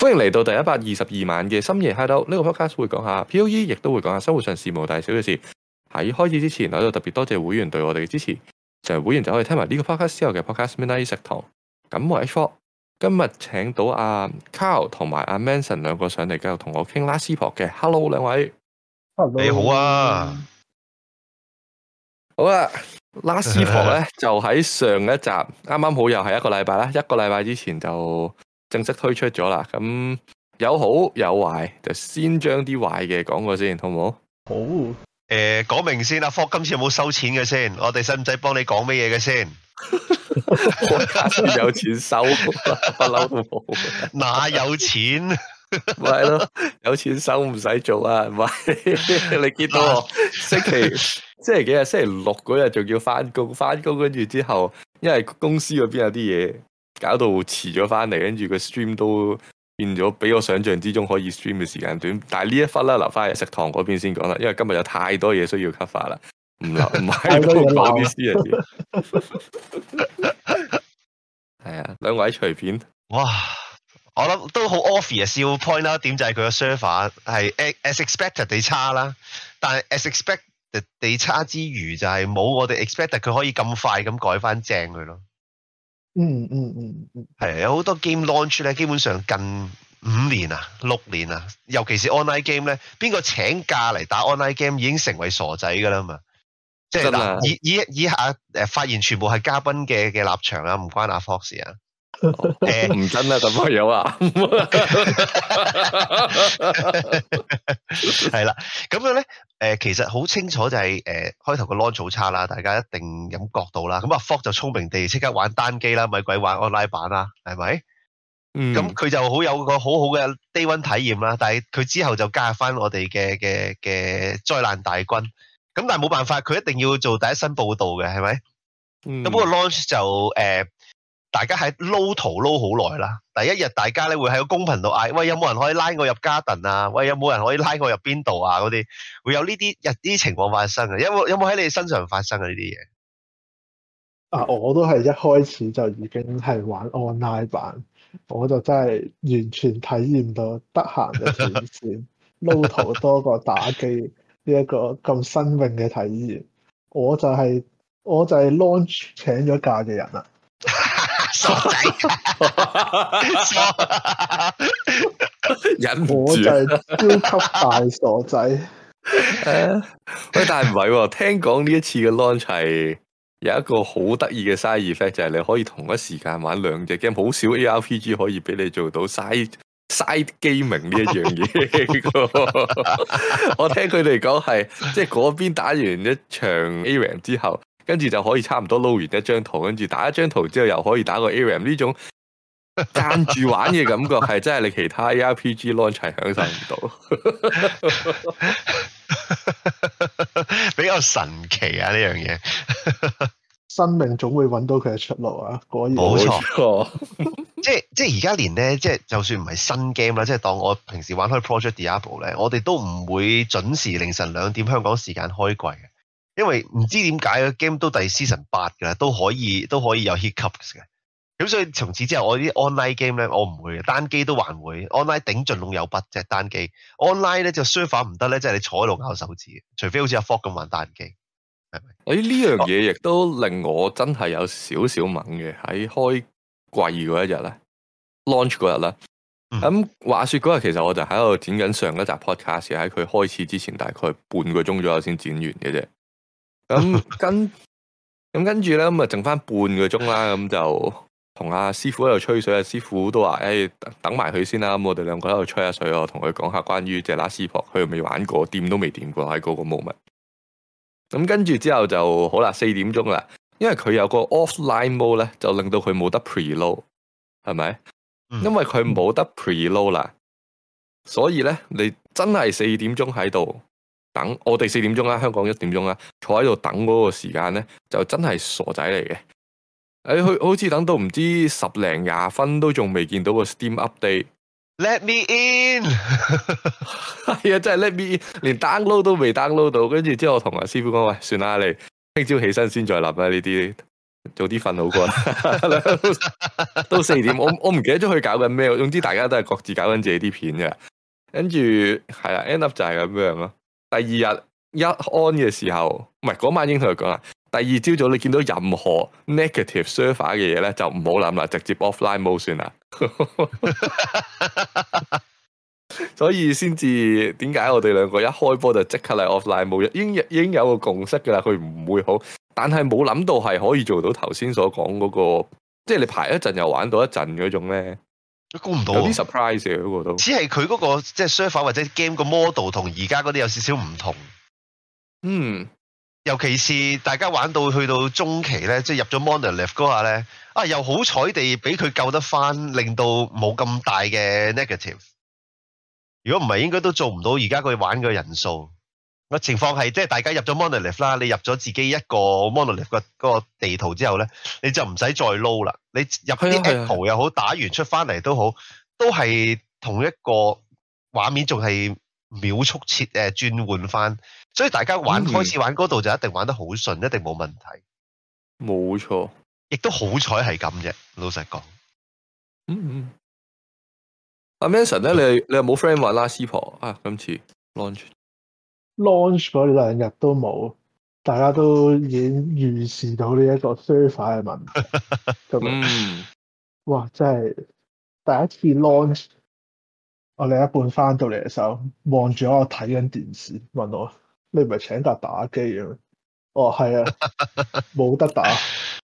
歡迎嚟到第一百二十二晚嘅深夜 Hideout，呢、這個 podcast 會講下 PoE，亦都會講下生活上事無大小嘅事。喺開始之前，喺度特別多謝會員對我哋嘅支持，就係、是、會員就可以聽埋呢個 podcast, 之 podcast。之我嘅 podcast Midnight 食堂咁為 for 今日請到阿、啊、Carl 同埋阿 Manson 兩個上嚟，繼續同我傾 Last Epoch 嘅。Hello，兩位，你好啊，好啊，Last Epoch 咧就喺上一集啱啱好又係一個禮拜啦，一個禮拜之前就。正式推出咗啦，咁有好有壞，就先將啲壞嘅講過先，好唔好？好、哦，誒， 講明先啦，霍今次有冇收錢嘅先？我哋使唔使幫你講咩嘢嘅先？有錢收不嬲都冇，哪有錢？咪係咯，有錢收唔使做啊！咪你見到我星期，星期幾呀？星期六嗰日仲要翻工，翻工跟住之後，因為公司嗰邊有啲嘢。搞到遲咗翻嚟，跟住個 stream 都變咗，比我想象之中可以 stream 嘅時間短。但係呢一忽啦，留翻喺食堂嗰邊先講啦，因為今日有太多嘢需要 cut 法啦，唔留唔係講啲詩啊！係啊、 哎，兩位隨便。哇！我諗都好 obvious 啊。少 point 啦，點就係佢個 server 係 as expected 地差啦，但係 as expected 地差之餘，就係冇我哋 expected 佢可以咁快咁改翻正佢咯。嗯嗯嗯，係有好多 game launch 咧，基本上近五年啊、六年啊，尤其是 online game 咧，邊個請假嚟打 online game 已經成為傻仔噶啦嘛？即係真啊！以以以下誒發現全部係嘉賓嘅嘅立場啊，唔關阿 Fox 啊。誒 欸，唔真啊，咁樣啊，係啦，咁樣咧。誒、呃，其實好清楚就係、是、誒、呃、開頭個 launch 差啦，大家一定咁覺到啦。咁阿 f o 就聰明地即刻玩單機啦，咪鬼玩 online 版啦，係咪？咁、嗯、佢就有好有個好好嘅低溫體驗啦。但係佢之後就加入翻我哋嘅嘅嘅災難大軍。咁但係冇辦法，佢一定要做第一新報道嘅，係咪？咁、嗯、個 launch 就誒。呃大家喺撈圖撈好耐啦，第一日大家咧會喺個公屏度嗌，喂，有冇人可以拉我入嘉頓啊？喂，有冇人可以拉我入邊度啊？嗰啲會有呢啲日啲情況發生嘅，有冇有冇喺你身上發生嘅呢啲嘢？啊，我都係一開始就已經係玩 online 版，我就真係完全體驗到得閒嘅線線撈 圖多過打機呢一、這個咁新穎嘅體驗。我就係、係、我就係 launch 請咗假嘅人啦。傻仔,哈哈 傻, 忍 傻仔，我就係超級大傻仔。喂，但係唔係，聽講呢一次嘅 launch 係有一個好得意嘅 side effect，就係你可以同一時間玩兩隻 game，好少 ARPG 可以俾你做到 side side gaming 呢一樣嘢。 我聽佢哋講係，即係嗰邊打完一場 AR 之後。跟住就可以差唔多撈完一張圖，跟住打一張圖之後又可以打個 area 呢種間住玩嘅感覺，係真係你其他 ARPG launch 享受唔到，比較神奇啊！呢樣嘢生命總會揾到佢嘅出路啊！果然冇錯， 即係即係而家連咧，即係就算唔係新 game 啦，即係當我平時玩開 Project Diablo 咧，我哋都唔會準時凌晨兩點香港時間開季嘅。因為唔知點解個 game 都第四神八噶啦，都可以都可以有 hiccups 嘅。咁所以從此之後，我啲 online game 咧，我唔會，單機都還會。online 頂盡攏有筆啫，單機 online 咧就 server 唔得咧，即、就、係、是、你坐喺度咬手指，除非好似阿 Fox 咁玩單機，係咪？誒、欸、呢樣嘢亦都令我真係有少少猛嘅。喺開季嗰一日咧，launch 嗰日咧，咁、嗯嗯、話說嗰日其實我就喺度剪緊上一集 podcast，喺佢開始之前大概半個鐘左右先剪完嘅啫。咁 跟咁跟住咧，咁啊剩翻半個鐘啦，咁就同阿師傅喺度吹水啊。師傅都話，誒、欸，等埋佢先啦。咁我哋兩個喺度吹下水，我同佢講下關於隻拉斯博，佢又未玩過，掂都未掂過喺嗰個 moment。咁跟住之後就好啦，四點鐘啦。因為佢有個 offline mode 咧，就令到佢冇得 preload，係咪？ 因為佢冇得 preload 啦，所以咧，你真係四點鐘喺度。等我哋四點鐘啦、啊，香港一點鐘啦、啊，坐喺度等嗰個時間咧，就真係傻仔嚟嘅。誒、哎，佢好似等到唔知十零廿分都仲未見到個 Steam Update。Let me in，係 啊、 哎，真係 Let me in，連 download 都未 download 到，跟住之後我同阿師傅講：喂、哎，算啦，你聽朝起身先再諗啊。呢啲早啲瞓好過啦。都 四點，我我唔記得咗佢搞緊咩，我總之大家都係各自搞緊自己啲片嘅，跟住係啦，end up 就係咁樣咯。第二日一安嘅時候，唔係嗰晚已經同佢講啦。第二朝早你見到任何 negative server 嘅嘢咧，就唔好諗啦，直接 offline mode 算啦。 所以先至點解我哋兩個一開波就即刻嚟 offline mode？已經已經有個共識噶啦，佢唔會好，但係冇諗到係可以做到頭先所講嗰個，即係你排一陣又玩到一陣嗰種咧。估唔到，有啲 surprise 嘅嗰個都、那個。只係佢嗰個即係 server 或者 game 個 model 同而家嗰啲有少少唔同。嗯，尤其是大家玩到去到中期咧，即係入咗 Monolith 嗰下咧，啊又好彩地俾佢救得翻，令到冇咁大嘅 negative。如果唔係，應該都做唔到而家佢玩嘅人數。個情況係即係大家入咗 Monolith 啦，你入咗自己一個 Monolith 個個地圖之後咧，你就唔使再撈啦。你入啲地圖又好、哎，打完出翻嚟都好，哎、都係同一個畫面，仲係秒速切誒轉換翻。所以大家玩、嗯、開始玩嗰度就一定玩得好順，一定冇問題。冇錯，亦都好彩係咁啫。老實講，阿、嗯嗯、Manson 咧、嗯，你你有冇 friend 玩拉斯婆啊？今次、Launch. launch 嗰兩日都冇，大家都已經預示到呢一個 server 嘅問題。咁樣，哇！真係第一次 launch，我另一半翻到嚟嘅時候，望住我睇緊電視，問我：你唔係請假打機我是啊？哦，係啊，冇得打。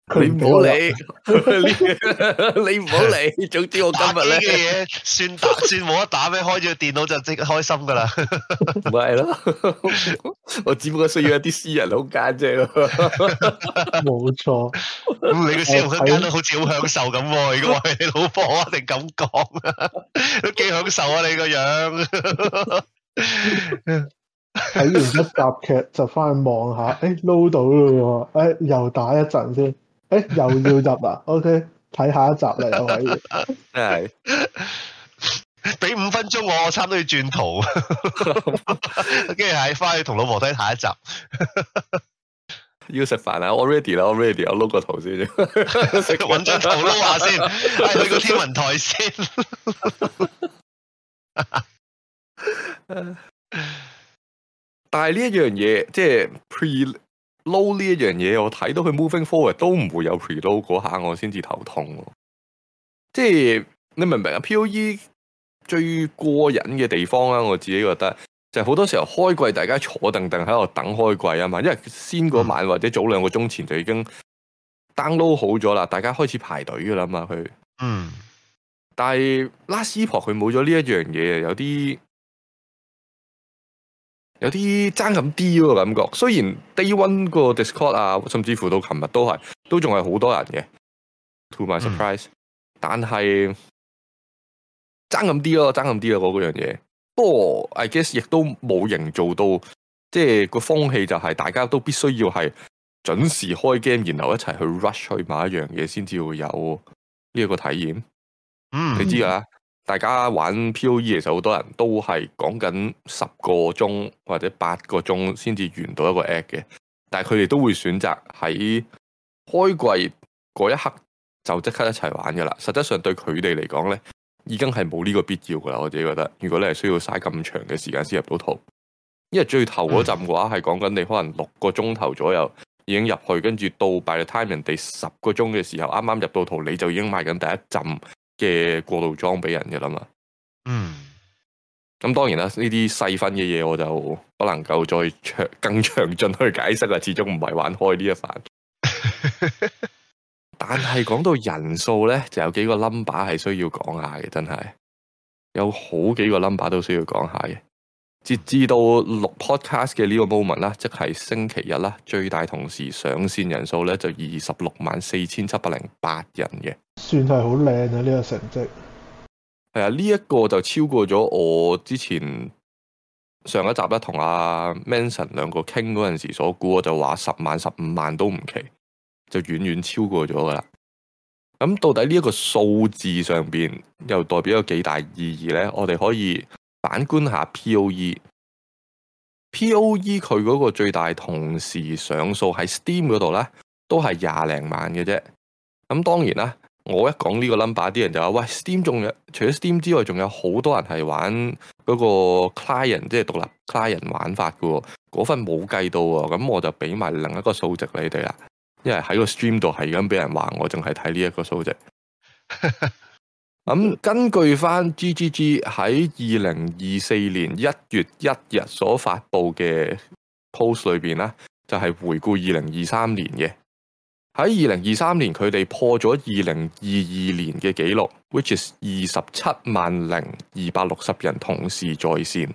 你唔好理， 你唔好理。總之我今日咧，打機嘅 嘢，算打，算冇得打咩？開住電腦就即開心噶 啦，唔係咯？我只不過需要一啲私人 沒錯，好簡淨。冇錯。咁你嘅生活簡得好似好享受咁，啊。如果係你老婆一定咁講啊，都 幾享受啊？你個樣睇完一集劇就翻去望下，誒撈到咯，誒又打一陣先。又要集啦，OK，睇下一集啦，又可以，係。俾五分鐘我，我差唔多要轉圖， okay，跟住喺翻去同老婆睇下一集。 要食飯啦，already, already, already，我 ready 啦，我 ready，我撈個圖先，揾張圖撈下先， 去個天文台先。 但係呢一樣嘢，即係 pre。load 呢一樣嘢，我睇到佢 moving forward 都唔會有 preload 嗰下，我先至頭痛咯。即係你明唔明啊？PoE 最過癮嘅地方啦，我自己覺得就係、是、好多時候開季大家坐定定喺度等開季啊嘛，因為先嗰晚或者早兩個鐘前就已經 download 好咗啦，大家開始排隊噶啦嘛，佢。嗯。但係拉斯婆，佢冇咗呢一樣嘢，有啲。有啲爭咁啲嗰個感覺，雖然 day one 個 discord 啊，甚至乎到琴日都係，都仲係好多人嘅。To my surprise，、嗯、但係爭咁啲咯，爭咁啲咯嗰嗰樣嘢。不過 I guess 亦都冇營造到，即係個風氣就係大家都必須要係準時開 game，然後一齊去 rush 去買一樣嘢，先至會有呢一個體驗、嗯。你知啦、啊。大家玩 PoE 其實好多人都係講緊十個鐘或者八個鐘先至完到一個 app 嘅，但係佢哋都會選擇喺開季嗰一刻就即刻一齊玩噶啦。實質上對佢哋嚟講呢已經係冇呢個必要噶啦。我自己覺得，如果你係需要嘥咁長嘅時間先入到圖，因為最頭嗰陣嘅話係講緊你可能六個鐘頭左右已經入去，跟住到 by the time 人哋十個鐘嘅時候，啱啱入到圖你就已經買緊第一陣。嘅過度裝俾人嘅啦嘛，嗯，咁當然啦，呢啲細分嘅嘢我就不能夠再詳更詳盡去解釋啦，始終唔係玩開呢一番。 但係講到人數呢，就有幾個 number 係需要講下嘅，真係有好幾個 number 都需要講下嘅。截至到六 podcast 嘅呢個 moment 啦，即係星期日啦，最大同時上線人數呢，就二十六萬四千七百零八人嘅。算係好靚啊！呢個成績係啊，呢一個就超過咗我之前上一集咧同阿 Manson 兩個傾嗰陣時所估，我就話十萬十五萬都唔奇，就遠遠超過咗噶啦。咁到底呢一個數字上邊又代表咗有幾大意義呢？我哋可以反觀下 PoE，PoE 佢嗰個最大同時上數喺 Steam 嗰度呢，都係廿零萬嘅啫。咁當然啦。我一講呢個 number，啲人就話：喂，Steam 仲有，除咗 Steam 之外，仲有好多人係玩嗰個 client，即係獨立 client 玩法喎。嗰份冇計到喎，咁我就俾埋另一個數值你哋啦。因為喺個 stream 度係咁俾人話，我淨係睇呢一個數值。咁 根據翻 G G G 喺二零二四年一月一日所發布嘅 post 裏邊啦，就係回顧二零二三年嘅。喺二零二三年，佢哋破咗二零二二年嘅紀錄，which is 二十七萬零二百六十人同時在線，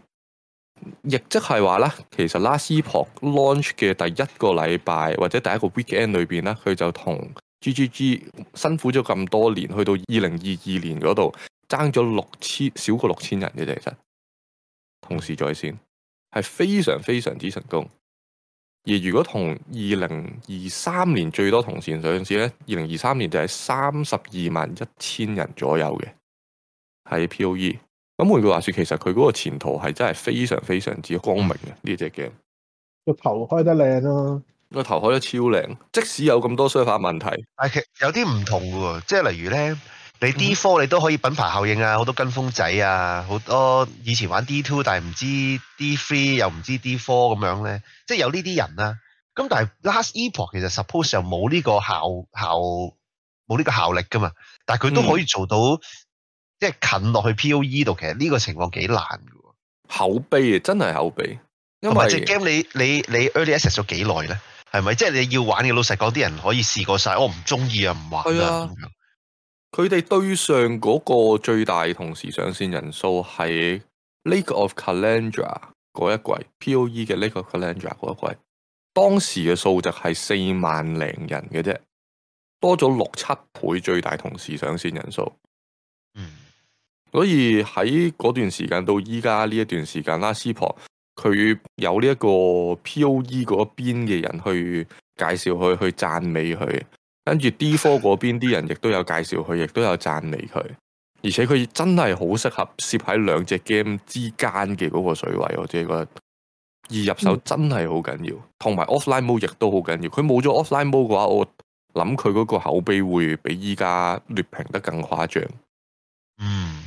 亦即係話呢，其實 Last Epoch launch 嘅第一個禮拜或者第一個 weekend 裏邊呢，佢就同 GGG 辛苦咗咁多年，去到二零二二年嗰度爭咗六千，少過六千人嘅，其實同時在線係非常非常之成功。而如果同二零二三年最多同時上線呢，二零二三年就係三十二萬一千人左右嘅，喺 PoE。咁換句話說，其實佢嗰個前途係真係非常非常之光明嘅，呢隻 game 個頭開得靚咯、啊，個頭開得超靚，即使有咁多衰法問題，但係其實有啲唔同嘅，即係例如呢。你 D four 你都可以品牌效應啊，好多跟風仔啊，好多以前玩 D two 但係唔知 D three 又唔知 D four 咁樣咧，即係有呢啲人啦、啊。咁但係 last epoch 其實 suppose 又冇呢個效效冇呢個效力噶嘛，但佢都可以做到，嗯、即係近落去 POE 度其實呢個情況幾難㗎喎。口碑啊，真係口碑。因為隻 game 你你你 early access 咗幾耐咧？係咪即係你要玩嘅？老實講，啲人可以試過晒，我唔中意啊，唔玩啊。佢哋對上嗰個最大同時上線人數係《Lake of Kalandra》嗰一季，P.O.E 嘅《Lake of Kalandra》嗰一季，當時嘅數值係四萬零人嘅啫，多咗六七倍最大同時上線人數。嗯，所以喺嗰段時間到依家呢一段時間，拉斯伯佢有呢一個 P.O.E 嗰邊嘅人去介紹佢，去讚美佢。跟住 D4 嗰邊啲人亦都有介紹佢，亦都有讚美佢，而且佢真係好適合攝喺兩隻 game 之間嘅嗰個水位，我自己覺得易入手真係好緊要，同埋 offline mode 亦都好緊要。佢冇咗 offline mode 嘅話，我諗佢嗰個口碑會比依家劣評得更誇張。嗯，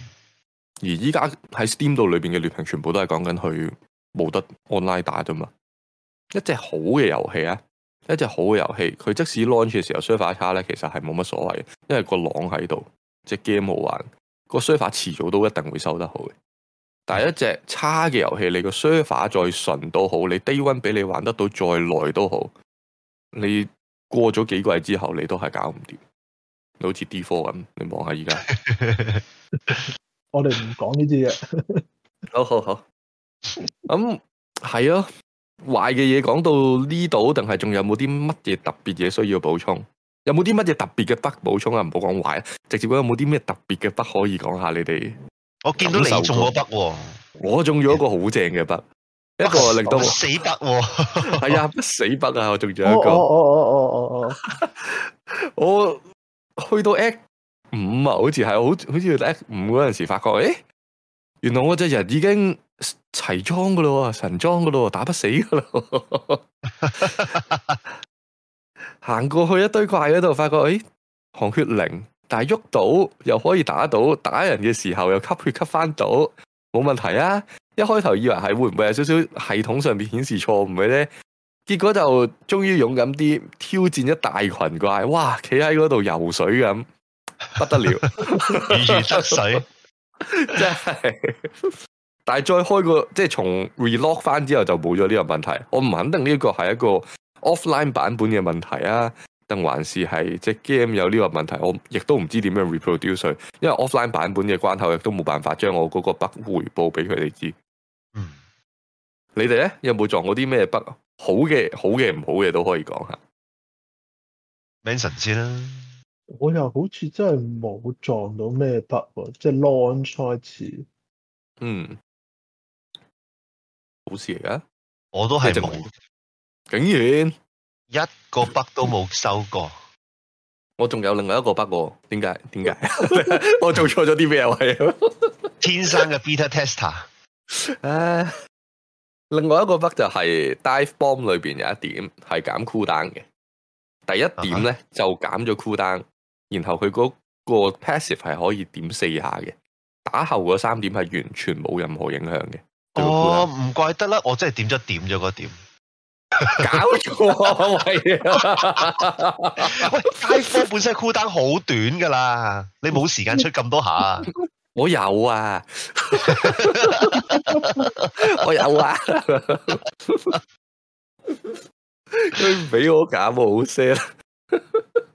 而依家喺 Steam 度裏邊嘅劣評全部都係講緊佢冇得 online 打啫嘛。一隻好嘅遊戲咧、啊。一隻好嘅遊戲，佢即使 launch 嘅時候 server 差咧，其實係冇乜所謂，因為個浪喺度，隻 game 好玩，個 server 遲早都一定會收得好嘅。但係一隻差嘅遊戲，你個 server 再順都好，你 day one 俾你玩得到再耐都好，你過咗幾季之後，你都係搞唔掂。你好似 D4 咁，你望下而家，我哋唔講呢啲嘢。好好好，咁係啊。壞嘅嘢講到呢度，定係仲有冇啲乜嘢特別嘢需要補充？有冇啲乜嘢特別嘅 bug 補充啊？唔好講壞，直接講有冇啲咩特別嘅 bug 可以講下你？你哋我見到你中個 bug，我中咗一個好正嘅 bug，一個令到死 bug，係啊，不、 啊、死 bug 啊，我中咗一個，oh, oh, oh, oh, oh, oh. 我去到 X 五啊，好似係好好似 X 五嗰陣時，發覺誒。欸原來我隻人已經齊裝噶咯，神裝噶咯，打不死噶咯。行過去一堆怪嗰度，發覺誒、哎，紅血零，但係喐到又可以打到，打人嘅時候又吸血吸翻到，冇問題啊！一開頭以為係會唔會有少少系統上面顯示錯誤嘅咧，結果就終於勇敢啲挑戰一大群怪，哇！企喺嗰度游水咁，不得了 如魚得水。 真係，但係再開個即係從 relog 翻之後就冇咗呢個問題。我唔肯定呢個係一個 offline 版本嘅問題啊，定還是係即係 game 有呢個問題。我亦都唔知點樣 reproduce，因為 offline 版本嘅關頭亦都冇辦法將我嗰個 bug 回報俾佢哋知道。嗯，你呢，你哋咧有冇撞過啲咩 bug 好嘅，好嘅、唔好嘅都可以講下。Manson 先啦。我又好似真係冇撞到咩 bug，即係 launch 賽詞，嗯，好事嚟噶，我都係冇，竟然一個 bug 都冇收過，我仲有另外一個 bug 喎，點解？點解？ 我做錯咗啲咩位？ 天生嘅 beta tester，唉，uh, 另外一個 bug 就係 Dive Bomb 裏邊有一點係減 cooldown 嘅，第一點咧、uh -huh. 就減咗 cooldown。然後佢嗰個 passive 係可以點四下嘅。打後嗰三點係完全冇任何影響嘅。哦，唔怪得啦，我真係點咗點咗個點， 搞錯了， 喂！街 科本身 cooldown 好短噶啦，你冇時間出咁多下啊 我有啊， 我有啊，佢唔俾我搞冇聲。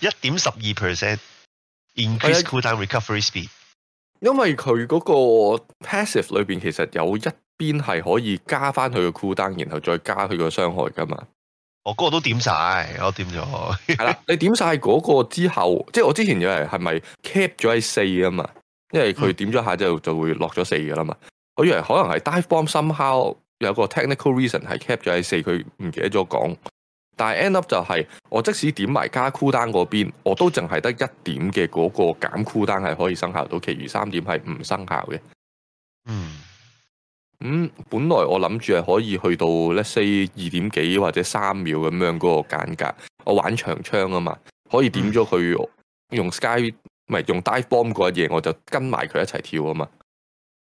一點十二 percent increase cooldown recovery speed，因為佢嗰個 passive 裏邊其實有一邊係可以加翻佢嘅 cooldown，然後再加佢個傷害噶嘛。我嗰個都點晒，我點咗係啦。你點晒嗰個之後， 即係我之前以為係咪 cap 咗喺四啊嘛？因為佢點咗下之後就會落咗四噶啦嘛。嗯、我以為可能係 dive bomb somehow 有個 technical reason 係 cap 咗喺四，佢唔記得咗講。但係 end up 就係、是、我即使點埋加 Cooldown 嗰邊，我都淨係得一點嘅嗰個減 Cooldown 係係可以生效到，其餘三點係唔生效嘅。嗯，咁本來我諗住係可以去到，let’s say 二點幾或者三秒咁樣嗰個間隔。我玩長槍啊嘛，可以點咗佢用 sky，唔係用 dive bomb 嗰一嘢，我就跟埋佢一齊跳啊嘛。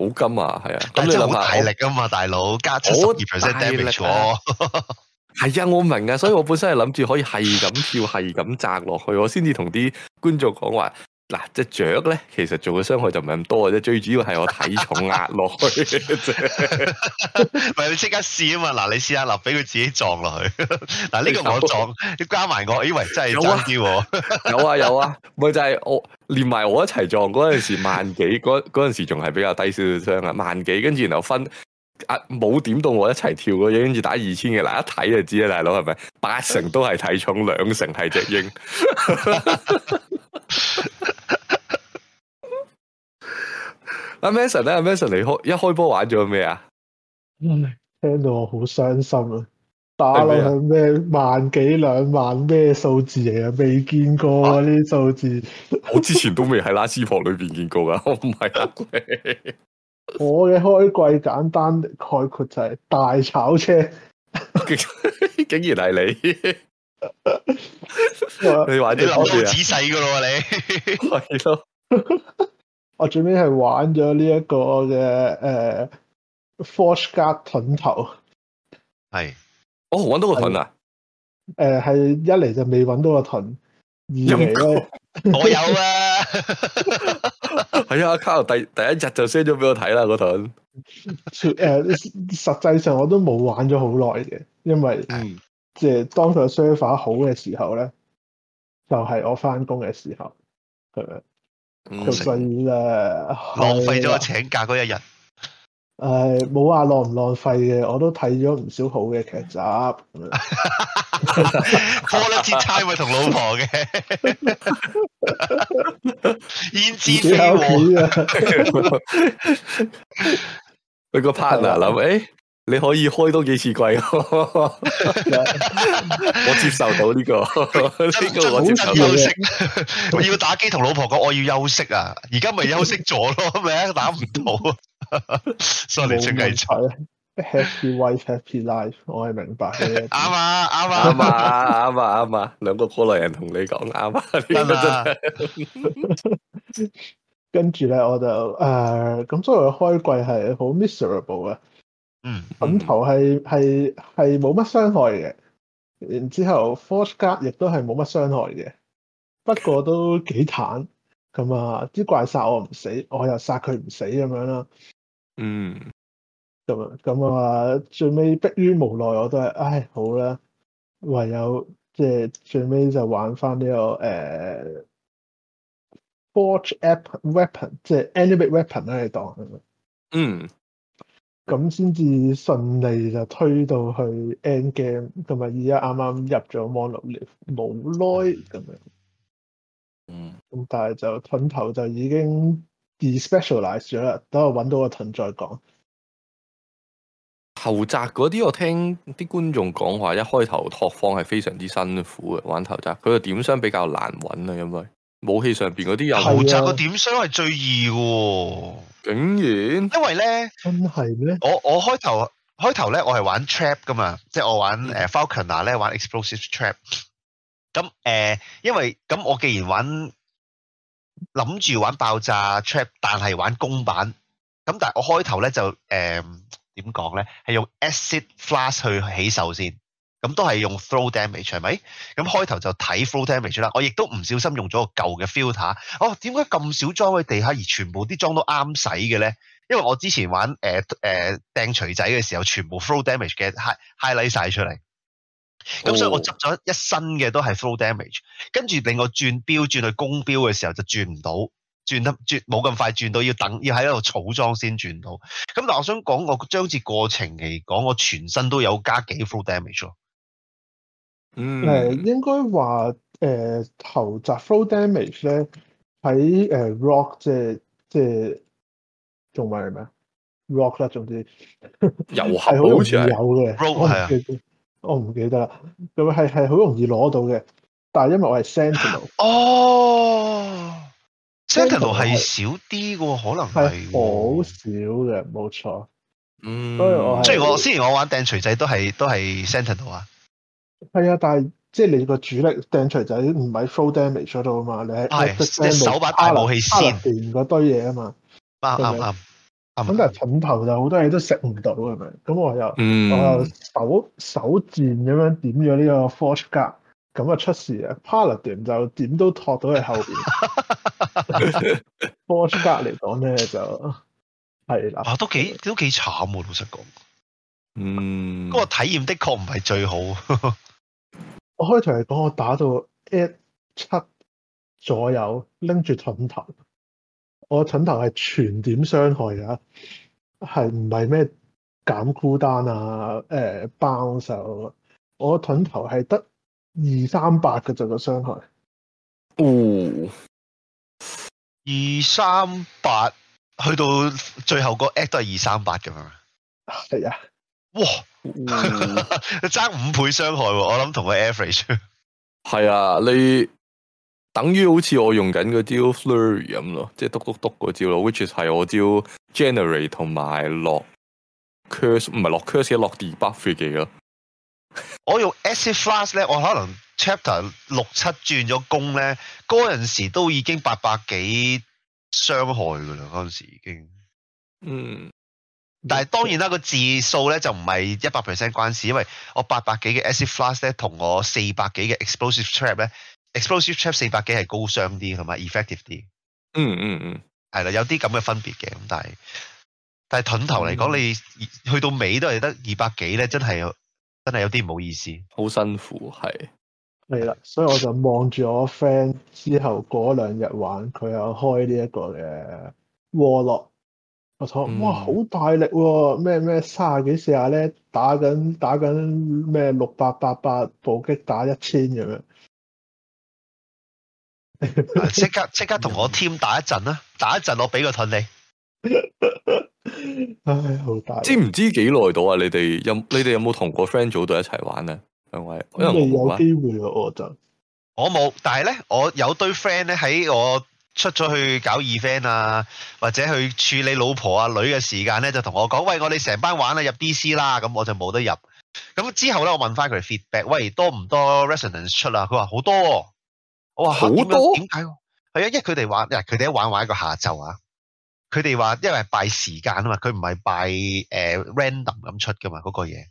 好金啊，係啊，咁你諗下，好體力啊嘛，大佬加咗七十二 percent damage 係啊， 啊，我明啊，所以我本身係諗住可以係咁跳，係咁砸落去，我先至同啲觀眾講話。嗱，隻雀咧，其實做嘅傷害就唔係咁多嘅啫，最主要係我體重壓落去 不。唔係你即刻試啊嘛！嗱，你試下立俾佢自己撞落去。嗱，呢、這個我撞，啊、你加埋我，我以為真係爭啲有啊有啊，咪、啊啊、 就係、是、我連埋我一齊撞嗰陣時萬幾，嗰嗰陣時仲係比較低少少傷啊，萬幾，跟住然後分啊冇點到我一齊跳嘢。跟住打二千嘅嗱，一睇就知啦，大佬係咪八成都係體重，兩 成係隻鷹。 阿、啊、Manson 咧、啊，阿、啊、Manson 嚟開一開波玩咗咩啊？聽到我好傷心啊！打你係咩萬幾兩萬咩數字嚟啊？未見過呢、啊、數、啊、字，我之前都未喺拉斯博裏邊見過噶， 我唔係啊！我嘅開季簡單概括就係大炒車， 竟然係是你？ 你話啲諗得仔細噶咯，你係咯、啊。我最尾係玩咗呢一個嘅，誒、呃、，Forge Guard 盾頭，係，好、哦、揾到個盾啊！誒、呃，係一嚟就未揾到個盾，二嚟我有啊！係啊，Carl 第第一日就 send 咗俾我睇啦個盾。誒、 呃，實際上我都冇玩咗好耐嘅，因為、嗯、即係當佢 server 好嘅時候咧，就係、是、我翻工嘅時候，係其實誒，浪費咗我請假嗰一日、哎。誒，冇話浪唔浪費嘅，我都睇咗唔少好嘅劇集。quality time 會同老婆嘅，燕子飛黃啊！你個 partner 諗喂！」你可以開多幾次櫃， 我接受到呢個， 呢個我接受。休息，我要打機同老婆講，我要休息啊！而家咪休息咗咯，咪打唔到。所以你真係蠢。Happy wife, happy life。我係明白啱 啊，啱啊，啱啊，啱啊，啱啊！兩個過來人同你講啱啊。跟住咧、啊，啊啊、 呢我就誒，咁所以開櫃係好 miserable 啊。嗯、mm -hmm.，斧頭係係係冇乜傷害嘅，然之後 Forge Guard 亦都係冇乜傷害嘅，不過都幾坦咁啊！啲怪殺我唔死，我又殺佢唔死咁樣啦。嗯，咁啊咁啊，最尾逼於無奈，我都係唉好啦，唯有即係、就是、最尾就玩翻呢、這個誒、欸、forge app weapon，即係 animate weapon 嚟當。嗯、mm -hmm.。咁先至順利就推到去 end game，同埋而家啱啱入咗 Monolith，冇耐咁樣，嗯，咁但係就盾頭就已經 despecialize 咗啦，等我揾到個盾再講。頭扎嗰啲我聽啲觀眾講話，一開頭拓荒係非常之辛苦嘅，玩頭扎佢嘅點雙比較難揾啊，因為。武器上邊嗰啲有頭扎個點傷係最易嘅、哦啊，竟然因為咧真係咩？我我開頭開頭咧，我係玩 trap 噶嘛，即係我玩誒、嗯 uh, falconer 咧玩 explosive trap。咁誒，uh, 因為咁我既然玩諗住玩爆炸 trap，但係玩公版。咁但係我開頭咧就誒點講咧？係、uh, 用 acid flash 去起手先。咁都係用 throw damage, flow damage 係咪？咁開頭就睇 flow damage 啦。我亦都唔小心用咗個舊嘅 filter。哦，點解咁少裝喺地下，而全部啲裝都啱使嘅咧？因為我之前玩誒誒掟錘仔嘅時候，全部 flow damage 嘅，high high 晒出嚟。咁所以我執咗一身嘅都係 flow damage，跟住令我轉標轉去公標嘅時候就轉唔到，轉得轉冇咁快，轉到要等要喺度儲裝先轉到。咁但我想講，我章節過程嚟講，我全身都有加幾 flow damage 咯。誒、嗯，應該話誒，頭集 flow damage 咧喺誒 rock 即係即係仲係咩 rock 啦，總之有係好似有嘅，rock 係啊，我唔記得啦。咁係係好容易攞到嘅，但係因為我係 sentinel 哦，sentinel 係少啲嘅，可能係好少嘅，冇錯。嗯，所以我即我雖然我雖我玩掟錘仔都係都係 sentinel 啊。係啊，但係即係你個主力掟錘仔唔係 full damage 到啊嘛，你係手把 Paladin 嗰堆嘢啊嘛，啱啱咁但係盾頭就好多嘢都食唔到係咪？咁、啊啊啊、我又、嗯、我又手手賤咁樣點咗呢個 forge guard，咁啊出事啊，Paladin 就點都托到喺後邊 forge guard 嚟講咧就係啊，都幾都幾慘、啊，老實講，嗯，嗰、那個體驗的確唔係最好。 我開頭係講我打到 a 七左右拎住盾頭，我盾頭係全點傷害嘅，係唔係咩減孤單啊？誒、呃，包手，我盾頭係得二三八嘅，就個傷害。哦、嗯，二三八去到最後個 a 都係二三八咁樣。係啊。哇！你爭五倍傷害，我諗同佢 average 係啊，你等於好似我用緊嗰招 flurry 咁咯，即係篤篤篤嗰招咯。Which is 係、like, 我招 generate 同埋落 curse 唔係落 curse，而係落 debuff 嘅咯。 我用 acid flask 咧，我可能 chapter 六七轉咗工咧，嗰陣時都已經八百幾傷害噶啦，嗰陣時已經嗯。但係當然啦，那個字數咧就唔係一百 percent 關事，因為我八百幾嘅 acid flask 咧，同我四百幾嘅 explosive trap 咧，explosive trap 四百幾係高傷啲，係嘛 effective 啲。嗯嗯嗯，係啦，有啲咁嘅分別嘅，咁但係但係盾頭嚟講，嗯，你去到尾都係得二百幾咧，真係真係有啲唔好意思，好辛苦係。係啦，所以我就望住我 friend 之後過兩日玩，佢又開呢一個嘅 Warlock。我睇哇，好大力喎！咩咩三廿幾四廿咧，打緊打緊咩六八八八暴擊打, 打一千咁樣。即刻即刻同我 team 打一陣啦，打一陣我俾個盾你。 唉，好大。知唔知幾耐到啊？你哋有你哋有冇同個 friend 組隊一齊玩啊？兩位，因為我有機會啊，我就。我冇，但係咧，我有堆 friend 咧喺我。出咗去搞 event 啊，或者去處理老婆啊女嘅時間咧，就同我講：喂，我哋成班玩入 D.C. 啦，咁、嗯、我就冇得入。咁、嗯、之後咧，我問翻佢 feedback：喂，多唔多 Resonance 出啦啊？佢話好多。我話好多，點解？係啊，因為佢哋玩，佢哋玩玩一個下晝啊。佢哋話因為拜時間啊嘛，佢唔係拜誒 random 咁出噶嘛，嗰、那個嘢。咁、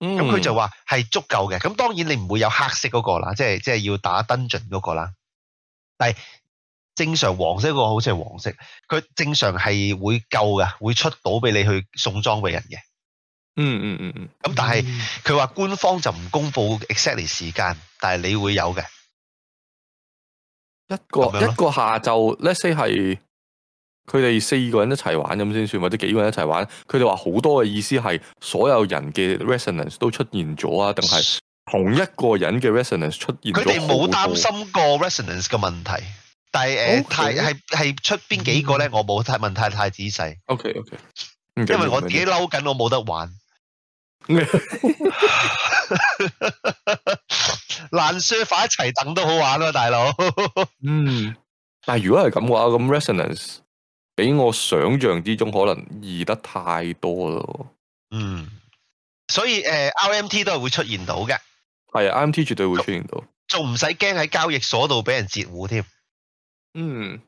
嗯、佢、嗯、就話係足夠嘅。咁當然你唔會有黑色嗰個啦，即係即係要打 Dungeon 嗰個啦。但係。正常黃色個好似係黃色，佢正常係會夠嘅，會出到俾你去送裝俾人嘅。嗯嗯嗯嗯。咁但係佢話官方就唔公布 exactly 時間，但係你會有嘅。一個一個下晝，let's say 係佢哋四個人一齊玩咁先算，或者幾個人一齊玩。佢哋話好多嘅意思係所有人嘅 resonance 都出現咗啊，定係同一個人嘅 resonance 出現咗？佢哋冇擔心過 resonance 嘅問題。但係誒、okay. 呃，太係係出邊幾個咧、嗯，我冇太問太太仔細。O K O K，因為我自己嬲緊，我冇得玩。爛沙發一齊等都好玩啊，大佬。嗯，但係如果係咁話，咁 Resonance 比我想象之中可能易得太多咯。嗯，所以誒、呃、R M T 都係會出現到嘅。係啊，R M T 絕對會出現到，仲唔使驚喺交易所度俾人截胡添。嗯，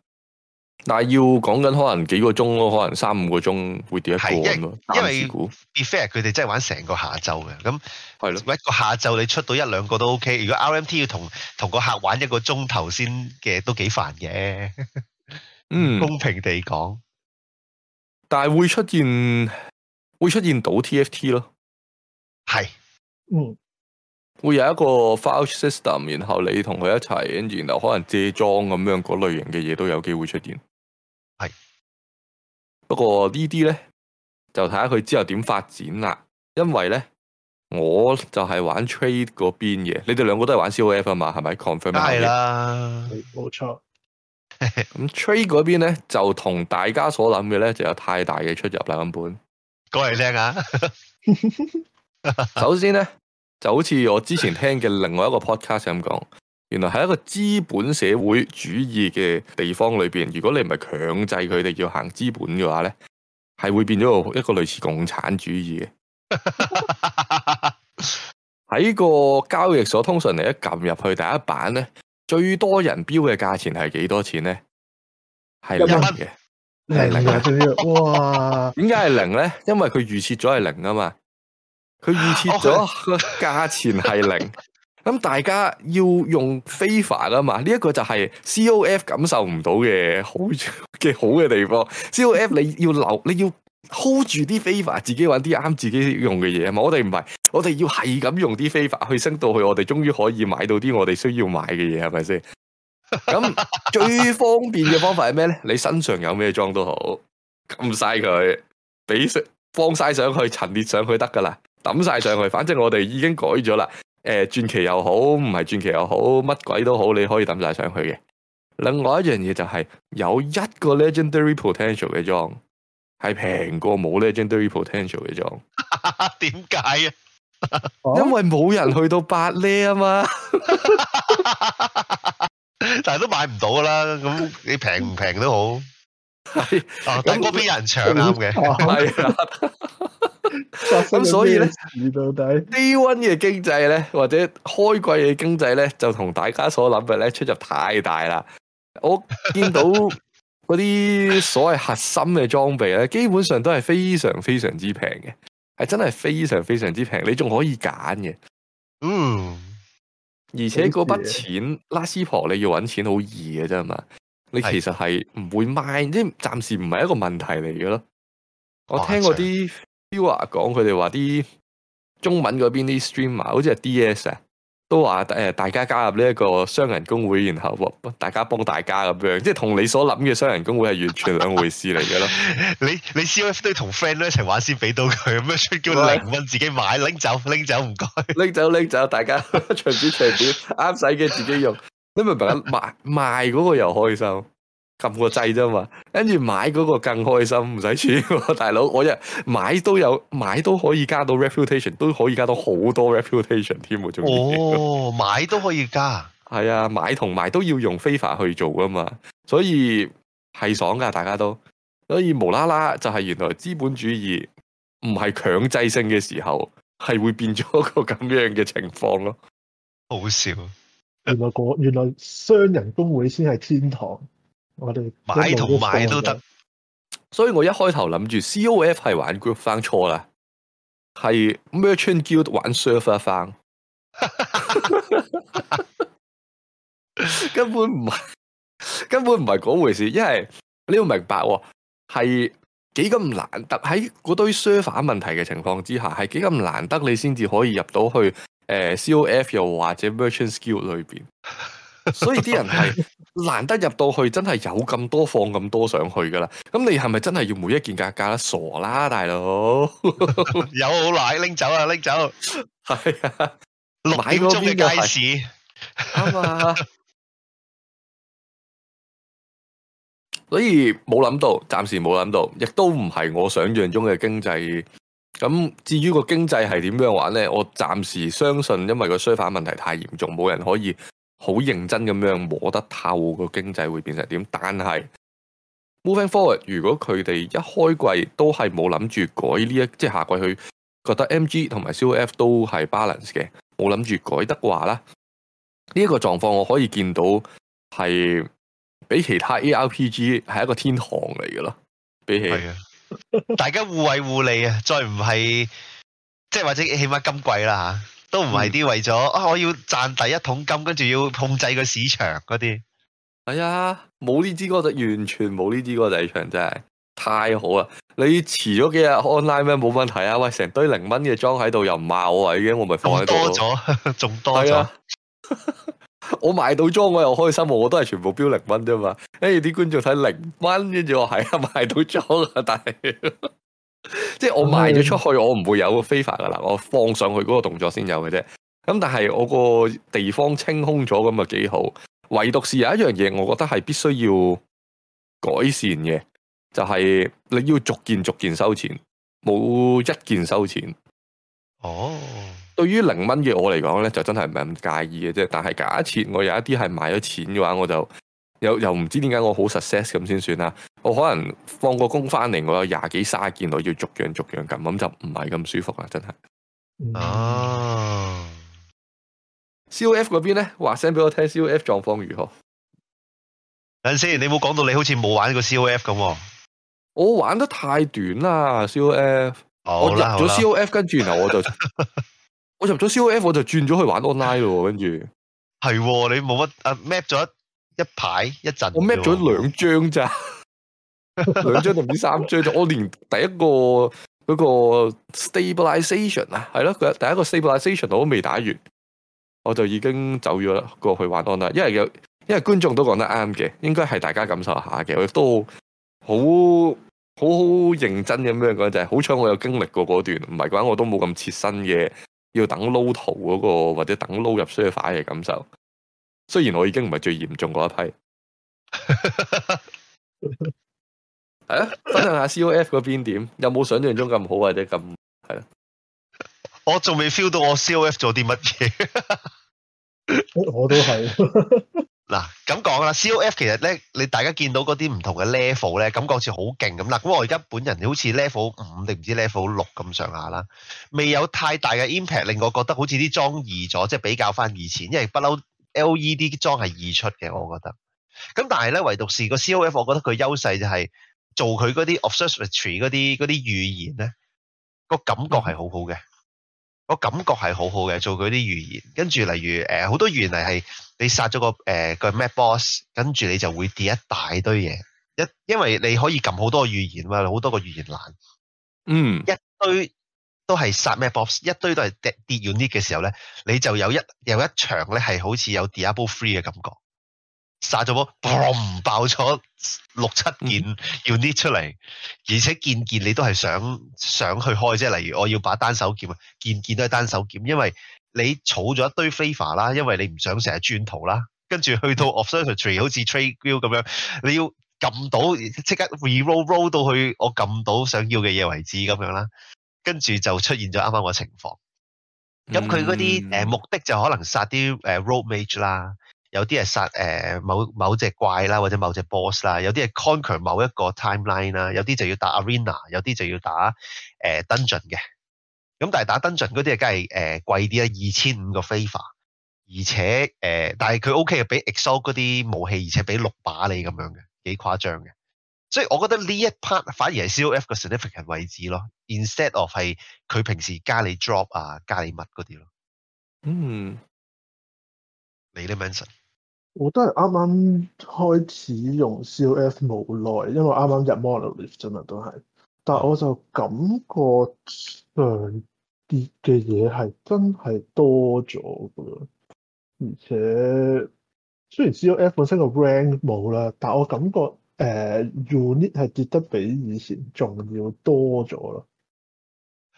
但係要講緊可能幾個鐘咯，可能三五個鐘會跌一個咁咯。打市股 be fair 佢哋真係玩成個下晝嘅，咁係咯。一個下晝你出到一兩個都 OK。如果 RMT 要同同個客玩一個鐘頭先嘅，都幾煩嘅。嗯， 公平地講，但係會出現會出現到 TFT 咯，係嗯。會有一個 faction system，然後你同佢一齊，然後可能借裝，咁樣嗰類型嘅嘢都有機會出現。係，不過呢啲咧就睇下佢之後點發展啦。因為咧我就係玩 trade 嗰邊嘅，你哋兩個都係玩 COF 啊嘛，係咪 confirm 嗰邊？係啦，冇錯。咁 trade 嗰邊咧就同大家所諗嘅咧就有太大嘅出入啦，根本，本。講嚟聽啊， 首先咧。就好似我之前聽嘅另外一個 podcast 咁講，原來喺一個資本社會主義嘅地方裏邊，如果你唔係強制佢哋要行資本嘅話呢，係會變咗一個類似共產主義嘅。喺個交易所，通常你一撳入去第一版呢，最多人標嘅價錢係幾多錢呢？係零嘅，零零零零零哇！點解係零呢？因為佢預設咗係零啊嘛。佢預設咗個價錢係零，咁 大家要用 favor 啊嘛？呢、這、一個就係 C O F 感受唔到嘅好嘅好嘅地方。 C O F 你要留，你要 hold 住啲 favor，自己揾啲啱自己用嘅嘢。我哋唔係，我哋要係咁用啲 favor 去升到去，我哋終於可以買到啲我哋需要買嘅嘢，係咪先？咁 最方便嘅方法係咩咧？你身上有咩裝都好，撳晒佢，俾上放晒上去，陳列上去得噶啦。抌晒上去，反正我哋已經改咗啦。誒，傳奇又好，唔係傳奇又好，乜鬼都好，你可以抌晒上去嘅。另外一樣嘢就係有一個 legendary potential 嘅裝，係平過冇 legendary potential 嘅裝。點解啊？因為冇人去到八呢啊嘛， 但係都買唔到噶啦。咁你平唔平都好，等嗰邊有人搶啱嘅。 咁所以咧 D1 嘅經濟咧，或者開季嘅經濟咧，就同大家所諗嘅咧出入太大啦。我見到嗰啲所謂核心嘅裝備咧，基本上都係非常非常之平嘅，係真係非常非常之平。你仲可以揀嘅，嗯。而且嗰筆錢、啊、拉斯婆你要搵錢好易嘅啫嘛，你其實係唔會賣，即係暫時唔係一個問題嚟嘅咯。我聽過啲。啲華講佢哋話啲中文嗰邊啲 streamer，好似係 D.S 啊，都話誒，大家加入呢一個商人公會，然後大家幫大家咁樣，即係同你所諗嘅商人公會係完全兩回事嚟嘅咯。 你你 C.F 都要同 friend 咧一齊玩先俾到佢，咁樣出幾萬蚊自己買拎走拎走唔該，拎走拎走，大家隨啲隨啲，啱使嘅自己用。你咪明買賣嗰個又開心。撳個掣啫嘛，跟住買嗰個更開心，唔使錢，大佬，我又買都有買都可以加到 reputation，都可以加到好多 reputation 添喎。仲要哦，買都可以加，係啊，買同埋都要用 favor 去做噶嘛，所以係爽噶，大家都，所以無啦啦就係原來資本主義唔係強制性嘅時候，係會變咗一個咁樣嘅情況咯。好笑啊，原來嗰原來商人公會先係天堂。我哋買同賣都得，所以我一開頭諗住 COF 係玩 group 翻錯啦，係 merchant guild 玩 server fun 翻，根本唔係，根本唔係嗰回事，因為你要明白喎、哦，係幾咁難得喺嗰堆 server 問題嘅情況之下，係幾咁難得你先至可以入到去誒 COF 又或者 merchant guild 裏邊，所以啲人係。 難得入到去，真係有咁多放咁多上去噶啦。咁你係咪真係要每一件價格咧？傻啦，大佬！ 有好奶拎走啊，拎走。係 啊，六中嘅街市。啱 啊！ 所以冇諗到，暫時冇諗到，亦都唔係我想象中嘅經濟。咁至於個經濟係點樣玩呢？我暫時相信，因為個衰反問題太嚴重，冇人可以。好認真咁樣摸得透個經濟會變成點？但係 moving forward，如果佢哋一開季都係冇諗住改呢一，即係下季去覺得 MG 同埋 COF 都係 balance 嘅，冇諗住改得話啦，呢、呢、一個狀況我可以見到係比其他 ARPG 係一個天堂嚟嘅咯，比起、啊、 大家互惠互利啊，再唔係即係或者起碼今季啦嚇。都唔係啲為咗啊、嗯！我要賺第一桶金，跟住要控制個市場嗰啲。係、哎、啊，冇呢支歌就完全冇呢支歌仔，真係太好啦！你遲咗幾日 online 咩？冇問題啊！喂，成堆零蚊嘅裝喺度又唔鬧我啊已經，我咪放喺度多咗，仲多咗。哎、 我買到裝我又開心，我都係全部標零蚊啫嘛。哎呀，啲觀眾睇零蚊，跟住我係啊、哎，買到裝啊，但係。即係我賣咗出去，我唔會有個非法噶啦。我放上去嗰個動作先有嘅啫。咁但係我個地方清空咗，咁啊幾好。唯獨是有一樣嘢，我覺得係必須要改善嘅，就係、是、你要逐件逐件收錢，冇一件收錢。哦、oh.，對於零蚊嘅我嚟講呢，就真係唔係咁介意嘅啫。但係假設我有一啲係買咗錢嘅話，我就。又又唔知點解我好 success 咁先算啦！我可能放個工翻嚟，我有廿幾卅件我要逐一逐一逐一樣逐樣咁，咁就唔係咁舒服啦，真係。啊 C O F 嗰邊咧，話聲俾我聽，C O F 狀況如何？等先，你冇講到你好似冇玩過 C O F 咁。我玩得太短啦、COF、啦，C O F。我入咗 C O F 跟住，然後我就 我入咗 C O F，我就轉咗去玩 online 咯。跟 住，係你冇乜啊？map 咗。一排一陣，我 map 咗兩張咋？ 兩張定唔知三張？我連第一個嗰個 stabilization 啊，係咯，佢第一個 stabilization 我都未打完，我就已經走咗啦。過去玩 online，因為有，因為觀眾都講得啱嘅，應該係大家感受下嘅。我亦都好，好好認真咁樣講就係，好彩我有經歷過嗰段，唔係嘅話我都冇咁切身嘅，要等撈圖嗰個或者等撈入 super 嘅感受。雖然我已經唔係最嚴重嗰一批， 係 啊，分享下 C O F 嗰邊點，有冇想像中咁好或者咁係啦？我仲未 feel 到我 C O F 做啲乜嘢，我都係嗱咁講啦。C O F 其實咧，你大家見到嗰啲唔同嘅 level 咧，感覺好似好勁咁啦。咁我而家本人好似 level 五定唔知 level 六咁上下啦，未有太大嘅 impact 令我覺得好似啲裝易咗，即係比較返以前，因為不嬲。LE 啲裝係易出嘅，我覺得。咁但係咧，唯獨是個 C.O.F，我覺得佢優勢就係做佢嗰啲 observatory 嗰啲嗰啲預言咧，個感覺係好好嘅。個感覺係好好嘅，做佢啲預言，跟住例如誒好、呃、多原嚟係你殺咗個誒、呃、個 map boss，跟住你就會跌一大堆嘢。一因為你可以撳好多預言嘛，好多個預言欄，嗯一堆。都係殺咩 boss 一堆都係跌啲要 unique 嘅時候咧，你就有一有一場咧係好似有 Diablo 3嘅感覺，殺咗波，爆咗六七件要 unique 出嚟，嗯，而且件件你都係想想去開啫。例如我要把單手劍啊，件件都係單手劍，因為你儲咗一堆 favour 啦，因為你唔想成日轉圖啦。跟住去到 obscurity，好似 trade bill 咁樣，你要撳到即刻 re-roll 到去我撳到想要嘅嘢為止咁樣啦。跟住就出現咗啱啱個情況、嗯，咁佢嗰啲誒目的就可能殺啲 road mage 啦，有啲係殺誒某某隻怪啦，或者某隻 boss 啦，有啲係 conquer 某一個 timeline 啦，有啲就要打 arena，有啲就要打誒 dungeon 嘅。咁但係打 dungeon 嗰啲梗係誒貴啲啦，二千五個 favor 而且誒、呃，但係佢 O K 嘅，俾 exalt 嗰啲武器，而且俾六把你咁樣嘅，幾誇張嘅。所以，我覺得呢一 part 反而係 CoF 個 significant 位置咯，instead of 係佢平時加你 drop 啊，加你乜嗰啲咯。嗯，你呢，Manson？Mm-hmm. 我都係啱啱開始用 CoF 冇耐，因為啱啱入 Monolith 真係都係，但係我就感覺上跌嘅嘢係真係多咗㗎，而且雖然 CoF 本身個 rank 冇啦，但我感覺。誒、uh,，unit 係跌得比以前仲要多咗咯。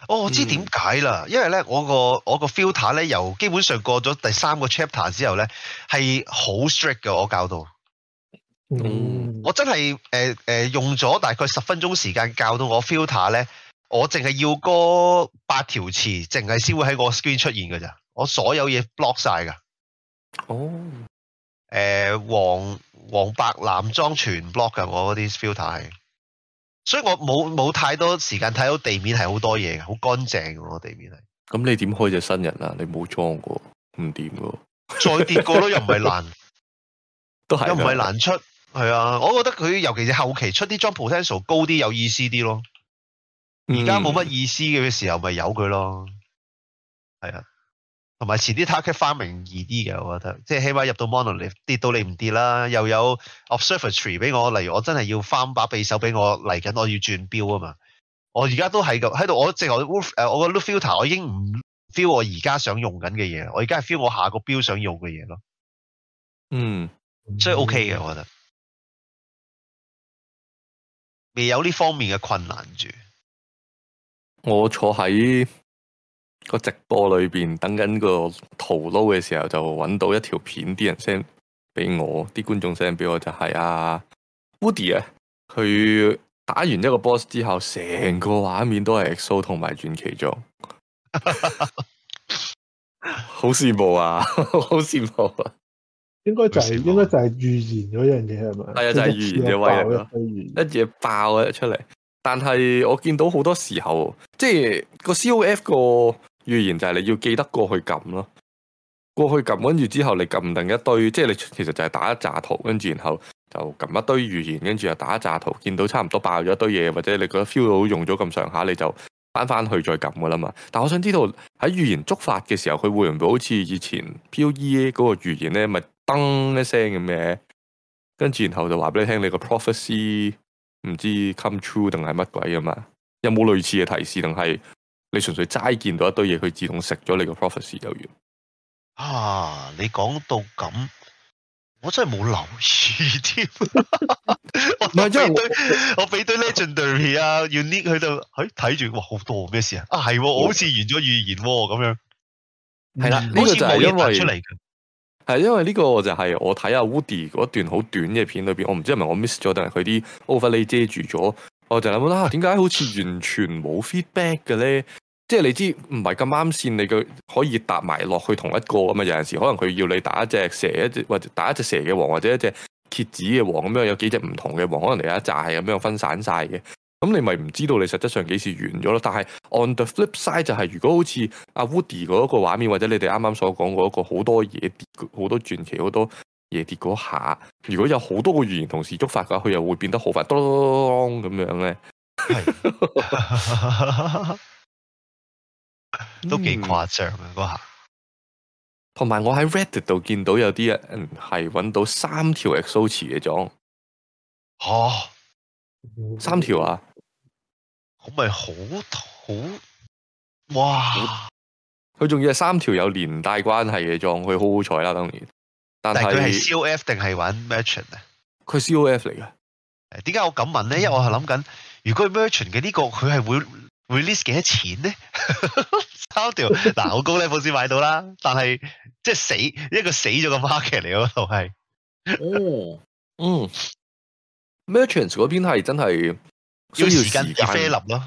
哦，我知點解啦，嗯、因為咧，我個我個 filter 咧，由基本上過咗第三個 chapter 之後咧，係好 strict 嘅，我教到。嗯我真係誒誒用咗大概十分鐘時間教到我 filter 咧，我淨係要嗰八條詞，淨係先會喺我的 screen 出現噶咋，我所有嘢 block 晒噶。哦、呃。誒，黃。黃白藍裝全 block 嘅我嗰啲 filter 係，所以我冇冇太多時間睇到地面係好多嘢嘅，好乾淨嘅我地面係。咁你點開隻新人啊？你冇裝過，唔掂嘅。 再跌過咯，又唔係難， 都係。又唔係難出，係 啊！我覺得佢尤其是後期出啲裝 potential 高啲，有意思啲咯。而家冇乜意思嘅時候，咪由佢咯。係啊。同埋遲啲 target 翻明易啲嘅，我覺得即係起碼入到 monolith 你跌到你唔跌啦，又有 observatory 俾我。例如我真係要翻把匕首俾我嚟緊，我要轉標啊嘛。我而家都係咁喺度，我即係我 r 我個 loot filter 我已經唔 feel 我而家想用緊嘅嘢，我而家係 feel 我下個標想用嘅嘢咯。嗯，所以 OK 嘅，我覺得未有呢方面嘅困難住。我坐喺個直播裏邊等緊個屠撈嘅時候，就搵到一條片，啲人 send 俾我，啲觀眾 send 俾我就係啊 Woody 啊，佢、啊、打完一個 boss 之後，成個畫面都係 XO 同埋傳奇裝。好 羨 慕啊，好羨慕啊，應該就係、是、應該就係預言一樣嘢係咪？係啊，就係、是、預言嘅威啊，一嘢爆咗出嚟，但係我見到好多時候，即、就、係、是、個 C O F 個。預言就係你要記得過去撳咯，過去撳跟住之後你撳定一堆，即係你其實就係打一炸圖，跟住然後就撳一堆預言，跟住又打一炸圖，見到差唔多爆咗一堆嘢，或者你覺得 feel 到用咗咁上下，你就翻翻去再撳噶啦嘛。但我想知道喺預言觸發嘅時候，佢會唔會好似以前 P.O.E 嗰個預言呢？咪噔一聲咁嘅，跟住然後就話俾你聽你個 prophecy 唔知 come true 定係乜鬼噶嘛？有冇類似嘅提示定係？你純粹齋見到一堆嘢，佢自動食咗你個 prophecy 就完。啊！你講到咁，我真係冇留意添。 我俾堆， 我俾堆 legendary 啊，要 unique 去到，睇、哎、住，哇，好多咩事啊？啊，係、啊，我好似完咗預言咁、啊、樣。係、嗯、啦，呢、啊這個就係因為，係因為呢個就係我睇阿 Woody 嗰段好短嘅片裏邊，我唔知係咪我 miss 咗，定係佢啲 overlay 遮住咗？我就諗啦，點、啊、解好似完全冇 feedback 嘅咧？即係你知唔係咁啱線，你嘅可以搭埋落去同一個咁啊。有陣時可能佢要你打一隻蛇，一隻或者打一隻蛇嘅王，或者一隻蠍子嘅王咁樣，有幾隻唔同嘅王，可能你有一紮係咁樣分散晒嘅。咁你咪唔知道你實質上幾時完咗咯？但係 on the flip side 就係、是，如果好似阿、啊、Woody 嗰個畫面，或者你哋啱啱所講嗰個好多嘢跌，好多傳奇，好多嘢跌嗰下，如果有好多個語言同時觸發嘅話，佢又會變得好快，咚咁樣咧。係。 都幾誇張啊嗰下，同埋、嗯、我喺 Reddit 度見到有啲人係搵到三條 exotic 嘅裝，吓、哦、三條啊？咁咪好好哇？佢仲要係三條有連帶關係嘅裝，佢好好彩啦！當然，但係佢係 COF 定係玩 merchant 啊？佢 COF 嚟嘅，點解我咁問咧？因為我係諗緊，如果 merchant 嘅呢、這個佢係會。release 幾多錢咧？ 三條條嗱，好高咧，先買到啦。但係即係死一個死咗嘅 market 嚟，嗰度係。哦，嗯，merchant 嗰邊係真係需要時間 develop 咯。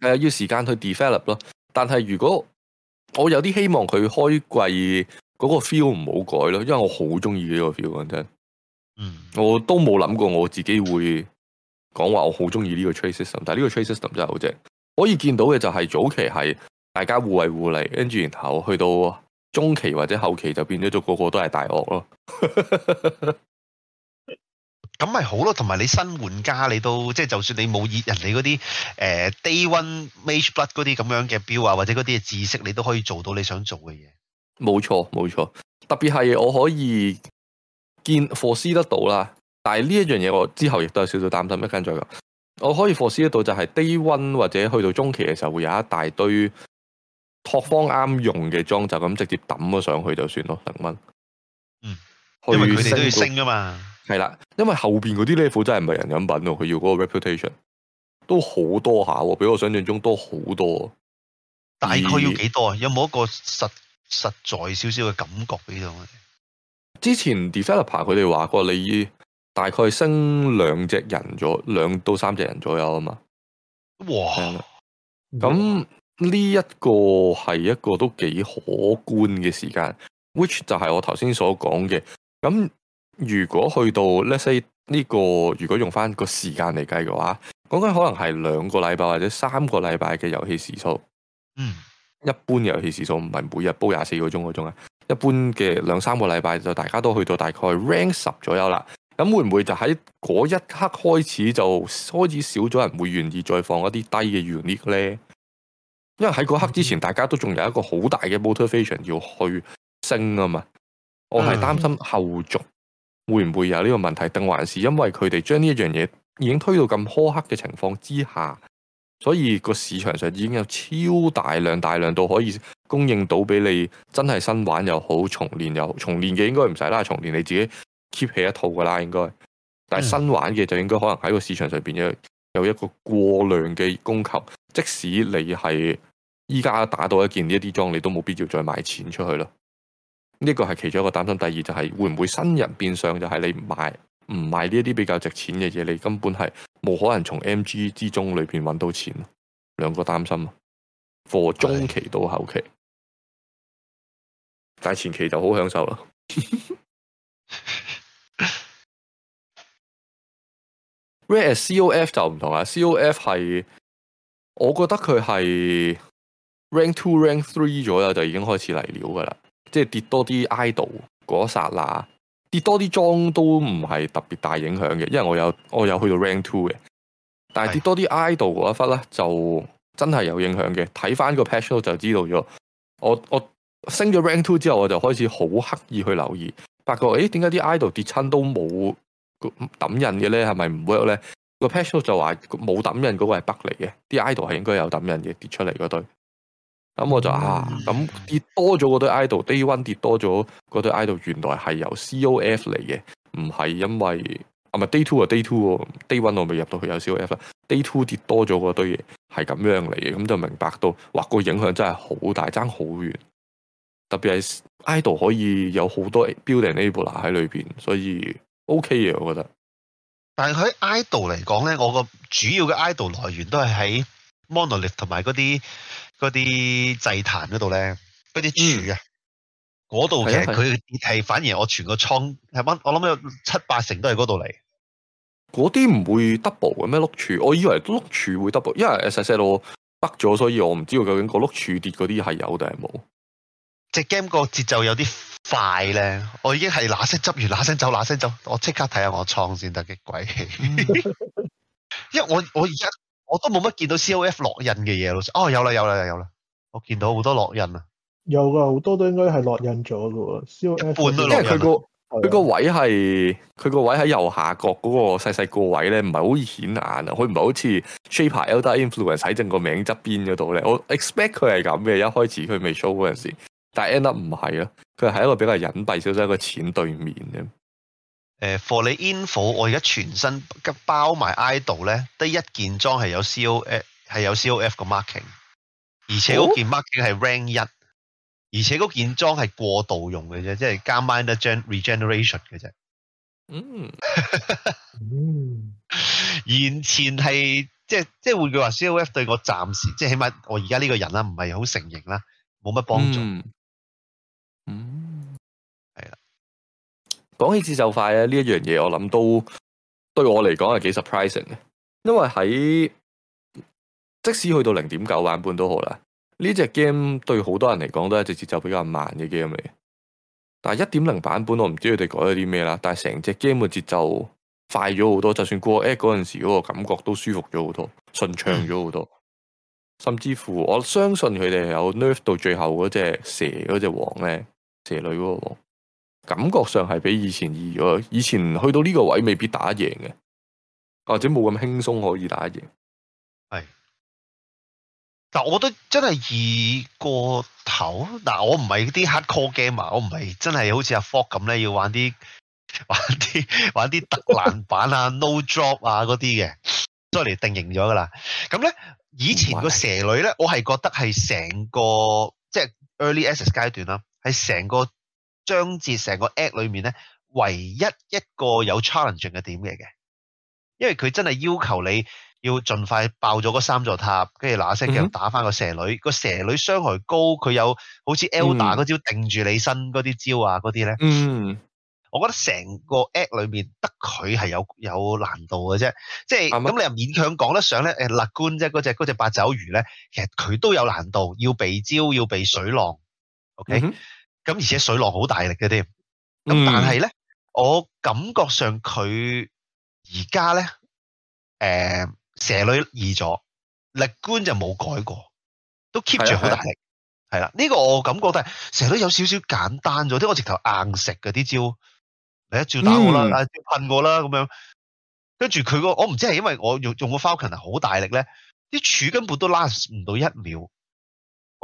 係啊，要時間、呃、去 develop 咯。但係如果我有啲希望佢開季嗰個 feel 唔好改咯，因為我好中意呢個 feel 講真。嗯，我都冇諗過我自己會講話我好中意呢個 trade system，但係呢個 trade system 真係好正。可以見到嘅就係早期係大家互惠互利，跟住然後去到中期或者後期就變咗做個個都係大鱷咯、嗯。咁 咪好咯，同埋你新玩家你都即係就算你冇以人哋嗰啲誒 day one Mage blood 嗰啲咁樣嘅標啊，或者嗰啲嘅知識，你都可以做到你想做嘅嘢。冇錯冇錯，特別係我可以 foresee 得到啦，但係呢一樣嘢我之後亦都有少少擔心一間再講。我可以 foresee 得到就係 day one 或者去到中期嘅時候，會有一大堆拓荒啱用嘅裝，就咁直接抌咗上去就算咯，零蚊，嗯，升，因為佢哋都要升㗎嘛，係啦，因為後邊嗰啲 level 真係唔係人飲品喎。佢要嗰個 reputation 都好多下，比我想象中都多好多。大概要幾多啊？有冇一個實實在少少嘅感覺呢？度之前 developer 佢哋話過你。大概升兩隻人左右，兩到三隻人左右啊嘛。哇！咁呢一個係一個都幾可觀嘅時間，which 就係我頭先所講嘅。咁如果去到 let's say 呢個，如果用翻個時間嚟計嘅話，講緊可能係兩個禮拜或者三個禮拜嘅遊戲時數。嗯，一般遊戲時數唔係每日煲廿四個鐘嗰種啊，一般嘅兩三個禮拜就大家都去到大概 rank 十左右啦。咁會唔會就喺嗰一刻開始就開始少咗人會願意再放一啲低嘅原力呢？因為喺嗰刻之前，大家都仲有一個好大嘅 motivation 要去升啊嘛。我係擔心後續會唔會有呢個問題，定還是因為佢哋將呢一樣嘢已經推到咁苛刻嘅情況之下，所以個市場上已經有超大量大量到可以供應到俾你，真係新玩又好，重練又好，重練嘅應該唔使啦，重練你自己。keep 起一套噶啦，應該，但係新玩嘅就應該可能喺個市場上邊有有一個過量嘅供求。即使你係依家打到一件呢啲裝，你都冇必要再賣錢出去咯。呢個係其中一個擔心，第二就係會唔會新人變相就係你唔買唔買呢啲比較值錢嘅嘢，你根本係冇可能從 MG 之中裏邊揾到錢。兩個擔心，from 中期到後期，但係前期就好享受啦。 Whereas COF 就唔同啊，COF 係，我覺得佢係 rank two rank three 左右，就已經開始嚟料噶啦，即係跌多啲 idol 嗰一剎啦，跌多啲裝都唔係特別大影響嘅，因為我有我有去到 rank two 嘅，但係跌多啲 idol 嗰一忽咧就真係有影響嘅，睇翻個 patch note 就知道咗，我我升咗 rank two 之後我就開始好刻意去留意，發覺誒點解啲 idol 跌親都冇？抌印嘅咧係咪唔 work 咧？是不是不呢有個 p e t r o 就話冇抌印嗰個係北嚟嘅，啲 idol 係應該有抌印嘅跌出嚟嗰堆。咁我就啊，咁跌多咗嗰堆 idol，day one 跌多咗嗰堆 idol，原來係由 C O F 嚟嘅，唔係因為啊咪 day two 啊 day two，day one 我未入到去有 C O F 啦，day two 跌多咗嗰堆嘢係咁樣嚟嘅，咁就明白到哇、個影響真係好大，爭好遠。特別係 idol 可以有好多 build enabler 喺裏邊，所以。O K 嘅，我覺得。但係喺 idol 嚟講咧，我個主要嘅 idol 來源都係喺 monolith 同埋嗰啲嗰啲祭壇嗰度咧，嗰啲柱啊，嗰、嗯、度其實佢係反而我全個倉係乜？我諗有七八成都係嗰度嚟。嗰啲唔會 double 嘅咩碌柱？我以為碌柱會 double，因為 S S S 得咗，所以我唔知道究竟個碌柱跌嗰啲係有定係冇。隻 game 個節奏有啲快咧，我已經係嗱聲執完，嗱聲走，嗱聲走。我即刻睇下我倉先得嘅鬼， 因為我我而家我都冇乜見到 C.O.F 落印嘅嘢，老實，哦，有啦有啦有啦，我見到好多落印啊，有噶好多都應該係落印咗嘅喎。C.O.F 半都落印咗，因為佢個佢個位係佢、哦、個位喺 右下角嗰個細細個位咧，唔係好顯眼啊。佢唔係好似 Shaper Elder influence 喺正個名側邊嗰度咧，我 expect 佢係咁嘅。一開始佢未 show 嗰陣時。嗯但係 end up 唔係啊，佢係一個比較隱蔽少少嘅淺對面啫。誒、uh，For 你 info，我而家全身跟包埋 ido 咧，得一件裝係有 C O F，係有 C O F 個 marking，而且嗰件 marking 係 rank 一，而且嗰件裝係過度用嘅啫，即係加翻一張 regeneration 嘅啫。嗯、mm. mm.，嗯，完全係即係即係換句話，C O F 對我暫時即係起碼我而家呢個人啦，唔係好成型啦，冇乜幫助。Mm. 講起節奏快呢一樣嘢，我諗都對我嚟講係幾 surprising 嘅，因為喺即使去到零點九版本都好啦，呢隻 game 對好多人嚟講都係隻節奏比較慢嘅 game 嚟。但係一點零版本我唔知佢哋改咗啲咩啦，但係成隻 game 嘅節奏快咗好多，就算過 a 嗰陣時嗰個感覺都舒服咗好多，順暢咗好多。甚至乎我相信佢哋係有 nerf 到最後嗰隻蛇嗰隻王咧，蛇女嗰個王。感覺上係比以前易咗，以前去到呢個位未必打贏嘅，或者冇咁輕鬆可以打贏。係，但我覺得真係易過頭。嗱，我唔係啲 hard core gamer，我唔係真係好似阿 Fox 咁咧，要玩啲玩啲玩啲特難版啊、 no drop 啊嗰啲嘅，都嚟定型咗噶啦。咁咧，以前個蛇女咧，我係覺得係成個即係、就是、early access 階段啦，係成個。章節成個 Act 裏面咧，唯一一個有 challenge 嘅點嚟嘅，因為佢真係要求你要盡快爆咗嗰三座塔，跟住嗱嗱聲又打翻個蛇女，個、嗯、蛇女傷害高，佢有好似 l 打嗰招定住你身嗰啲招啊，嗰啲咧。嗯，我覺得成個 Act 裏面得佢係有有，有難度嘅啫，即係咁你又勉強講得上咧，誒，Lagon 啫，嗰隻嗰隻八爪魚咧，其實佢都有難度，要避招，要避水浪，OK、嗯。咁而且水浪好大力嘅添，咁但係咧，嗯、我感覺上佢而家咧，誒、呃、蛇女易咗，Lagon 就冇改過，都 keep 住好大力，係啦。呢、這個我感覺都係蛇女有少少簡單咗啲，我直頭硬食嘅啲招，一、哎、招打我啦，一噴我啦咁、嗯、樣，跟住佢個我唔知係因為我用用個 Falconer 好大力咧，啲柱根本都拉唔到一秒。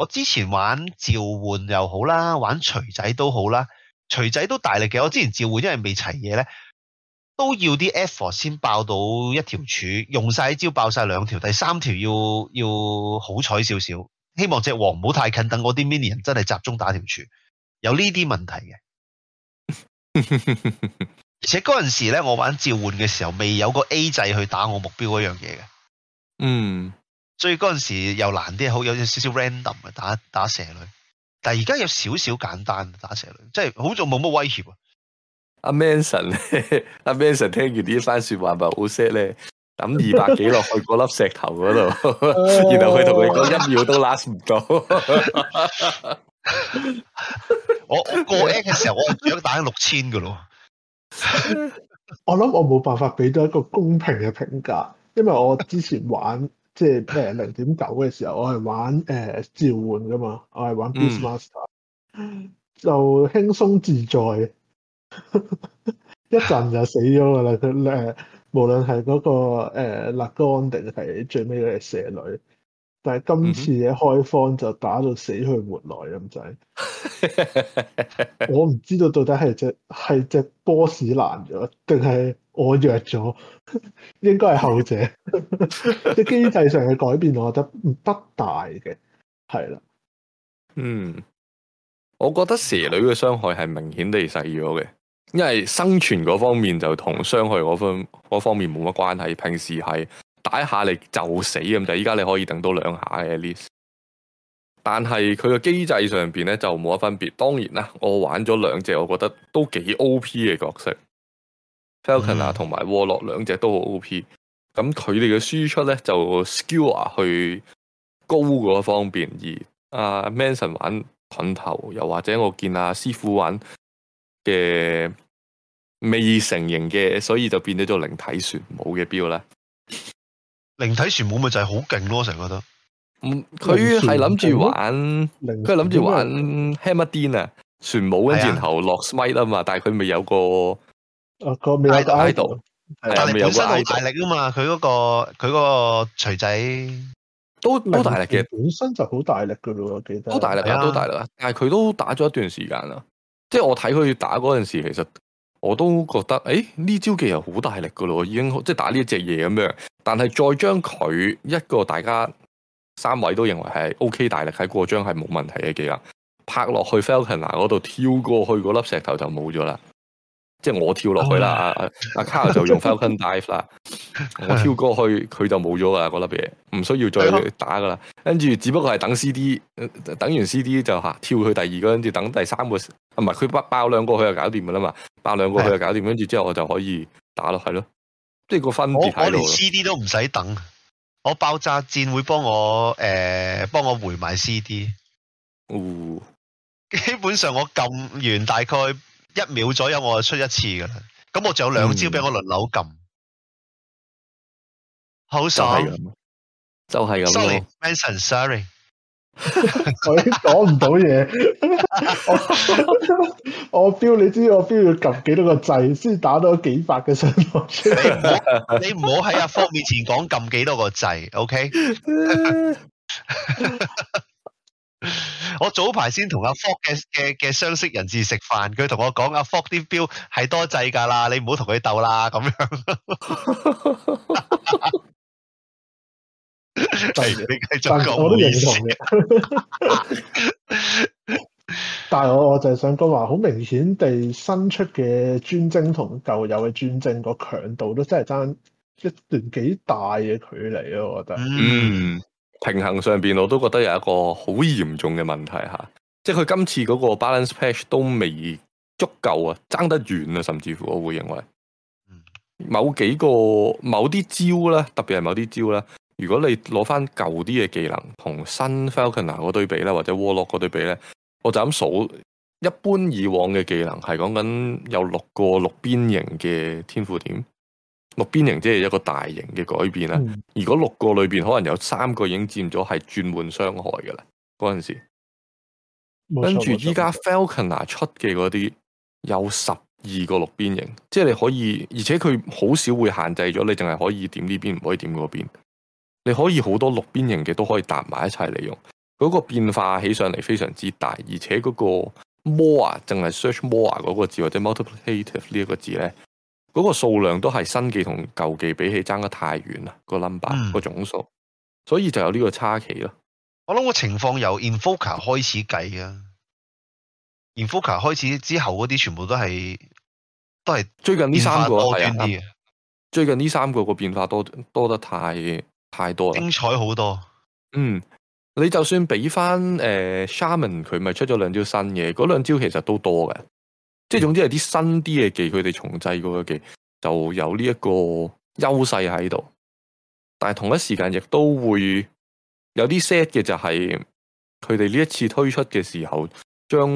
我之前玩召喚又好啦，玩錘仔都好啦，錘仔都大力嘅。我之前召喚因為未齊嘢咧，都要啲 effort 先爆到一條柱，用晒招爆晒兩條，第三條要要好彩少少，希望隻王唔好太近，等我啲 mini 人真係集中打條柱，有呢啲問題嘅。 而且嗰陣時咧，我玩召喚嘅時候未有個 A 掣去打我目標嗰樣嘢嘅，嗯。所以嗰陣時又難啲，好有少少 random 嘅打打蛇女，但係而家有少少簡單打蛇女，即係好似冇乜威脅啊。阿 Manson 咧，阿 Manson 聽完番 呢番說話咪好 set 咧，抌二百幾落去嗰粒石頭嗰度， 然後佢同佢講一秒都 last 唔到 我。我我過 act 嘅時候，我唔記得打咗六千嘅咯。我諗我冇辦法俾到一個公平嘅評價，因為我之前玩。即係誒零點九嘅時候，我係玩誒、呃、召喚噶嘛，我係玩 Beastmaster、嗯、就輕鬆自在， 一陣就死咗噶啦。佢誒無論係嗰、那個誒 Lagon 定係最尾嘅隻蛇女，但係今次嘅開荒就打到死去活來咁就滯，我唔知道到底係只係隻波士難咗定係。我弱咗，應該係後者。即 機 制上嘅改變，我覺得唔得大嘅，係啦。嗯，我覺得蛇女嘅傷害係明顯地細咗嘅，因為生存嗰方面就同傷害嗰方方面冇乜關係。平時係打一下你就死咁，就依家你可以等到兩下嘅，At least。但係佢個機制上面咧就冇乜分別。當然啦，我玩咗兩隻，我覺得都幾 OP 嘅角色。Falcon 啊、嗯，同埋 Warlock 兩隻都好 OP，咁佢哋嘅輸出咧就 skill 啊去高嗰方面，而啊 Manson 玩盾頭，又或者我見阿師傅玩嘅未成型嘅，所以就變咗做靈體船母嘅標咧。靈體船母咪就係好勁咯，成日覺得。嗯，佢係諗住玩，佢係諗住玩 Hammerdin 啊，船母跟住然後落 smite 啊嘛，啊但係佢咪有個。係喺度，但係本身好大力啊嘛！佢嗰、那個佢個錘仔都都大力嘅，本身就好大力噶咯，記得都大力啦，都大力啦、啊。但係佢都打咗一段時間啦，即係我睇佢打嗰陣時，其實我都覺得誒呢、欸、招技又好大力噶咯，已經即係打呢一隻嘢咁樣。但係再將佢一個大家三位都認為係 O K 大力喺過章係冇問題嘅技能拍落去 Falconer 嗰度跳過去嗰粒石頭就冇咗啦。即係我跳落去啦，阿、oh、阿、yeah. 啊、Carl 就用 Falcon Dive 啦。 我跳過去，佢就冇咗噶啦，嗰粒嘢唔需要再打噶啦。跟住只不過係等 C D，等完 C D 就吓跳去第二個，跟住等第三個。唔係佢爆爆兩個佢就搞掂噶啦嘛，爆兩個佢就搞掂，跟住之後我就可以打咯，係、yeah. 咯。即係個分別我我連 C D 都唔使等，我爆炸戰會幫我誒、呃，幫我回埋 C D。Ooh. 基本上我撳完大概。一秒左右我就出一次噶啦，咁我就有兩招俾我輪流撳，好、嗯、傻，就係、是、咁、就是、sorry Manson sorry 我已經講唔到嘢。 我標，你知我標， 你知我標要撳幾多個掣先打到幾百嘅信號出嚟？你唔好喺阿福面前講撳幾多個掣，OK？ 我早排先同阿 Fox 嘅嘅嘅相識人士食飯，佢同我講，阿 Fox 啲標係多滯㗎啦，你唔好 但是 同佢鬥啦咁樣。係，你繼續，我都認同嘅，但係我我就係想講話，好明顯地新出嘅專精同舊有嘅專精個強度都真係爭一段幾大嘅距離咯啊，我覺得。嗯。平衡上邊我都覺得有一個好嚴重嘅問題吓，即係佢今次嗰個 Balance Patch 都未足夠啊，爭得遠啊，甚至乎我會認為，某幾個某啲招咧，特別係某啲招咧，如果你攞翻舊啲嘅技能同新 Falconer 嗰對比咧，或者 Warlock 嗰對比咧，我就咁數，一般以往嘅技能係講緊有六個六邊形嘅天賦點。六邊形即係一個大型嘅改變啦、嗯，而嗰六個裏邊可能有三個已經佔咗係轉換傷害㗎啦，嗰陣時，跟住依家 Falconer 出嘅嗰啲有十二個六邊形，即係你可以，而且佢好少會限制咗你，淨係可以點呢邊，唔可以點嗰邊，你可以好多六邊形嘅都可以搭埋一齊利用，嗰、嗰個變化起上嚟非常之大，而且嗰個 more 淨係 search more 嗰個字或者 multiplicative 呢一個字咧。嗰、那個數量都係新記同舊記比起差得太遠啦，個 number 個總數，所以就有呢個差期咯。我諗個情況由 i n f o c a r 開始計啊 i n f o c a r 開始之後嗰啲全部都係都係最近呢三個係啊，最近呢三個個變化多多得太太多啦，精彩好多。嗯，你就算比翻 Shaman 佢咪出咗兩招新嘢，嗰兩招其實都多嘅。即係總之係啲新啲嘅技，佢哋重製過嘅技就有呢一個優勢喺度，但係同一時間亦都會有啲 set 嘅，就係佢哋呢一次推出嘅時候，將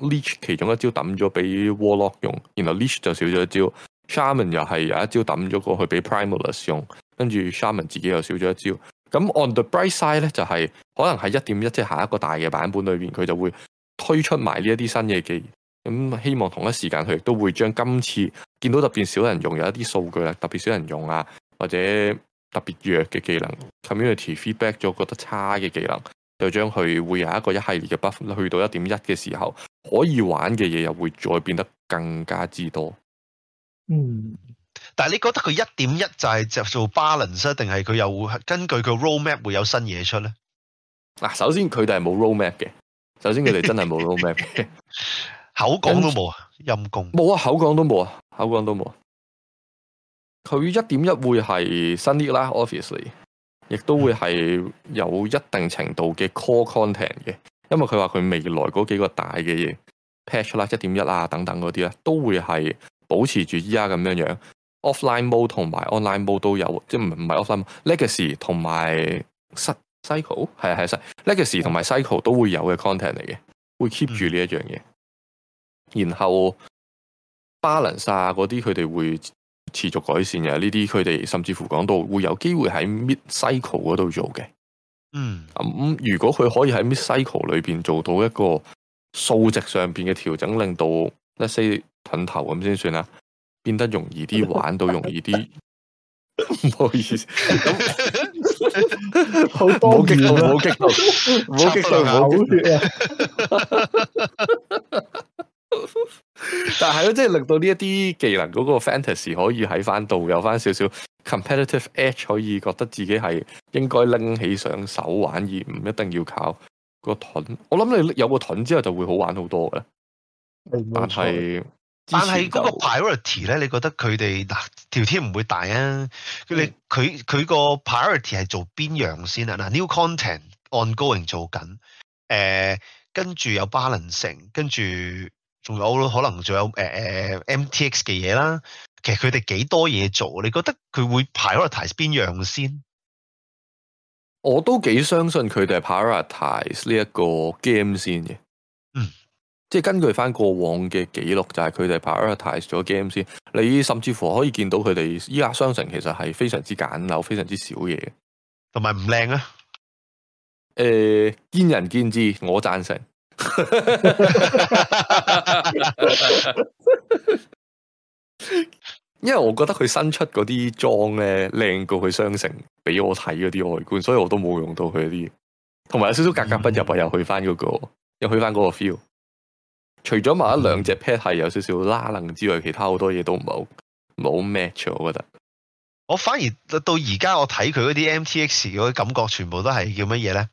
leech 其中一招抌咗俾 Warlock 用，然後 leech 就少咗一招，Shaman 又係有一招抌咗過去俾 Primalus 用，跟住 Shaman 自己又少咗一招。咁 on the bright side 咧，就係、是、可能係一點一即係下一個大嘅版本裏邊，佢就會推出埋呢一啲新嘅技。咁希望同一時間佢亦都會將今次見到特別少人用有一啲數據啊，特別少人用啊，或者特別弱嘅技能、community feedback 咗覺得差嘅技能，就將佢會有一個一系列嘅 buff 去到一點一嘅時候，可以玩嘅嘢又會再變得更加之多。嗯，但係你覺得佢一點一就係做 balance，定係佢又會根據佢 road map 會有新嘢出呢？嗱，首先佢哋係冇 road map 嘅，首先佢哋真係冇 road map 嘅。口講都冇啊，陰功冇啊，口講都冇啊，口講都冇啊。佢一點一會係新啲啦，obviously，亦都會係有一定程度嘅 core content 嘅，因為佢話佢未來嗰幾個大嘅嘢 patch 啦、一點一啊等等嗰啲咧，都會係保持住依家咁樣樣 offline mode 同埋 online mode 都有，即係唔唔係 offline mode, legacy 同埋 cycle，係係 l e legacy 同埋 cycle 都會有嘅 content 嚟嘅，會 keep 住呢一樣嘢。然後巴倫沙嗰啲佢哋會持續改善嘅，啊，呢啲佢哋甚至乎講到會有機會喺 mid cycle 嗰度做嘅。嗯，咁、嗯、如果佢可以喺 mid cycle 裏邊做到一個數值上邊嘅調整，令到呢四盾頭咁先算啦，變得容易啲玩到容易啲。唔 好意思，咁 好多、啊、激動，冇激動，冇激動，冇激動，嘔 但係咯，即係令到呢一啲技能嗰個 fantasy 可以喺翻度有翻少少 competitive edge，可以覺得自己係應該拎起上手玩而唔一定要靠個盾。我諗你有個盾之後就會好玩好多嘅。但係，但係嗰個 priority 咧，你覺得佢哋嗱條天唔會大啊？你佢佢個 priority 係做邊樣先啊？嗱，new content ongoing 做緊，誒、呃，跟住有 balancing，跟住。仲有可能仲有誒誒、呃呃、MTX 嘅嘢啦，其實佢哋幾多嘢做？你覺得佢會 prioritize 邊樣先？我都幾相信佢哋 prioritize 呢一個 game 先嘅，嗯，即係根據翻過往嘅記錄，就係佢哋 prioritize 咗 game 先嘅。你甚至乎可以見到佢哋依家商城其實係非常之簡陋，非常之少嘢，同埋唔靚啊。誒、呃，見仁見智，我贊成。 因為我覺得佢新出嗰啲裝咧靚過佢商城俾我睇嗰啲外觀，所以我都冇用到佢啲。同埋有，有少少格格不入啊、嗯，又去翻、那、嗰個，又去翻嗰個 feel。除咗買一兩隻 pet 係有少少拉楞之外，嗯、其他好多嘢都唔冇冇 match。我覺得我反而到而家我睇佢嗰啲 MTX 嗰感覺，全部都係叫乜嘢咧？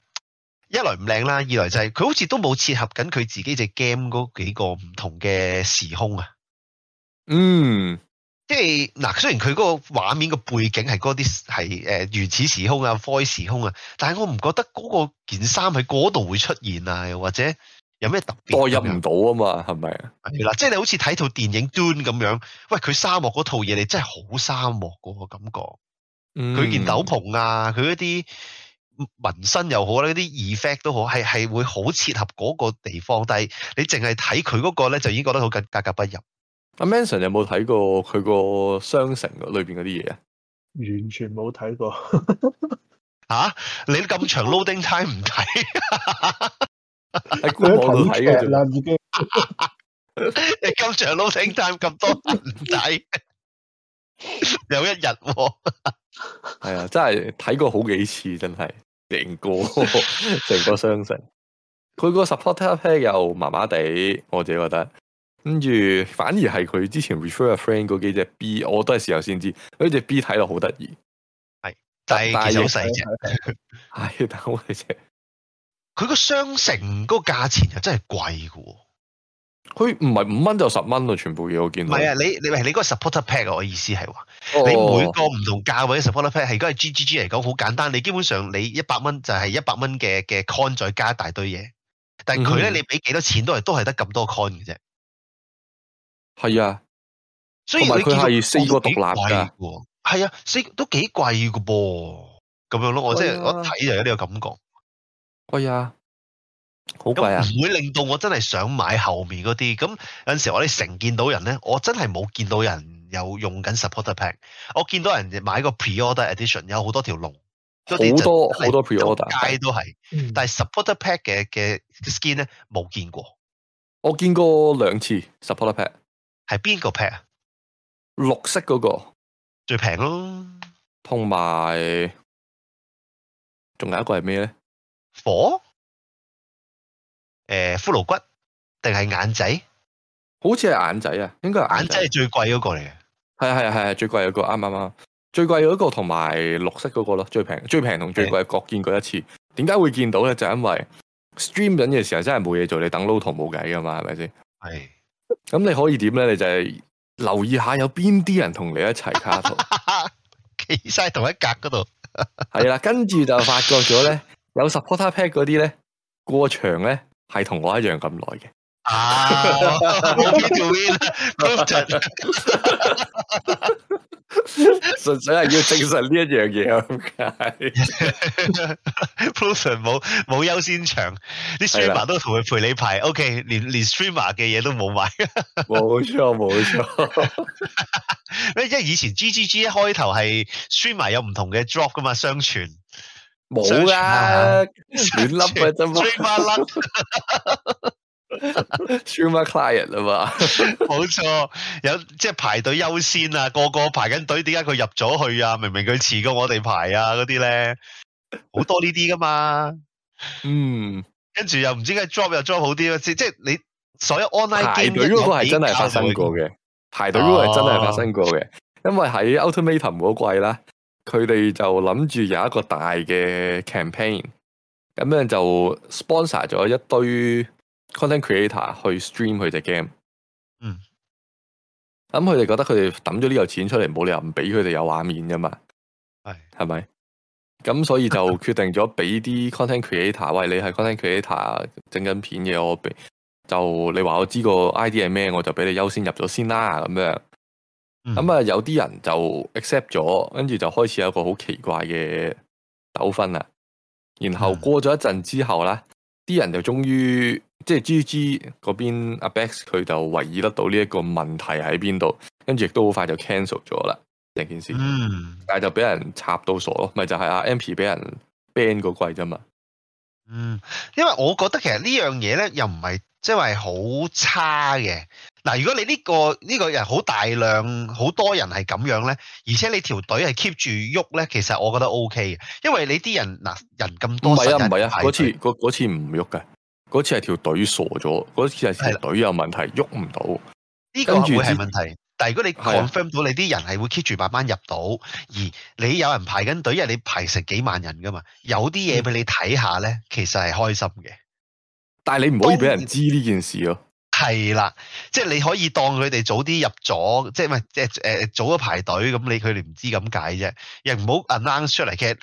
一來唔靚啦，二來就係佢好似都冇切合緊佢自己隻 game 嗰幾個唔同嘅時空啊。嗯，即係嗱，雖然佢嗰個畫面嘅背景係嗰啲係誒原始時空啊、科幻時空啊，但係我唔覺得嗰個件衫喺嗰度會出現啊，又或者有咩特別代入唔到啊嘛，係咪啊？嗱，即係你好似睇套電影 Dune 咁樣，喂，佢沙漠嗰套嘢你真係好沙漠嗰個感覺。佢件斗篷啊，佢一啲。紋身又好咧，啲 effect 都好，係係會好切合嗰個地方。但係你淨係睇佢嗰個咧，就已經覺得好緊格格不入。阿 Manson 有冇睇過佢個商城裏邊嗰啲嘢啊？完全冇睇過。吓、 啊，你咁長 loading time 唔睇？喺官網度睇嘅你咁長 loading time 咁多唔睇， 有一日天係啊、 哎呀，真係睇過好幾次，真係。成個成個商城，佢個 support up 咧又麻麻地，我自己覺得，跟住反而係佢之前 refer a friend 嗰幾隻 B，我都係時候先知，佢隻 B 睇落好得意，係，但係好細隻，係，但係隻佢個商城嗰個價錢又真係貴噶。佢唔係五蚊就十蚊咯，全部嘢我見到。唔係啊，你你你嗰個 supporter pack 啊，我意思係話，oh. 你每個唔同價位 supporter pack 係如果係 G G G 嚟講好簡單，你基本上你一百蚊就係一百蚊嘅嘅 con 再加一大堆嘢，但係佢咧你俾幾多錢都係都係得咁多 con 嘅啫。係啊，雖然佢係四個獨立噶，係啊，四都幾貴噶噃，咁樣咯，啊，我即係我睇就有呢個感覺。貴啊！好貴啊！唔會令到我真係想買後面嗰啲。咁有陣時我哋成見到人咧，我真係冇見到人有用緊 supporter pack。我見到人買個 pre-order edition 有好多條龍，好多好多 pre-order。街都係、嗯，但係 supporter pack 嘅嘅 skin 咧，冇見過。我見過兩次 supporter pack，係邊個 pack？綠色嗰、嗰個最平咯。同埋，仲有一個係咩咧？火？誒、欸，骷髏骨定係眼仔？好似係眼仔啊，應該係眼仔係最貴嗰個嚟嘅。係啊，係啊，係啊，最貴嗰個，啱啱啱，最貴嗰個同埋綠色嗰個咯，最平，最平同最貴、欸、各見過一次。點解會見到咧？就因為 stream 緊嘅時候真係冇嘢做，你等撈圖冇計噶嘛，係咪先？係、欸。咁你可以點咧？你就係留意下有邊啲人同你一齊卡圖 企晒同一格嗰度。係 啦，跟住就發覺咗咧，有 supporter pack 嗰啲咧，過場咧。係同我一樣咁耐嘅，啊，冇邊條 win，咁就，純粹係要證實呢一樣嘢。Proton 冇冇優先場，啲 streamer 都同佢陪你排，OK，連連 streamer 嘅嘢都冇買，冇錯冇錯。因為以前 GGG 一開頭係 streamer 有唔同嘅 drop 噶嘛，相傳。冇噶亂粒啊，真、啊、嘛？追 c l i e n t 啦嘛？冇錯，有即係排隊優先啊，個個排緊隊，點解佢入咗去啊？明明佢遲過我哋排啊，嗰啲咧好多呢啲噶嘛。嗯，跟住又唔知點解 drop 又 drop 好啲啊，即係你所有 online 排隊嗰個係真係發生過嘅、啊，排隊嗰個係真係發生過嘅，因為喺 Ultimatum 嗰季啦。佢哋就諗住有一個大嘅 campaign，咁樣就 sponsor 咗一堆 content creator 去 stream 佢隻 game。嗯，咁佢哋覺得佢哋抌咗呢嚿錢出嚟，冇理由唔畀佢哋有畫面噶嘛。係，係咪？咁所以就決定咗畀啲 content creator， 喂，你係 content creator 整緊片嘅，我畀就你話我知個 ID 係咩，我就畀你優先入咗先啦，咁樣。咁、嗯、啊，有啲人就 accept 咗，跟住就開始有個好奇怪嘅糾紛啦。然後過咗一陣之後咧，啲、嗯、人就終於即係 GGG 嗰邊阿 Bex 佢就維持得到呢一個問題喺邊度，跟住亦都好快就 cancel 咗啦成件事。嗯，但係就俾人插到傻咯，咪就係、是、阿 Empy 俾人 ban 個季啫嘛。嗯，因為我覺得其實呢樣嘢咧，又唔係即係話好差嘅。嗱，如果你呢、這個呢、這個人好大量、好多人係咁樣咧，而且你條隊係 keep 住喐咧，其實我覺得 O K 嘅，因為你啲人嗱人咁多，唔係啊唔係啊，嗰、啊啊、次嗰次唔喐㗎，嗰次係條隊傻咗，嗰次係條隊有問題，喐唔到。呢、這個會係問題。但係如果你 confirm 到你啲人係會 keep 住慢慢入到，而你有人排緊隊，因為你排成幾萬人噶嘛，有啲嘢俾你睇下咧、嗯，其實係開心嘅。但係你唔可以俾人知呢件事囉！係啦，即係你可以當佢哋早啲入咗，即係唔係即係誒早咗排隊咁，你佢哋唔知咁解啫。又唔好 announce 出嚟嘅，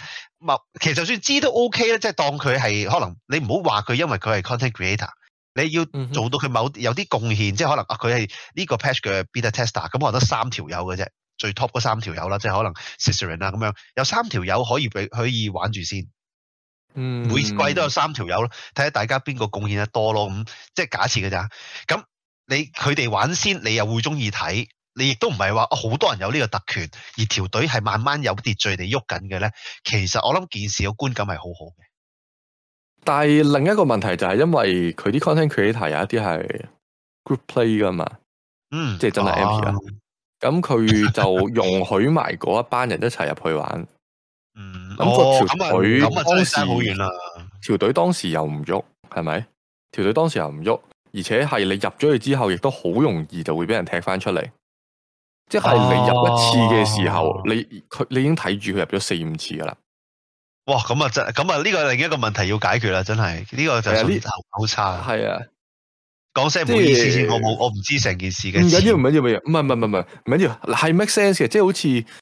其實就算知都 OK，即係當佢係可能你唔好話佢，因為佢係 content creator，你要做到佢某有啲貢獻，即係可能啊佢係呢個 patch 嘅 beta tester，咁我得三條友嘅啫，最 top 嗰三條友啦，即係可能 sisterin 啦咁樣，有三條友可以俾可以玩住先。嗯、每季都有三條友咯，睇下大家邊個貢獻得多咯，咁即係假設嘅咋？咁你佢哋玩先，你又會中意睇，你亦都唔係話好多人有呢個特權，而條隊係慢慢有秩序地喐緊嘅咧。其實我諗件事嘅觀感係好好嘅。但係另一個問題就係因為佢啲 content creator 有一啲係 group play 噶嘛，嗯，即係真係 MP 啦。咁、啊、佢就容許埋嗰一班人一齊入去玩。 嗯，咁個條隊當時好遠啦，條隊當時又唔喐，係咪？條隊當時又唔喐，而且係你入咗去之後，亦都好容易就會俾人踢翻出嚟。即係你入一次嘅時候，啊、你佢你已經睇住佢入咗四五次噶啦。哇，咁啊真，咁啊呢個另一個問題要解決啦，真係呢、這個就純頭好差。係啊，講聲唔好意思先，我我唔知成件事嘅事。唔緊要唔緊要唔緊要，唔係唔係唔係唔緊要，係 make sense 嘅，即係好似。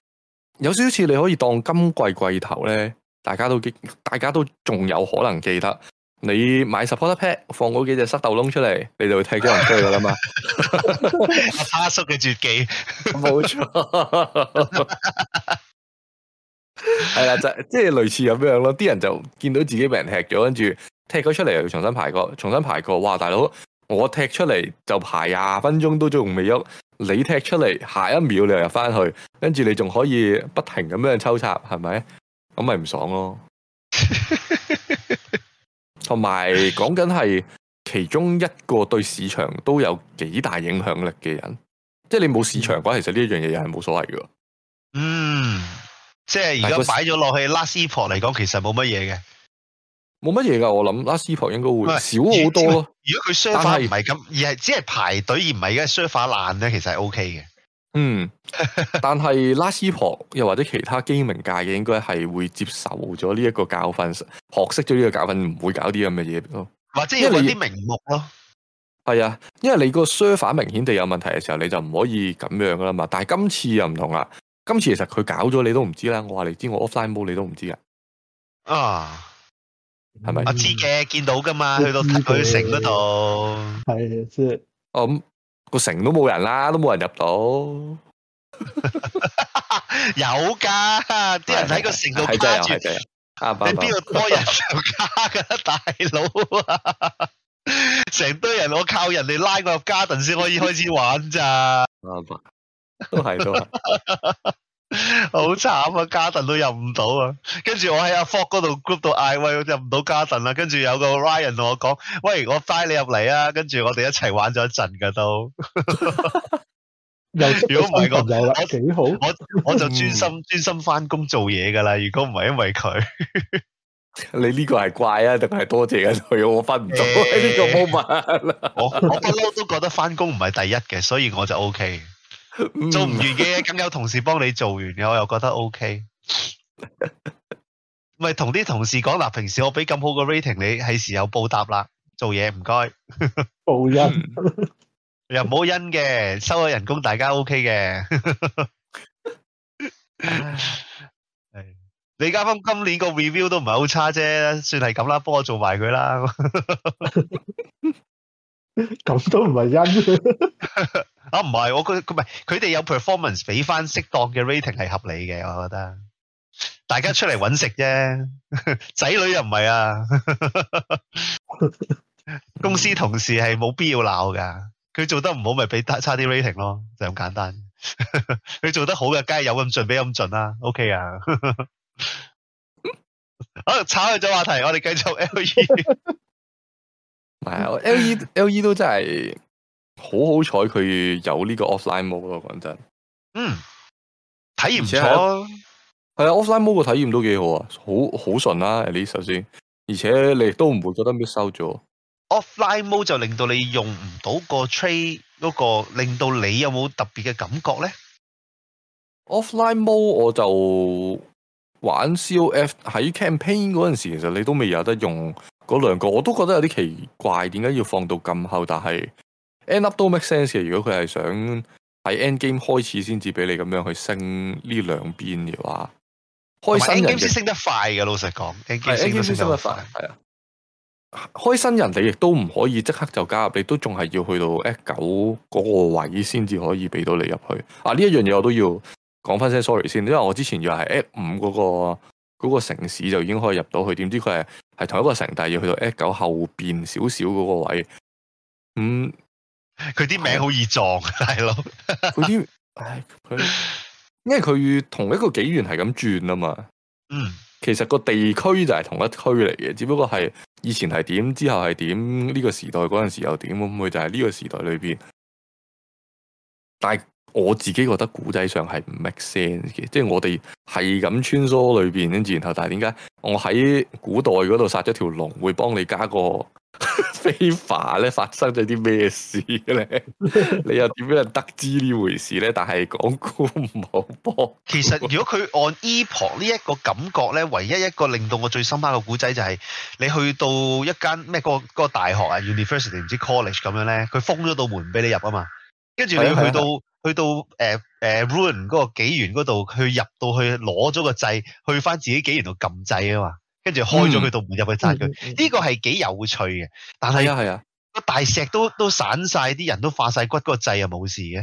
有少少似你可以當今季季頭咧，大家都大家都仲有可能記得你買 supporter pack 放嗰幾隻塞豆窿出嚟，你就會踢咗人出去噶啦嘛 阿 叔嘅絕技，冇錯，係啦，就即、是、係類似咁樣咯。啲人就見到自己俾人然後踢咗，跟住踢咗出嚟，又要重新排過，重新排過。哇，大佬，我踢出嚟就排廿分鐘都仲未喐。你踢出嚟，下一秒你又入翻去，跟住你仲可以不停咁樣抽插，係咪？咁咪唔爽咯。同 埋講緊係其中一個對市場都有幾大影響力嘅人，即係你冇市場嘅話，嗯，其實呢一樣嘢又係冇所謂噶。嗯，即係而家擺咗落去 Last Epoch 嚟講，其實冇乜嘢嘅。冇乜嘢噶，我諗拉斯婆應該會少好多咯。如果佢 server 唔係咁，而係只係排隊而唔係嘅 server 爛咧，其實係 O K 嘅。嗯， 但係拉斯婆，又或者其他機名界嘅，應該係會接受咗呢一個教訓，學識咗呢個教訓，唔會搞啲咁嘅嘢咯。或者要攞啲名目咯。係啊，因為你個 server 明顯地有問題嘅時候，你就唔可以咁樣噶啦嘛。但係今次又唔同啦，今次其實佢搞咗你都唔知啦。我話你知，我，知我 offline mode 你都唔知噶。啊！係咪、嗯？我知嘅，見到㗎嘛，去到城嗰度。係即係，嗯那個城都冇人啦，都冇人入到。 有㗎，啲人喺個城度趴住。阿伯，你邊度多人上卡噶大佬啊？成 大哥 堆人，我靠人哋拉我入加頓先可以開始玩咋？阿 伯都係咯。都好 慘啊！Garden 都入唔到啊，跟住我喺阿 Fox 嗰度 group 到，嗌喂入唔到 Garden 啦。跟住有個 Ryan 同我講：，喂，我帶你入嚟啊！跟住我哋一齊玩咗一陣噶都。如果唔係我幾好，我我就專心專心翻工做嘢噶啦。如果唔係因為佢， 你呢個係怪啊，定係多謝佢、啊 欸？ 我分唔到呢個 moment 我我不嬲都覺得翻工唔係第一嘅，所以我就 OK。做唔完嘅嘢，咁有同事幫你做完嘅，我又覺得 O K。咪同啲同事講，嗱，平時我俾咁好個 rating，你係時候報答啦。做嘢唔該，報恩又唔好恩嘅，收咗人工，大家 O K 嘅。係李嘉豐今年個 review 都唔係好差啫，算係咁啦，幫我做埋佢啦。咁都唔係因 啊，唔係我覺佢唔係佢哋有 performance 俾翻適當嘅 rating 係合理嘅，我覺得大家出嚟搵食啫，仔女又唔係啊， 公司同事係冇必要鬧噶，佢做得唔好咪俾差啲 rating 咯，就咁簡單。佢 做得好嘅，梗係有咁盡俾咁盡啦，OK 啊。好、 啊，炒去咗話題，我哋繼續 LE。 係啊 ，L E L E 都真係好好彩，佢有呢個 offline mode 咯。講真，嗯，體驗唔錯、啊。係啊，offline mode 嘅體驗都幾好啊，好好順啦、啊。你首先，而且你都唔會覺得 miss out 咗。offline mode 就令到你用唔到個 trade 嗰、那個，令到你有冇特別嘅感覺咧？offline mode 我就玩 C O F 喺 campaign 嗰陣時，其實你都未有得用。嗰兩個我都覺得有啲奇怪，點解要放到咁後？但係 end up 都 make sense 嘅，如果佢係想喺 end game 開始先至俾你咁樣去升呢兩邊嘅話，開新人先升得快嘅。老實講，end game 升得快，係啊。開新人你亦都唔可以即刻就加入，你都仲係要去到 f 九嗰個位先至可以俾到你入去。啊，呢一樣嘢我都要講翻聲，sorry 先，因為我之前又係 f 五嗰個。嗰、那個城市就已經可以入到去，點知佢係係同一個城，但係要去到 S 九後邊少少嗰個位。咁佢啲名好易撞，大 佬，佢啲，哎，因為佢同一個紀元係咁轉啊嘛。嗯，其實個地區就係同一區嚟嘅，只不過係以前係點，之後係點，呢個時代嗰陣時又點，會唔會就係呢個時代裏邊大？但我自己覺得古仔上係唔 make sense 嘅，即係我哋係咁穿梭裏邊，跟住然後，但係點解我喺古代嗰度殺咗條龍會幫你加個非凡咧？發生咗啲咩事咧？你又點樣得知呢回事咧？但係講古唔好噃。其實如果佢按 epoch 呢一個感覺咧，唯一一個令到我最深刻嘅古仔就係、是、你去到一間咩、嗰個、嗰個大學啊，university 唔知 college 咁樣咧，佢封咗道門俾你入啊嘛，跟住你要去到。去到誒誒、呃呃、ruin 嗰個紀元嗰度，去入到去攞咗個掣，去翻自己紀元度撳掣啊嘛，跟住開咗佢道門入去殺佢。呢、嗯嗯這個係幾有趣嘅，但係個大石都都散晒，啲人都化晒骨，那個掣又冇事嘅。誒、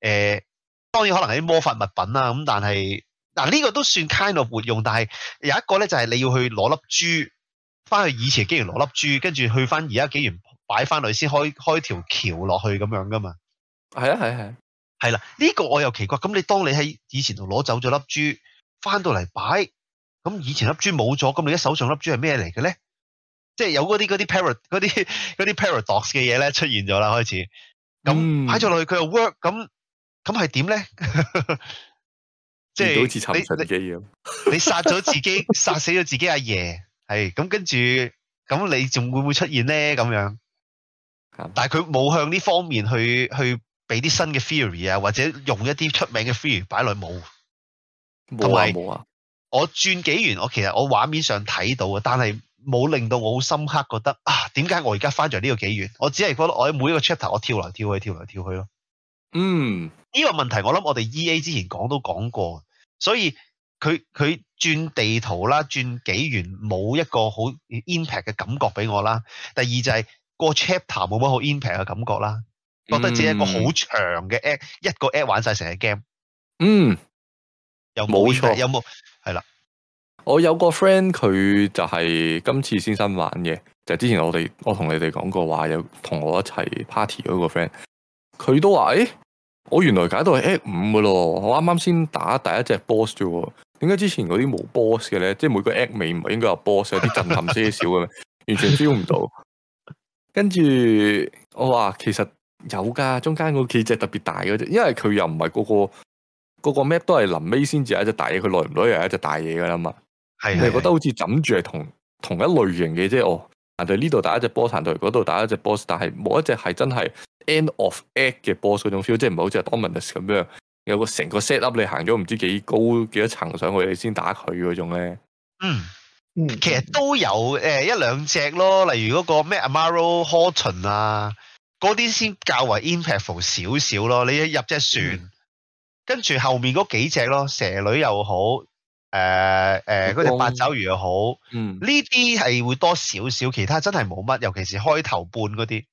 呃，當然可能係啲魔法物品啦，咁但係嗱呢個都算 kind of 活用，但係有一個咧就係、是、你要去攞粒珠，翻去以前紀元攞粒珠，跟住去翻而家紀元擺翻落去先開開條橋落去咁樣噶嘛。係啊係啊。係啦，呢個我又奇怪。咁你當你喺以前度攞走咗粒珠，翻到嚟擺，咁以前粒珠冇咗，咁你而家手上粒珠係咩嚟嘅咧？即係有嗰啲嗰啲 paradox 啲啲 paradox 嘅嘢咧出現咗啦，開始咁擺咗落去佢又 work，咁咁係點咧？即係好似尋秦記咁，你殺咗自己，殺 死咗自己阿爺，係咁跟住，咁你仲會唔會出現咧？咁樣，但係佢冇向呢方面去去。俾啲新嘅 theory 啊，或者用一啲出名嘅 theory 擺落去冇，冇啊冇啊！我轉紀元，我其實我畫面上睇到嘅，但係冇令到我好深刻覺得啊，點解我而家翻咗呢個紀元？我只係覺得我喺每一個 chapter，我跳來跳去，跳來跳去咯。嗯，呢、這個問題我諗我哋 EA 之前講都講過，所以佢佢轉地圖啦，轉紀元，冇一個好 impact 嘅感覺俾我啦。第二就係、是、個 chapter 冇乜好 impact 嘅感覺啦。覺得只係一個好長嘅 app，嗯、一個 app 玩晒成日。game。嗯，又冇錯，有冇係啦？我有個 friend 佢就係今次先生玩嘅，就係、之前我哋我同你哋講過話，有同我一齊 party 嗰個 friend，佢都話，誒、欸，我原來解到係 app 五嘅咯，我啱啱先打第一隻 boss 啫，點解之前嗰啲冇 boss 嘅咧？即係每個 app 尾唔係應該有 boss，有啲震撼些少嘅咩？ 完全 feel 唔到。跟住我話，其實。有噶，中間嗰幾隻特別大嗰隻，因為佢又唔係嗰個嗰個 map 都係臨尾先至有一隻大嘢，佢來唔來又係一隻大嘢噶啦嘛。係，你覺得好似枕住係同是是同一類型嘅啫？哦，行到呢度打一隻波，行到嗰度打一隻 boss，但係冇一隻係真係 End of Act 嘅 boss 嗰種 feel，即係唔係好似 Dominus 咁樣有個成個 set up 你行咗唔知幾高幾多層上去你先打佢嗰種咧。嗯，其實都有誒一兩隻咯，例如嗰個咩 Amaro Horton 啊。嗰啲先較為 impactful 少少咯，你一入隻船，跟、嗯、住後面嗰幾隻咯，蛇女又好，誒誒隻八爪魚又好，呢啲係會多少少，其他真係冇乜，尤其是開頭半嗰啲，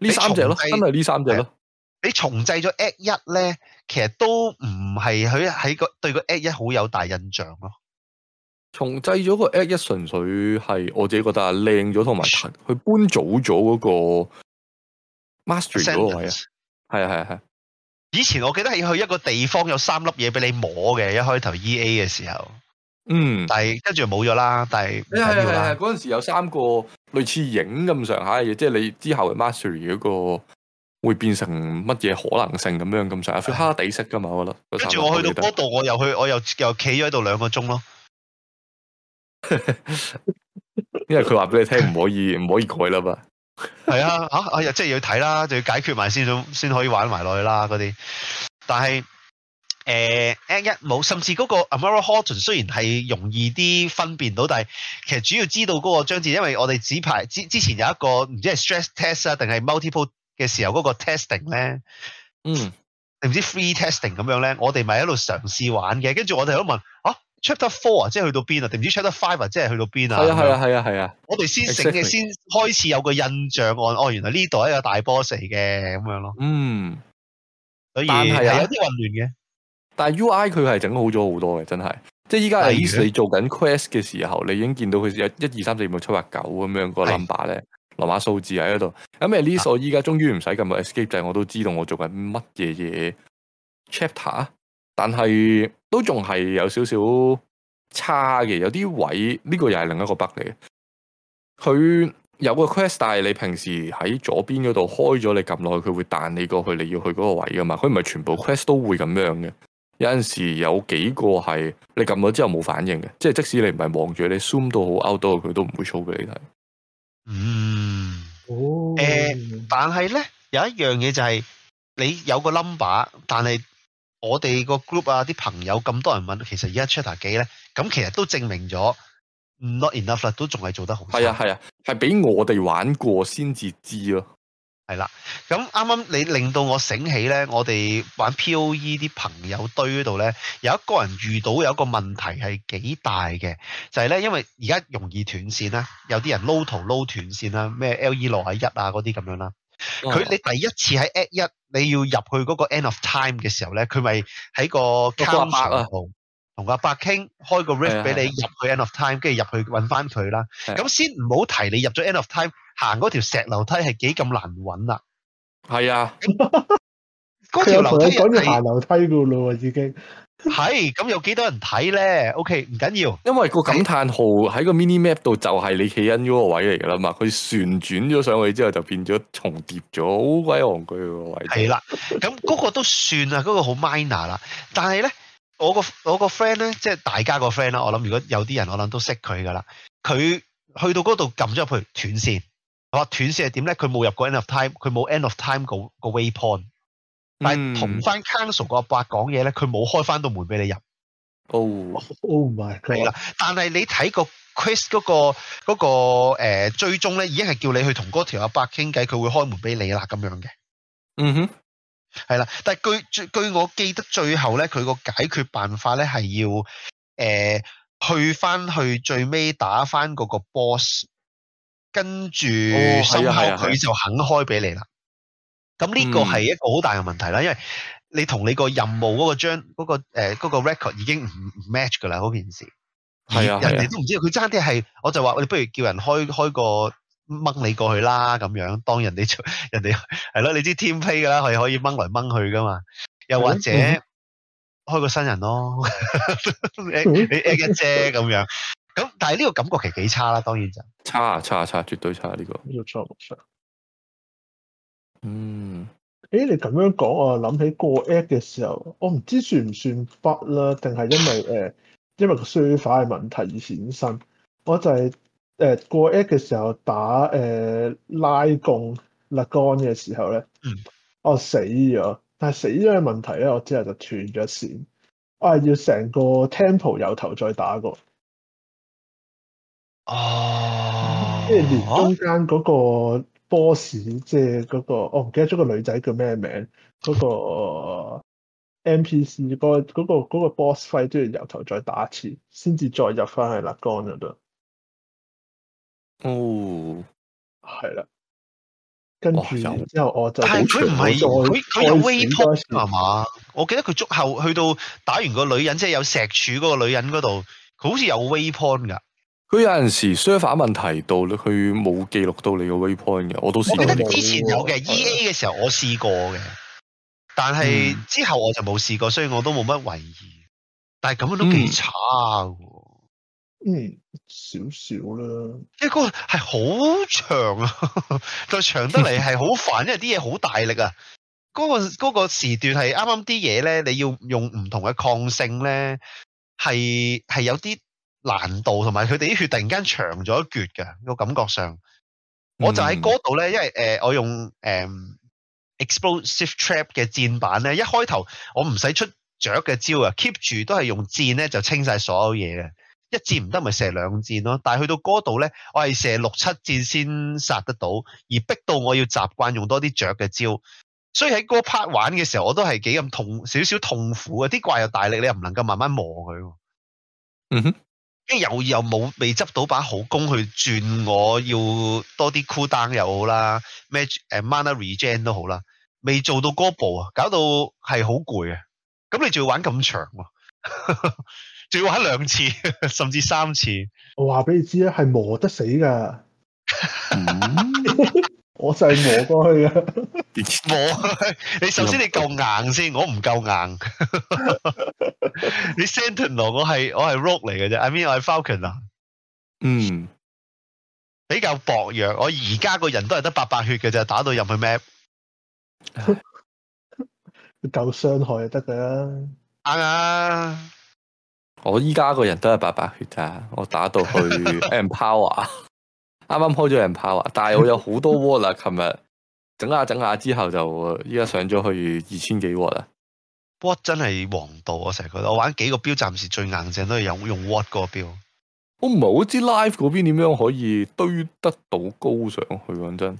呢三隻咯，真係呢三隻咯。你重製咗 A 一咧，其實都唔係佢喺個對個 A 一好有大印象咯。重製咗個 A 一，純粹係我自己覺得靚咗，同埋佢搬早咗嗰、那個。Mastery 係啊係啊係，以前我記得係去一個地方有三粒嘢俾你摸嘅，一開頭 EA 嘅時候，嗯，但係跟住冇咗啦，但係嗰陣時有三個類似影咁上下嘅嘢，即係你之後 Mastery 嗰個會變成乜嘢可能性咁樣咁上下？哈地色噶嘛，我覺得跟住我去到嗰度，我又去我又又企咗喺度兩個鐘咯， 因為佢話俾你聽唔 可以唔可以改啦嘛。係 啊，吓、啊啊，即係要睇啦，就要解決埋先，先先可以玩埋落去啦嗰啲。但係，誒 n 一冇，甚至嗰個 Amara Horton 雖然係容易啲分辨到，但係其實主要知道嗰個章節，因為我哋紙牌之之前有一個唔知係 stress test 啊，定係 multiple 嘅時候嗰個 testing 咧，嗯，定唔知 free testing 咁樣咧，我哋咪喺度嘗試玩嘅，跟住我哋喺度問啊。Chapter four 啊，即係去到邊啊？定唔知 Chapter five 啊？即係去到邊啊？係啊係啊係啊係啊！我哋先成嘅先開始有個印象案，哦，原來呢度係一個大 boss 嚟嘅咁樣咯。嗯，所以，係啊，但係有啲混亂嘅。但係 UI 佢係整好咗好多嘅，真係。即係依家 l 你做緊 quest 嘅時候，你已經見到佢有一二三四五六七八九咁樣個 number 咧，羅馬數字喺度。咁誒呢 i z 依家終於唔使撳個 escape 掣，我都知道我做緊乜嘢嘢。Chapter。但係都仲係有少少差嘅，有啲位呢、呢個又係另一個 bug 嚟嘅。佢有個 quest，但係你平時喺左邊嗰度開咗，你撳落去佢會彈你過去，你要去嗰個位噶嘛？佢唔係全部 quest 都會咁樣嘅。有陣時有幾個係你撳咗之後冇反應嘅，即係即使你唔係望住你 zoom 到好 out 到，佢都唔會 show 俾你睇。嗯，哦，欸、但係咧有一樣嘢就係、是、你有個 number，但係。我哋個 group 啊，啲朋友咁多人問，其實而家 Twitter 幾咧？咁其實都證明咗 not enough 啦，都仲係做得好。係啊，係啊，係俾我哋玩過先至知咯。係啦，咁啱啱你令到我醒起咧，我哋玩 PoE 啲朋友堆嗰度咧，有一個人遇到有一個問題係幾大嘅，就係咧，因為而家容易斷線啦，有啲人撈圖撈斷線啦，咩 LE 落啊一啊嗰啲咁樣啦。佢、哦、你第一次喺 at 一。你要入去嗰個 End of Time 嘅時候咧，佢咪喺個 counter 度同阿伯傾開個 Rift 俾你入去 End of Time，跟住入去搵翻佢啦。咁先唔好提你入咗 End of Time，行嗰條石樓梯係幾咁難搵啦。係啊。 佢係我趕住行樓梯噶啦， 已經係咁有幾多人睇咧？OK，唔緊要，因為個感嘆號喺個 mini map 度就係你企喺嗰個位嚟噶啦嘛，佢旋轉咗上去之後就變咗重疊咗，好鬼戇居個位。係啦，咁嗰個都算啦，嗰個好 minor 啦。但係咧，我個我個 friend 咧，即係大家個 friend 啦，我諗如果有啲人我諗都識佢噶啦，佢去到嗰度撳咗入去佢斷線，我話斷線係點咧？佢冇入過 end of time，佢冇 end of time 個個 waypoint。但係同翻 Council 個阿伯講嘢咧，佢冇開翻到門俾你入。哦，oh my，啦。但係你睇、嗰個 Chris 嗰、嗰個嗰追蹤咧，已經係叫你去同嗰條阿伯傾偈，佢會開門俾你啦咁樣嘅。嗯哼，係啦。但係據據，據我記得最後咧，佢個解決辦法咧係要誒、呃、去翻去最尾打翻嗰 boss，跟住佢、哦啊、就肯開俾你啦。咁呢個係一個好大嘅問題啦，嗯、因為你同你個任務嗰個嗰、那個嗰、呃那個、record 已經唔 match 㗎啦，嗰件事，人哋都唔知佢爭啲係，我就話你不如叫人開開個掹你過去啦，咁樣當人哋人哋係咯，你知 team play 㗎啦，佢可以掹來掹去㗎嘛，又或者、嗯嗯、開個新人咯， 你 add、嗯嗯、一姐咁樣，咁 但係呢個感覺其實幾差啦，當然就差啊，差啊，差，絕對差呢、這個。嗯，誒，你咁樣講，我諗起過 X 嘅時候，我唔知算唔算 bug 啦，定係因為誒、呃，因為個說法嘅問題而衍生。我就係、是、誒、呃、過 X 嘅時候打誒、呃、拉貢立桿嘅時候咧、嗯，我死咗，但係死咗嘅問題咧，我之後就斷咗線，我係要成個 temple 由頭再打過。哦、啊，即、啊、係連中間嗰、那個。boss 即係嗰個，我唔記得咗個女仔叫咩名，嗰、嗰個 npc、嗰個嗰、嗰個 boss fight 都要由頭再打一次，先至再入翻去 Lagon 嗰度。哦，係啦，跟住之、oh. 後我就，但佢唔係佢佢有 waypoint 嘛？我記得佢足後去到打完個女人，即、就、係、係、有石柱嗰個女人嗰度，佢好似有 waypoint 㗎。.佢有陣時相反問題到咧，佢冇記錄到你個 waypoint 嘅，我都試過你。我記得之前有嘅，E A 嘅時候我試過嘅，但係之後我就冇試過，所、嗯、以我都冇乜懷疑。但係咁樣都幾差的嗯。嗯，少少啦。嗰個、 因為嗰個係好長啊，就長得嚟係好煩，因為啲嘢好大力啊。嗰、嗰個嗰、嗰個時段係啱啱啲嘢咧，你要用唔同嘅抗性咧，係係有啲。難度同埋佢哋啲血突然間長咗一橛嘅，個感覺上、嗯，我就喺嗰度咧，因為誒、呃、我用誒、呃、Explosive Trap 嘅戰板咧，一開頭我唔使出雀嘅招啊，keep 住都係用箭咧就清晒所有嘢嘅，一箭唔得咪射兩箭咯。但係去到嗰度咧，我係射六七箭先殺得到，而逼到我要習慣用多啲雀嘅招，所以喺嗰 part 玩嘅時候，我都係幾咁痛少少痛苦嘅，啲怪又大力，你又唔能夠慢慢磨佢。嗯哼。即係又又冇未執到把好弓去轉，我要多啲 cooldown 又好啦，咩誒 mana regen 都好啦，未做到嗰步啊，搞到係好攰啊！咁你仲要玩咁長，仲要玩兩次甚至三次，我話俾你知啊，係磨得死噶，我就係磨過去啊，磨你首先你夠硬先，我唔夠硬。 你 Sentinel 我係我係 Rogue 嚟嘅啫，I mean 我係 falcon 啊，嗯，比較薄弱。我而家個人都係得八百血嘅咋，打到入去 map，夠傷害就得噶啦，啱啊。我依家個人都係八百血咋，我打到去 empower，啱 啱 開咗 empower，但係我有好多 ward 啦。琴日整下整下之後就依家上咗去二千幾 ward 啦。Ward 真係王道，我成日覺得我玩幾個標，暫時最硬正都係有用 Ward 嗰個標。我唔係好知 Life 嗰邊點樣可以堆得到高上去，講真。誒、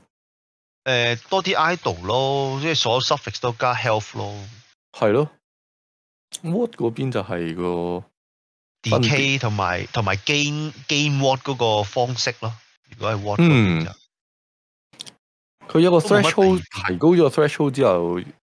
呃，多啲 Idle 咯，即係所有 Suffix 都加 Health 咯。係咯，Ward 嗰邊就係個 Decay 同埋同埋 Game Game Ward 嗰個方式咯。如果係 Ward 嗰佢有個 Threshold 有提高咗 Threshold 之後。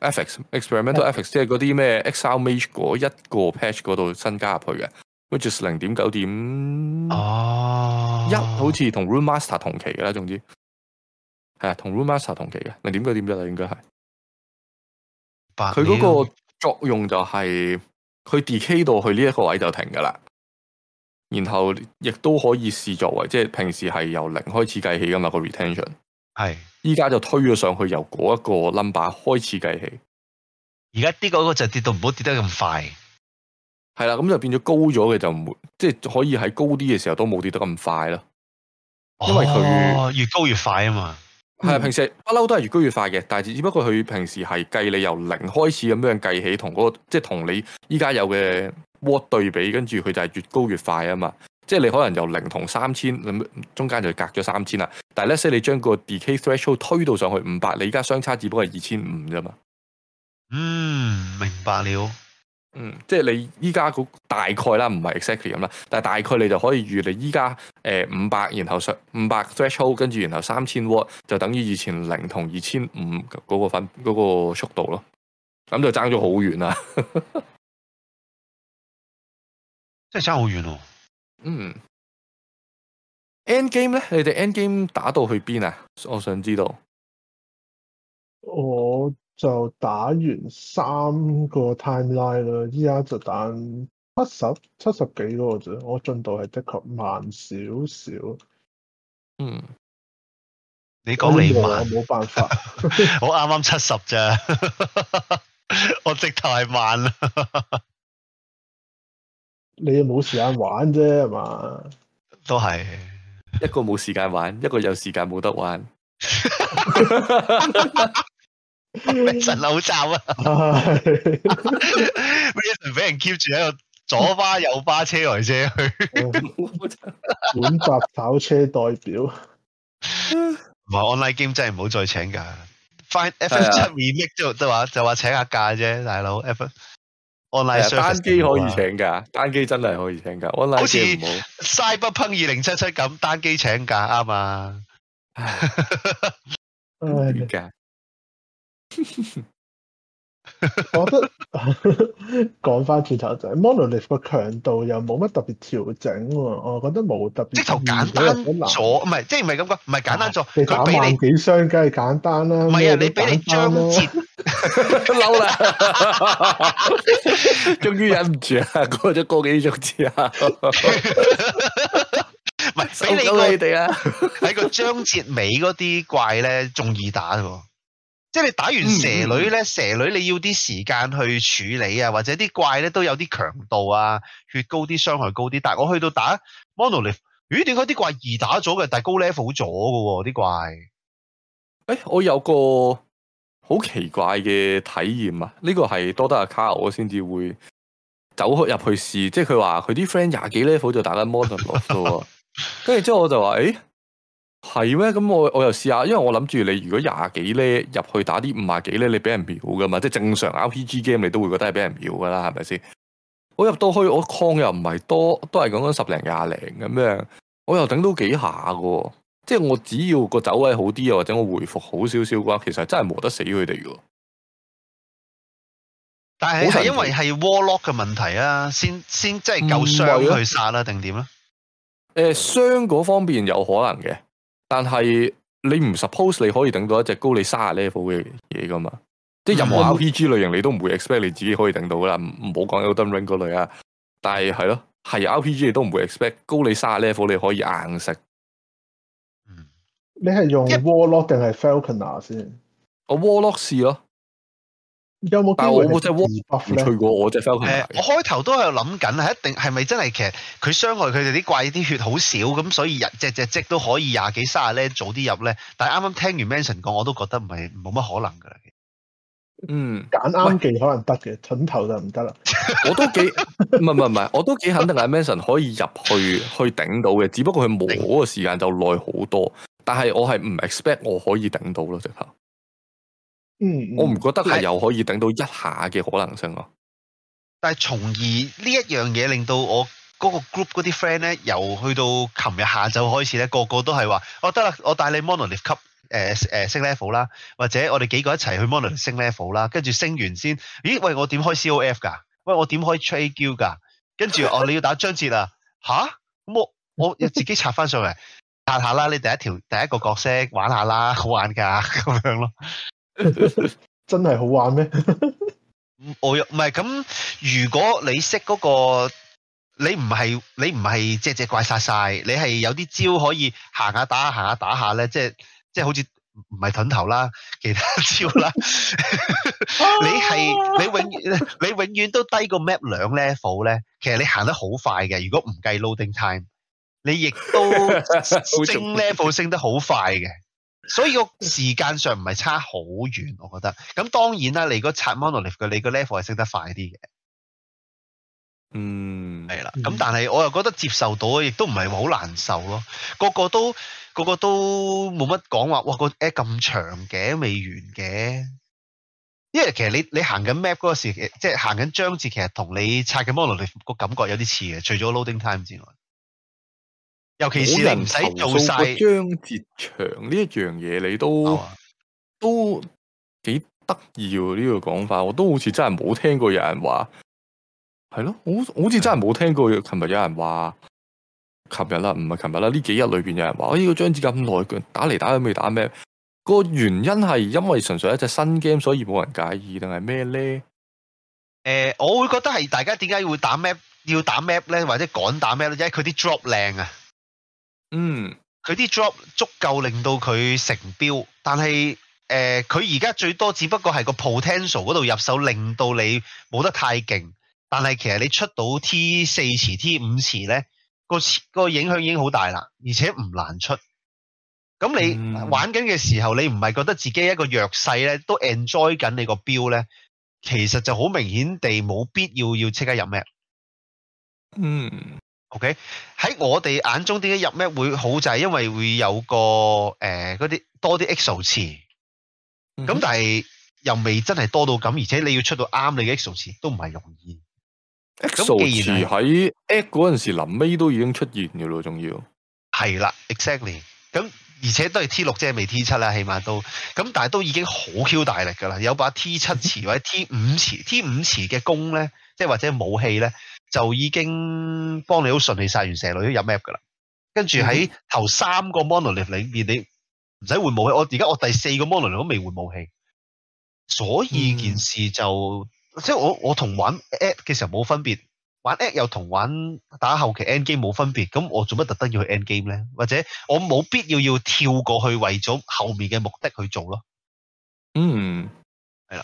Effects、experimental effects，即係嗰啲咩 XL mage 嗰一個 patch 嗰度新加入去嘅，which is 零點九點哦一，oh. 1，好似同 Room Master 同期嘅啦，總之係啊，同 Room Master 同期嘅，零點九點一啦，應該係。佢嗰個作用就係佢 decay 到去呢一個位就停噶啦，然後亦都可以視作為，即係平時係由零開始計起噶嘛個 retention 係。依家就推咗上去，由嗰一個 number 開始計起。而家啲嗰個就跌到唔好跌得咁快，係啦，咁就變咗高咗嘅就唔會，即係可以喺高啲嘅時候都冇跌得咁快啦。因為佢、哦、越高越快啊嘛。係啊，平時不嬲都係越高越快嘅、嗯，但係只不過佢平時係計你由零開始咁樣計起，同嗰個即係同你依家有嘅 what 對比，跟住佢就係越高越快啊嘛。即係你可能由零同三千咁，中間就隔咗三千啦。但係呢些你將個 decay threshold 推到上去五百，你依家相差只不過係二千五啫嘛。嗯，明白了。嗯，即係你依家嗰大概啦，唔係 exactly 咁啦，但係大概你就可以預你依家誒五百，呃、500，然後上五百 threshold，跟住然後三千 Ward 就等於以前零同二千五嗰個分嗰、嗰個速度咯。咁就爭咗好遠啦，即係爭好遠哦！嗯，end game 咧，你哋 end game 打到去邊啊？我想知道。我就打完三個 timeline 啦，依家就打七十、七十幾個啫。我進度係的確慢少少。嗯，你講你慢，冇、嗯、辦法。 我啱啱七十咋， 我直頭係慢啦。 你冇時間玩啫，係嘛？都係一個冇時間玩，一個有時間冇得玩。Real 老雜啊！Real 俾 人 keep 住喺度左巴右巴車來車去 本白跑車代表 。唔係 online game 真係唔好再請噶。Fine，F，F 七面 make 即係即係話就話請下假啫，大佬。F1 online 單機可以請假，單機真係可以請假。online 好似賽博朋克二零七七咁，單機請假吖嘛！點解？ 什麼 我覺得講翻轉頭就 Monolith 個強度又冇乜特別調整喎，我覺得冇特別，即係簡單、啊是，傻唔係即係唔係咁講，唔係簡單傻，佢俾你打幾箱梗係簡單啦，唔係啊，你俾你章節嬲啦，終於忍唔住啊，過咗個幾鐘之後唔係俾你、啊、 你哋啊，喺個章節尾嗰啲怪咧仲易打喎。即係你打完蛇女咧、嗯，蛇女你要啲時間去處理啊，或者啲怪咧都有啲強度啊，血高啲，傷害高啲。但係我去到打 monolith，咦？點解啲怪二打咗嘅？但係高 level 咗嘅喎啲怪。誒、欸，我有個好奇怪嘅體驗啊！呢、這個係多得阿 Carl 先至會走入去試。即係佢話佢啲 friend 廿幾 level 就打得 monolith 嘅，跟住之後我就話誒。欸係咩？咁我我又試下，因為我諗住你如果廿幾咧入去打啲五廿幾咧，你俾人秒噶嘛？即係正常 RPG game，你都會覺得係俾人秒噶啦，係咪先？我入到去，我抗又唔係多，都係講緊十零廿零咁樣，我又頂到幾下噶。即係我只要個走位好啲，或者我回復好少少嘅話，其實真係磨得死佢哋噶。但係因為係 Warlock 嘅問題啊，先先即係夠傷去殺啦，定點咧？誒、呃，傷嗰方面有可能嘅。但係你唔 suppose 你可以頂到一隻高你卅 level 嘅嘢噶嘛？即係任何 RPG 類型你都唔會 expect 你自己可以頂到噶啦。唔好講有 Elden Ring 嗰類啊。但係，係咯，係 RPG 你都唔會 expect 高你卅 level 你可以硬食。你係用 Warlock 定係 Falconer 先？我 Warlock 試咯。有冇機會去但是我？我只窩唔係去過我，我只 feel 佢。Uh, 我開頭都係諗緊，係一定係咪真係其實佢傷害佢哋啲怪啲血好少咁，所以入隻隻積都可以廿幾卅零，早啲入咧。但係啱啱聽完 Manson 講，我都覺得唔係冇乜可能噶啦。嗯，揀啱技可能得嘅，蠢頭就唔得啦。我都幾唔係唔係唔係，我都幾肯定阿 Manson 可以入去去頂到嘅，只不過佢冇嗰個時間就耐好多。但係我係唔 expect 我可以頂到咯，直頭。嗯，嗯，我唔覺得係又可以頂到一下嘅可能性咯。但係從而呢一樣嘢令到我嗰個 group 嗰啲 friend 咧，由去到琴日下晝開始咧，個個都係話、哦：，我得啦、呃，我帶你 Monolith 級誒誒升 level 啦，或者我哋幾個一齊去 Monolith 升 level 啦，跟住升完先。咦，喂，我點開 C O F 噶？喂，我點開 trade guild 噶？跟住 哦，你要打章節啊？吓，咁我我自己拆翻上嚟，拆 下啦。你第一條第一個角色玩下啦，好玩噶咁樣咯。 真係好玩咩？ 我又唔係咁。那如果你識嗰、嗰個，你唔係你唔係只只怪殺晒，你係有啲招可以行下、啊、打下、啊、行下、啊、打下、啊、咧，即係即係好似唔係盾頭啦，其他招啦。 你係你永遠你永遠都低個 map 兩 level 咧，其實你行得好快嘅。如果唔計 loading time，你亦都升 level 升得好快嘅。 所以個時間上唔係差好遠，我覺得咁當然啦。你如果刷 Monolith 你個 level 係升得快啲嘅，嗯係啦。咁、嗯、但係我又覺得接受到，亦都唔係好難受咯。個個都個個都冇乜講話。哇，個 a 咁長嘅，未完嘅，因為其實你你行緊 map 嗰個時，即係行緊章節，其實同你刷嘅 Monolith 個感覺有啲似嘅，除咗 loading time 之外。尤其是唔使做晒章節祥呢一樣嘢，你都、哦啊、都幾得意喎？呢個講法，我都好似真係冇聽過有人話，係咯、啊，我好似真係冇聽過。琴日有人話，琴日啦，唔係琴日啦，呢幾日裏邊有人話，哎，個章節咁耐，打嚟打去未打咩？個原因係因為純粹一隻新 game，所以冇人介意，定係咩咧？誒、呃，我會覺得係大家點解會打 map，要打 map 咧，或者趕打咩咧？因為佢啲 drop 靚啊！嗯，佢啲 drop 足夠令到佢成標，但係誒，佢而家最多只不過係個 potential 嗰度入手，令到你冇得太勁。但係其實你出到 T 四詞、T 五詞咧，個個影響已經好大啦，而且唔難出。咁你玩緊嘅時候，你唔係覺得自己一個弱勢咧，都 enjoy 緊你個標咧，其實就好明顯地冇必要要即刻入咩？嗯。OK 喺我哋眼中，點解入咩會好就係、是、因為會有個誒嗰啲多啲 X 數詞，咁、嗯、但係又未真係多到咁，而且你要出到啱你嘅 X 數詞都唔係容易。咁既然喺 X 嗰陣時，臨尾都已經出現嘅咯，仲要係啦。Exactly 咁，而且都係 T 六，即係未 T 七啦，起碼都咁，但係都已經好 Q 大力噶啦，有把 T 七詞或者 T 五詞、T 五詞嘅弓咧，即係或者武器咧。就已經幫你好順利晒完蛇女都入 map 噶啦，跟住喺頭三個 monolith 裏邊，你唔使換武器。我而家我第四個 monolith 都未換武器，所以件事就、嗯、即係我我同玩 app 嘅時候冇分別，玩 app 又同玩打後期 end game 冇分別。咁我做乜特登要去 end game 咧？或者我冇必要要跳過去為咗後面嘅目的去做咯？嗯，係啦。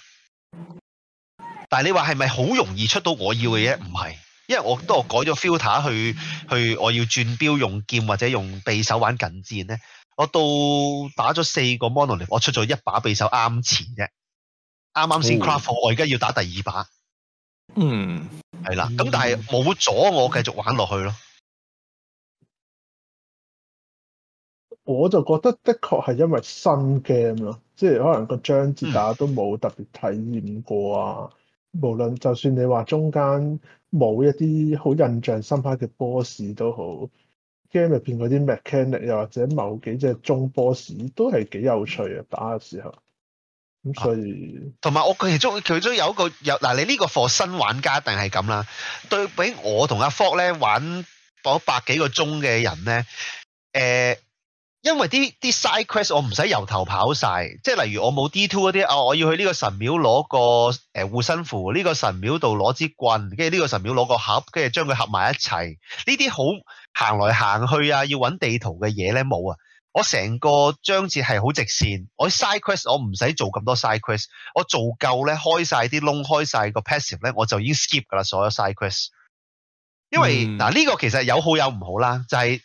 但係你話係咪好容易出到我要嘅嘢？唔係。因為我都改咗 filter 去，去我要轉標，用劍或者用匕首玩近戰咧，我到打咗四個 monolith，我出咗一把匕首啱前啫，啱啱先 craft，我而家要打第二把。哦、嗯，係啦，咁但係冇阻我，我繼續玩落去咯。我就覺得的確係因為新 game 咯，即係可能個章節大家都冇特別體驗過啊。嗯無論就算你話中間冇一啲好印象深刻嘅 boss 都好，game 入邊嗰啲 mechanic 又或者某幾隻中 boss 都係幾有趣啊打嘅時候，咁所以同埋、啊、我其中佢都有一個有嗱、啊、你呢個課新玩家一定係咁啦，對比我同阿 Fox 咧玩百幾個鐘嘅人咧，欸因為啲啲 side quest 我唔使由頭跑晒，即係例如我冇 D2 嗰啲，啊我要去呢個神廟攞個誒護、呃、身符，呢、這個神廟度攞支棍，跟住呢個神廟攞個盒，跟住將佢合埋一齊，呢啲好行來行去啊，要搵地圖嘅嘢咧冇啊，我成個章節係好直線，我 side quest 我唔使做咁多 side quest，我做夠咧開晒啲窿，開晒個 passive 咧，我就已經 skip 噶啦所有 side quest，因為嗱呢、嗯這個其實有好有唔好啦，就係、是。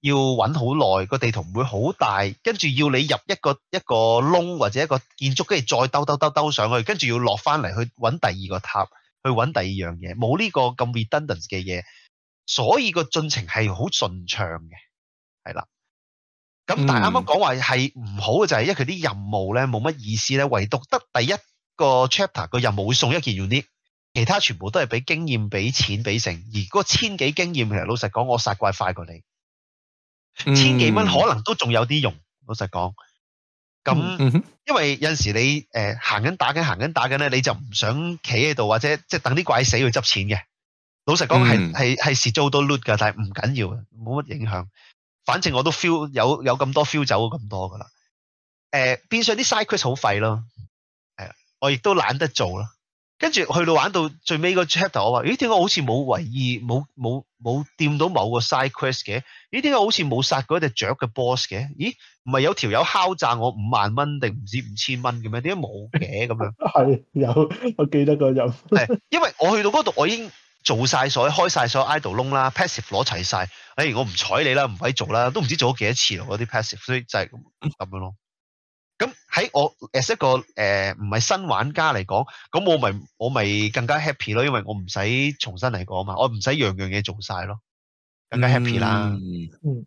要搵好耐，個地圖唔會好大，跟住要你入一個一個窿或者一個建築，跟住再兜兜兜兜上去，跟住要落翻嚟去搵第二個塔，去搵第二樣嘢，冇呢個咁 redundant 嘅嘢，所以個進程係好順暢嘅，係啦。咁但係啱啱講話係唔好嘅就係，因為佢啲任務咧冇乜意思咧，唯獨得第一個 chapter 個任務會送一件 unique，其他全部都係俾經驗、俾錢、俾成，而嗰千幾經驗其實老實講，我殺怪快過你。千幾蚊可能都仲有啲用，老實講。咁、嗯，因為有陣時你誒行緊打緊行緊打緊咧，你就唔想企喺度或者即係等啲怪死去執錢嘅。老實講，係係係蝕咗好多 loot 噶但係唔緊要，冇乜影響。反正我都 feel 有有咁多 feel 走咗咁多噶啦。誒、呃，變相啲 side quest 好廢咯，係、呃、我亦都懶得做啦。跟住去到玩到最尾個 chapter 我話：咦，點解好似冇為意，冇冇冇掂到某個 side quest 嘅？咦，點解好似冇殺過一隻雀嘅 boss 嘅？咦，唔係有條友敲詐我五萬蚊定唔知五千蚊嘅咩？點解冇嘅咁樣？係 有，我記得個有。 因為我去到嗰度，我已經做晒所有開晒所有 idol 窿啦，passive 攞齊晒。哎，我唔睬你啦，唔可以做啦，都唔知做咗幾多次咯，嗰啲 passive，所以就係咁，咁樣咯。咁喺我 as 一個誒唔係新玩家嚟講，咁我咪我咪更加 happy 咯，因為我唔使重新嚟過啊嘛，我唔使樣樣嘢做晒咯，更加 happy 啦。嗯，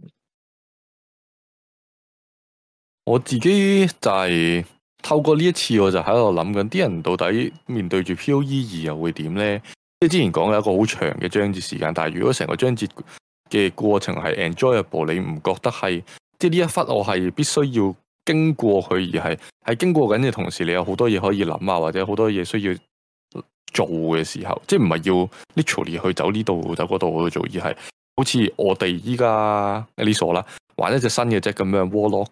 我自己就係透過呢一次，我就喺度諗緊啲人到底面對住 PoE 2又會點咧？即係之前講有一個好長嘅章節時間，但係如果成個章節嘅過程係 enjoyable，你唔覺得係即係呢一忽我係必須要？經過佢而係喺經過緊嘅同時，你有好多嘢可以諗啊，或者好多嘢需要做嘅時候，即係唔係要 literally 去走呢度走嗰度去做，而係好似我哋依家利索啦，玩一隻新嘅隻咁樣 Warlock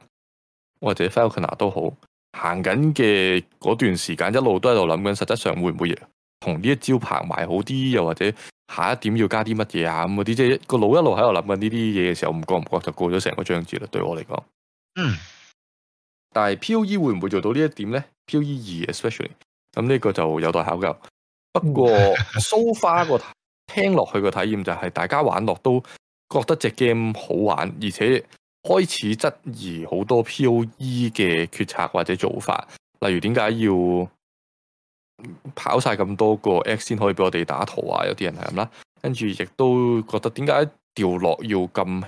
或者 Falconer 都好，行緊嘅嗰段時間一路都喺度諗緊，實質上會唔會同呢一招拍埋好啲，又或者下一點要加啲乜嘢啊咁嗰啲，即係個腦一路喺度諗緊呢啲嘢嘅時候，唔覺唔覺就過咗成個章節啦。對我嚟講，嗯。但係 PoE 會唔會做到呢一點呢？PoE2 especially，咁呢個就有待考究。不過 so far 個聽落去個體驗就係大家玩落都覺得隻 game 好玩，而且開始質疑好多 PoE 嘅決策或者做法。例如點解要跑晒咁多個 X 先可以俾我哋打圖啊？有啲人係咁啦，跟住亦都覺得點解掉落要咁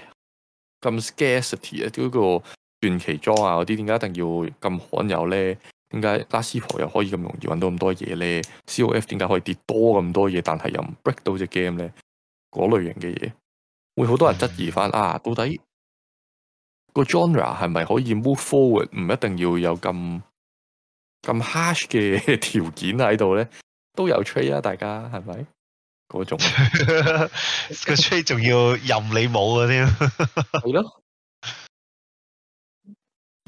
咁 scarcity 啊？呢個傳奇裝啊嗰啲，點解一定要咁罕有咧？點解拉斯婆又可以咁容易揾到咁多嘢咧？C O F 點解可以跌多咁多嘢，但係又唔 break 到隻 game 咧？嗰類型嘅嘢，會好多人質疑翻啊！到底個 genre 係咪可以 move forward？唔一定要有咁咁 harsh 嘅條件喺度咧？都有 trade 啊！大家係咪嗰種個 trade 仲要任你冇嘅添？係咯。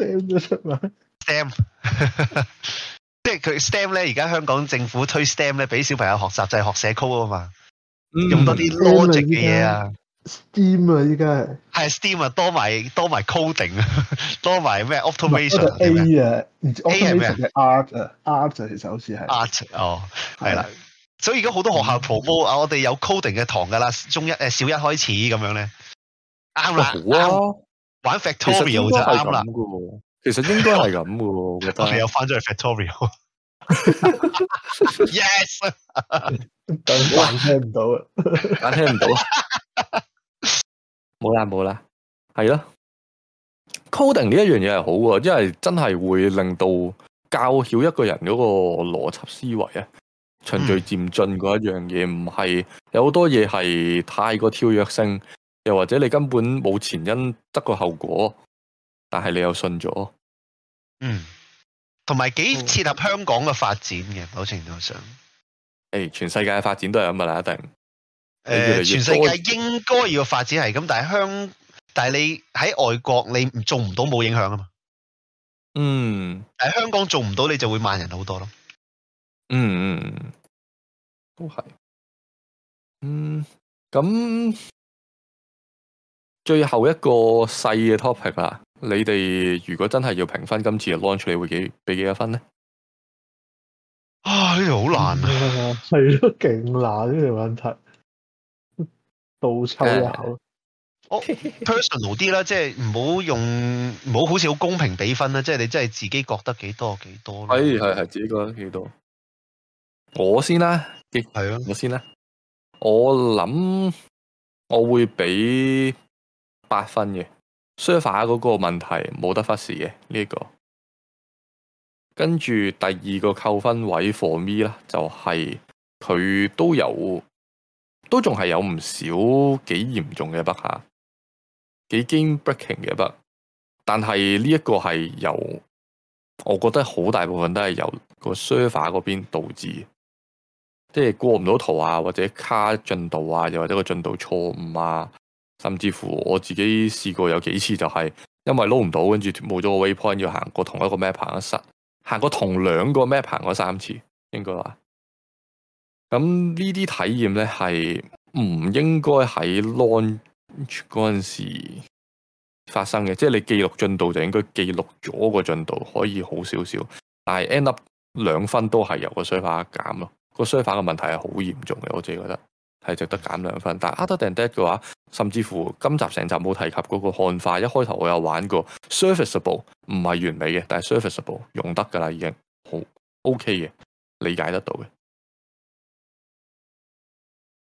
STEM s t e m 即係佢 STEM 咧。而家 香港政府推 STEM 咧，俾小朋友學習就係、是、學社科啊嘛，嗯、用多啲 logic 嘅嘢啊。Steam 啊，而家，係。係 Steam 啊，多埋多埋 coding 啊，多埋咩 automation 嘅。A 啊，A 係咩？Art a r t 其實好似係。Art 哦，係啦、哦，所以而家好多學校 promote 啊、嗯，我哋有 coding 嘅堂噶啦，中一誒小一開始咁樣咧，啱咯好啊。玩 factorial 就啱啦，其實應該係咁噶， 了 Yes ! 但係又翻咗去 factorial。Yes， 但聽唔到啊，但聽唔到冇啦冇啦，係咯，coding 呢一樣嘢係好啊，即係真係會令到教曉一個人嗰個邏輯思維啊，循序漸進嗰一樣嘢，唔、嗯、係有好多嘢係太過跳躍性。又或者你根本冇前因得個後果，但係你又信咗。嗯，同埋幾切合香港嘅發展嘅，某程度上。誒、欸，全世界嘅發展都係咁啊，一定。誒、呃，全世界應該要發展係咁，但係香，但係你喺外國你做唔到冇影響啊嘛。嗯。喺香港做唔到，你就會慢人好多咯。嗯嗯，都係。嗯，咁。最後一個細嘅 topic 啦，你哋如果真係要評分今次嘅 launch，你會幾俾幾多分呢？唉，好難啊，係咯、啊，勁難呢條問題，倒抽啊，一口氣。 我 personal 啲咧，即係唔好用，唔好好似好公平比分啦，即係你真係自己覺得幾多幾多咯。哎，係係，自己覺得幾多？我先啦，係啊，我先啦。我諗我會俾。八分嘅，server 嗰個問題冇得忽視嘅呢一個。跟住第二個扣分位 for me 咧，就係佢都有，都仲係有唔少幾嚴重嘅筆下，幾 game breaking 嘅筆。但係呢一個係由，我覺得好大部分都係由個 server 嗰邊導致，即係過唔到圖啊，或者卡進度啊，又或者個進度錯誤啊。甚至乎我自己試過有幾次就係因為撈唔到，跟住冇咗個 waypoint，要行過同一個 map 行一實，行過同兩個 map 行過三次，應該話。咁呢啲體驗咧係唔應該喺 launch 嗰陣時發生嘅，即係你記錄進度就應該記錄咗個進度，可以好少少。但係 end up 兩分都係由個衰化減咯，個衰化嘅問題係好嚴重嘅，我自己覺得。係值得減兩分，但係 other than that 嘅話，甚至乎今集成集冇提及嗰個漢化，一開頭我有玩過，serviceable 唔係完美嘅，但係 serviceable 用得噶啦，已經好 OK 嘅，理解得到嘅。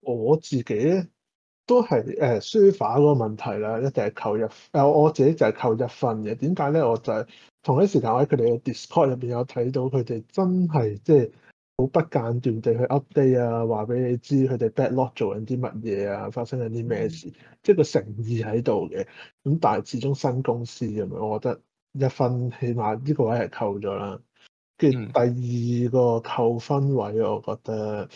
我自己都係誒書法嗰個問題啦，一定係扣一誒、呃，我自己就係扣一分嘅。點解咧？我就係同一時間喺佢哋嘅 Discord 入邊有睇到佢哋真係即係。好不間斷地去 update 啊，話俾你知佢哋 backlog 做緊啲乜嘢啊，發生緊啲咩事，即係個誠意喺度嘅。咁但係始終新公司咁樣，我覺得一分起碼呢個位係扣咗啦。跟住第二個扣分位，我覺得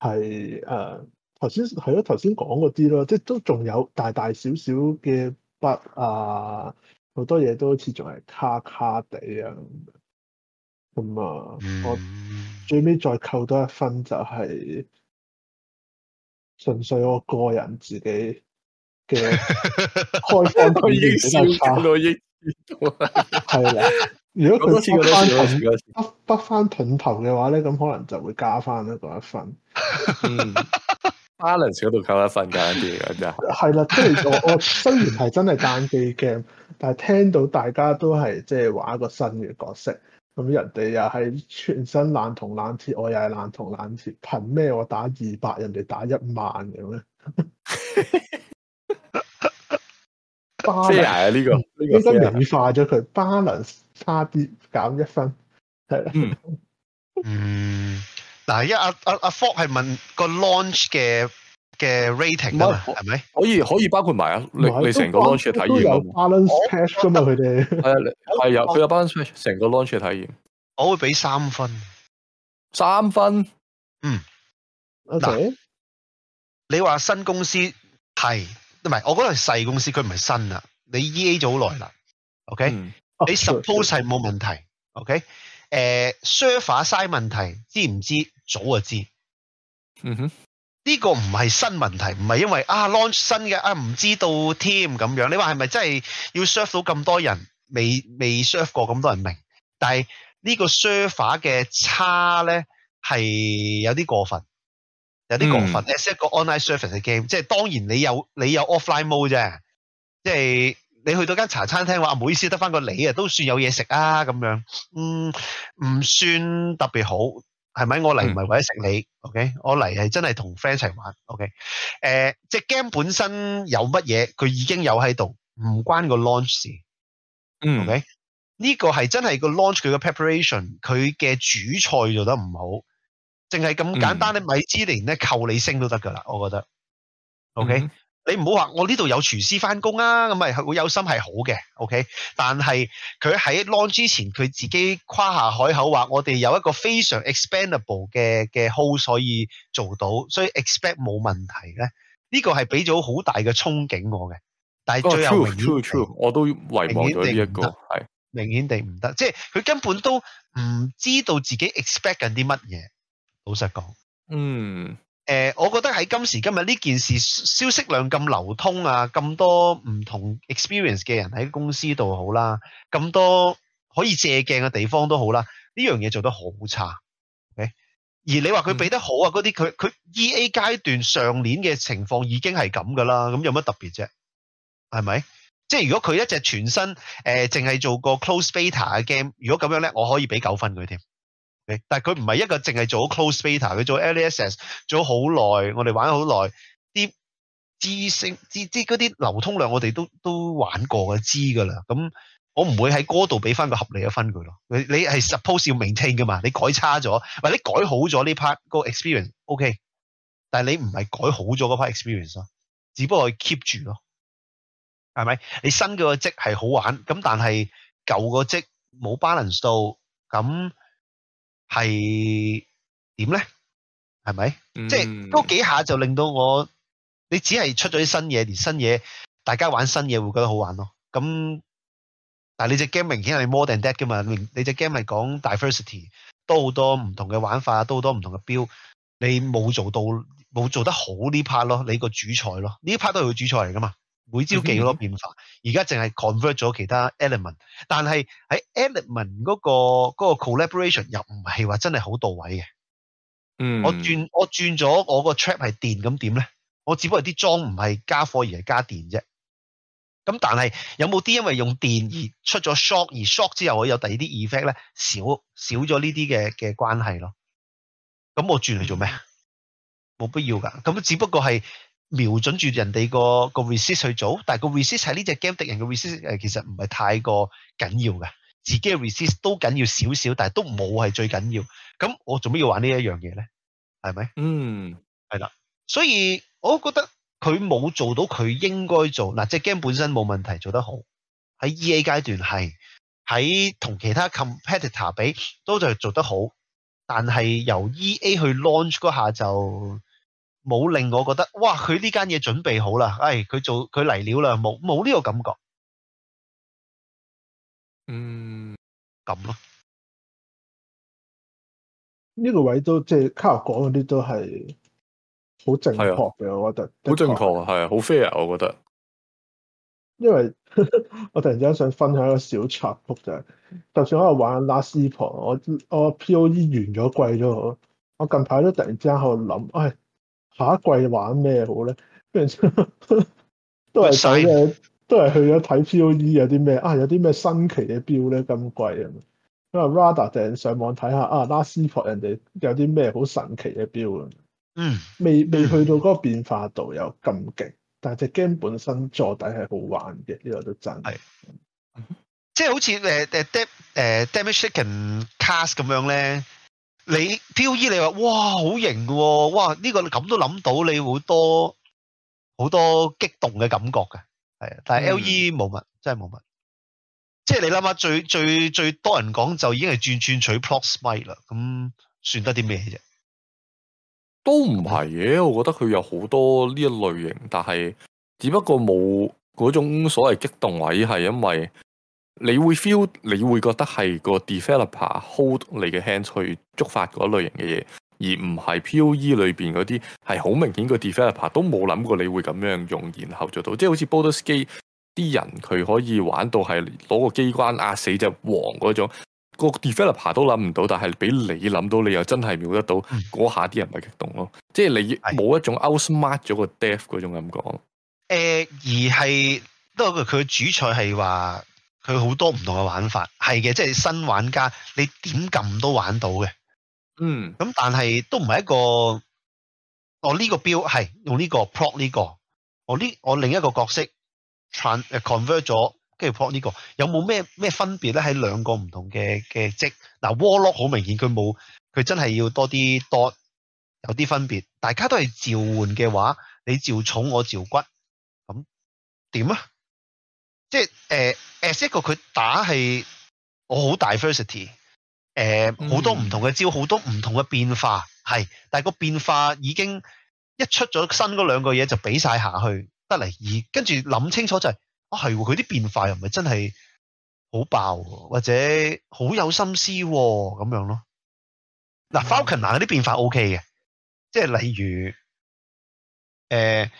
係誒，頭先係咯，頭先講嗰啲咯，即係都仲有大大小小嘅 bug 啊，好多嘢都好似仲係卡卡地啊咁、嗯、啊！我最尾再扣多一分，就係純粹我個人自己嘅開放佢已經笑慘到應知道啦。係 啦，如果佢知咁多，多，多，多，不不翻盾頭嘅話咧，咁可能就會加翻一個一分。balance 嗰度扣一分加一啲咁真係。係 啦， 即、就、係、是、我我雖然係真係單機 game，但係聽到大家都係即係玩一個新嘅角色。咁人哋又係全身爛銅爛鐵，我又係爛銅爛鐵，憑咩我打二百，人哋打一萬咁咩？balance 呢、 啊這個應該美化咗佢，balance 差啲減一分，係啦、 嗯，嗯，嗱、啊，一阿阿阿 Fox 係問個 launch 嘅。嘅 rating 啦，係咪？可以可以包括埋啊！你你成個 launch 嘅體驗，我都有 balance patch 噶、哦、嘛，佢哋係啊，係 有佢、哦、有 balance patch，成個 launch 嘅體驗。我會俾三分，三分，嗯嗱、okay.，你話新公司係唔係？我覺得係細公司，佢唔係新啊。你 EA 咗好耐啦，OK、嗯、你 suppose 係、oh, 冇問題，OK？誒，surface 晒問題知唔知？早就知，嗯哼。呢、這個唔係新問題，唔係因為啊 launch 新嘅啊唔知道 team 咁樣，你話係咪真係要 serve 到咁多人未未 serve 過咁多人明？但係呢個 serve 嘅差咧係有啲過分，有啲過分。As、嗯、一個 online service game，即係當然你有你有 offline mode 啫，即係你去到間茶餐廳話唔、啊、好意思得翻個你啊，都算有嘢食啊咁樣，嗯，唔算特別好。係咪？我嚟唔係為咗食你、嗯、，OK？我嚟係真係同 friend 一齊玩，OK？誒、呃，即係 game 本身有乜嘢，佢已經有喺度，唔關個 launch 事，嗯，OK？呢個係真係個 launch 佢嘅 preparation，佢嘅主菜做得唔好，淨係咁簡單咧、嗯，米芝蓮咧扣你星都得噶啦，我覺得，OK？、嗯嗯你唔好話我呢度有廚師返工啊，咁咪會有心係好嘅，OK？但係佢喺 launch 之前，佢自己誇下海口話，我哋有一個非常 expandable 嘅嘅 hole，所以做到，所以 expect 冇問題咧。呢個係俾咗好大嘅憧憬我嘅，但係最後、oh, true, true, true, true. 我都遺忘咗呢一個係明顯地唔得，明顯地唔得，即係佢根本都唔知道自己 expect 緊啲乜嘢。老實講，嗯。誒、呃，我覺得喺今時今日呢件事消息量咁流通啊，咁多唔同 experience 嘅人喺公司度好啦、啊，咁多可以借鏡嘅地方都好啦、啊，呢樣嘢做得好差、okay？而你話佢俾得好啊，嗰啲佢佢 EA 階段上年嘅情況已經係咁噶啦，咁有乜特別啫？係咪？即係如果佢一隻全身、呃、隻全新誒，淨係做個 close beta 嘅 game，如果咁樣咧，我可以俾九分佢添。但係佢唔係一個淨係做 close beta，佢做 LSS 做咗好耐，我哋玩好耐，啲知性知知嗰啲流通量我哋都都玩過嘅，知㗎啦。咁我唔會喺嗰度俾翻個合理嘅分佢咯。你你係 suppose 要 maintain 㗎嘛？你改差咗，或者你改好咗呢 part 個 experience OK，但係你唔係改好咗嗰 part experience 咯，只不過 keep 住咯，係咪？你新嘅個職係好玩，咁但係舊個職冇 balance 到咁。係點咧？係咪？即係都幾下就令到我，你只係出咗啲新嘢，而新嘢大家玩新嘢會覺得好玩咯。咁但係你隻 game 明顯係 more than that 嘅嘛？你你隻 game 係講 diversity，多好多唔同嘅玩法，都好多唔同嘅 build，你冇做到，冇做得好呢 part 咯。你個主菜咯，呢 part 都係佢主菜嚟噶嘛。每招幾個多變化，而家淨係 convert 咗其他 element，但係喺 element 嗰、嗰個嗰個 collaboration 又唔係話真係好到位嘅。嗯，我，我轉我轉咗我個 trap 係電咁點咧？我只不過啲裝唔係加貨而係加電啫。咁但係有冇啲因為用電而出咗 shock 而 shock 之後我有第二啲 effect 咧？少少咗呢啲嘅嘅關係咯。咁我轉嚟做咩？冇、嗯、必要㗎。咁只不過係。瞄準住人哋個個 resist 去做，但係個 resist 喺呢隻 game 敵人嘅 resist 誒，其實唔係太過緊要嘅，自己嘅 resist 都緊要少少，但係都冇係最緊要。咁我做咩要玩呢一樣嘢咧？係咪？嗯，係啦。所以我覺得佢冇做到佢應該做嗱，即係 game 本身冇問題，做得好喺 EA 階段係喺同其他 competitor 比都就係做得好，但係由 EA 去 launch 嗰下就。冇令我覺得哇！佢呢間嘢準備好啦，唉、哎，佢做佢嚟料啦，冇冇呢個感覺。嗯，咁咯。呢、這個位都即係 Carl 講嗰啲都係好正確嘅，我覺得。好正確係啊，好 fair 我覺得。因為呵呵我突然之間想分享一個小插曲就係、是，就算我玩拉斯婆，我我 PoE 完咗季咗，我近排都突然之間喺度諗，哎。下一季玩咩好咧？都係嘅，都係去咗睇 PoE 有啲咩啊？有啲咩新奇嘅 build 咧？咁貴啊！因為 Radar 就上網睇下啊，Last Epoch 人哋有啲咩好神奇嘅 build 啊！嗯，未未去到嗰個變化度有咁勁，但係隻 game 本身坐底係好玩嘅，呢個都真係。即係好似誒誒 Deb 誒 Damage Taken Cast 咁樣咧。你 PoE 你話哇好型嘅喎，哇呢、這個咁都諗到你好多好多激動嘅感覺嘅，係啊，但係 L.E. 冇、嗯、乜，真係冇乜。即係你諗下最最最多人講就已經係轉轉取 Prospect 啦，咁算得啲咩啫？都唔係嘅，我覺得佢有好多呢一類型，但係只不過冇嗰種所謂激動位，係因為。你會 feel 你會覺得係個 developer hold 你嘅 hands 去觸發嗰類型嘅嘢，而唔係 PoE 裏邊嗰啲係好明顯個 developer 都冇諗過你會咁樣用，然後做到，即係好似 Baldur's Gate 啲人佢可以玩到係攞個機關壓、啊、死隻王嗰種，個 developer 都諗唔到，但係俾你諗到，你又真係秒得到嗰、嗯、下啲人咪激動咯，即係你冇一種 outsmart 咗個 death 嗰種嘅感覺。誒，而係不過佢主菜係話。佢好多唔同嘅玩法，係嘅，即係新玩家你點撳都玩到嘅。嗯，咁但係都唔係一個，我、哦、呢、這個標係用呢個 plot 呢、這個，我呢我另一個角色 trans 誒 convert 咗，跟住 plot 呢個，有冇咩咩分別咧？喺兩個唔同嘅嘅職，嗱、呃、Warlock 好明顯佢冇，佢真係要多啲 dot，有啲分別。大家都係召喚嘅話，你召重我召骨，咁點啊？即係誒 a 一個佢打係我好 diversity，誒、呃、好、嗯、多唔同嘅招，好多唔同嘅變化係，但係個變化已經一出咗新嗰兩個嘢就比晒下去得嚟，而跟住諗清楚就係、是，哦係喎，佢啲變化又唔係真係好爆、啊，或者好有心思咁、啊、樣咯。嗱 Falconer 嗰啲變化 OK 嘅，即係例如誒。呃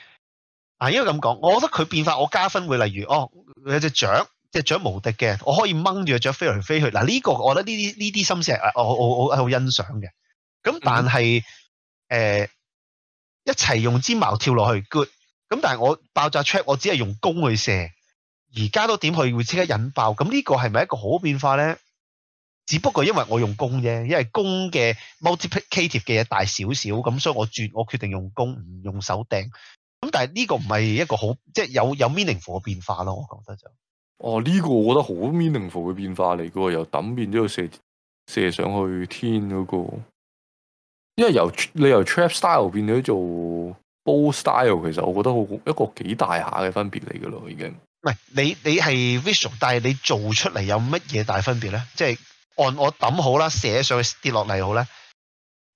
啊，因為咁講，我覺得佢變化，我加分會例如，哦，有隻雀，隻雀無敵嘅，我可以掹住隻雀飛嚟飛去。嗱，呢個我覺得呢啲呢啲心思，我我我係好欣賞嘅。咁但係，誒、嗯呃、一齊用尖矛跳落去 good。咁但係我爆炸 check 我只係用弓去射。而家都點去會即刻引爆？咁呢個係咪一個好變化咧？只不過因為我用弓啫，因為弓嘅 multiplicative 嘅嘢大少少，咁所以我決我決定用弓，唔用手掟。咁但係呢個唔係一個好，即係有有 meaningful 嘅變化咯。我覺得就哦，呢個我覺得好 meaningful 嘅變化嚟嘅，由抌變咗射射上去天嗰個，因為由你由 trap style 變咗做 ball style，其實我覺得好一個幾大下嘅分別嚟嘅咯，已經唔係你你係 visual，但係你做出嚟有乜嘢大分別咧？即係按我抌好啦，射上去跌落嚟好咧，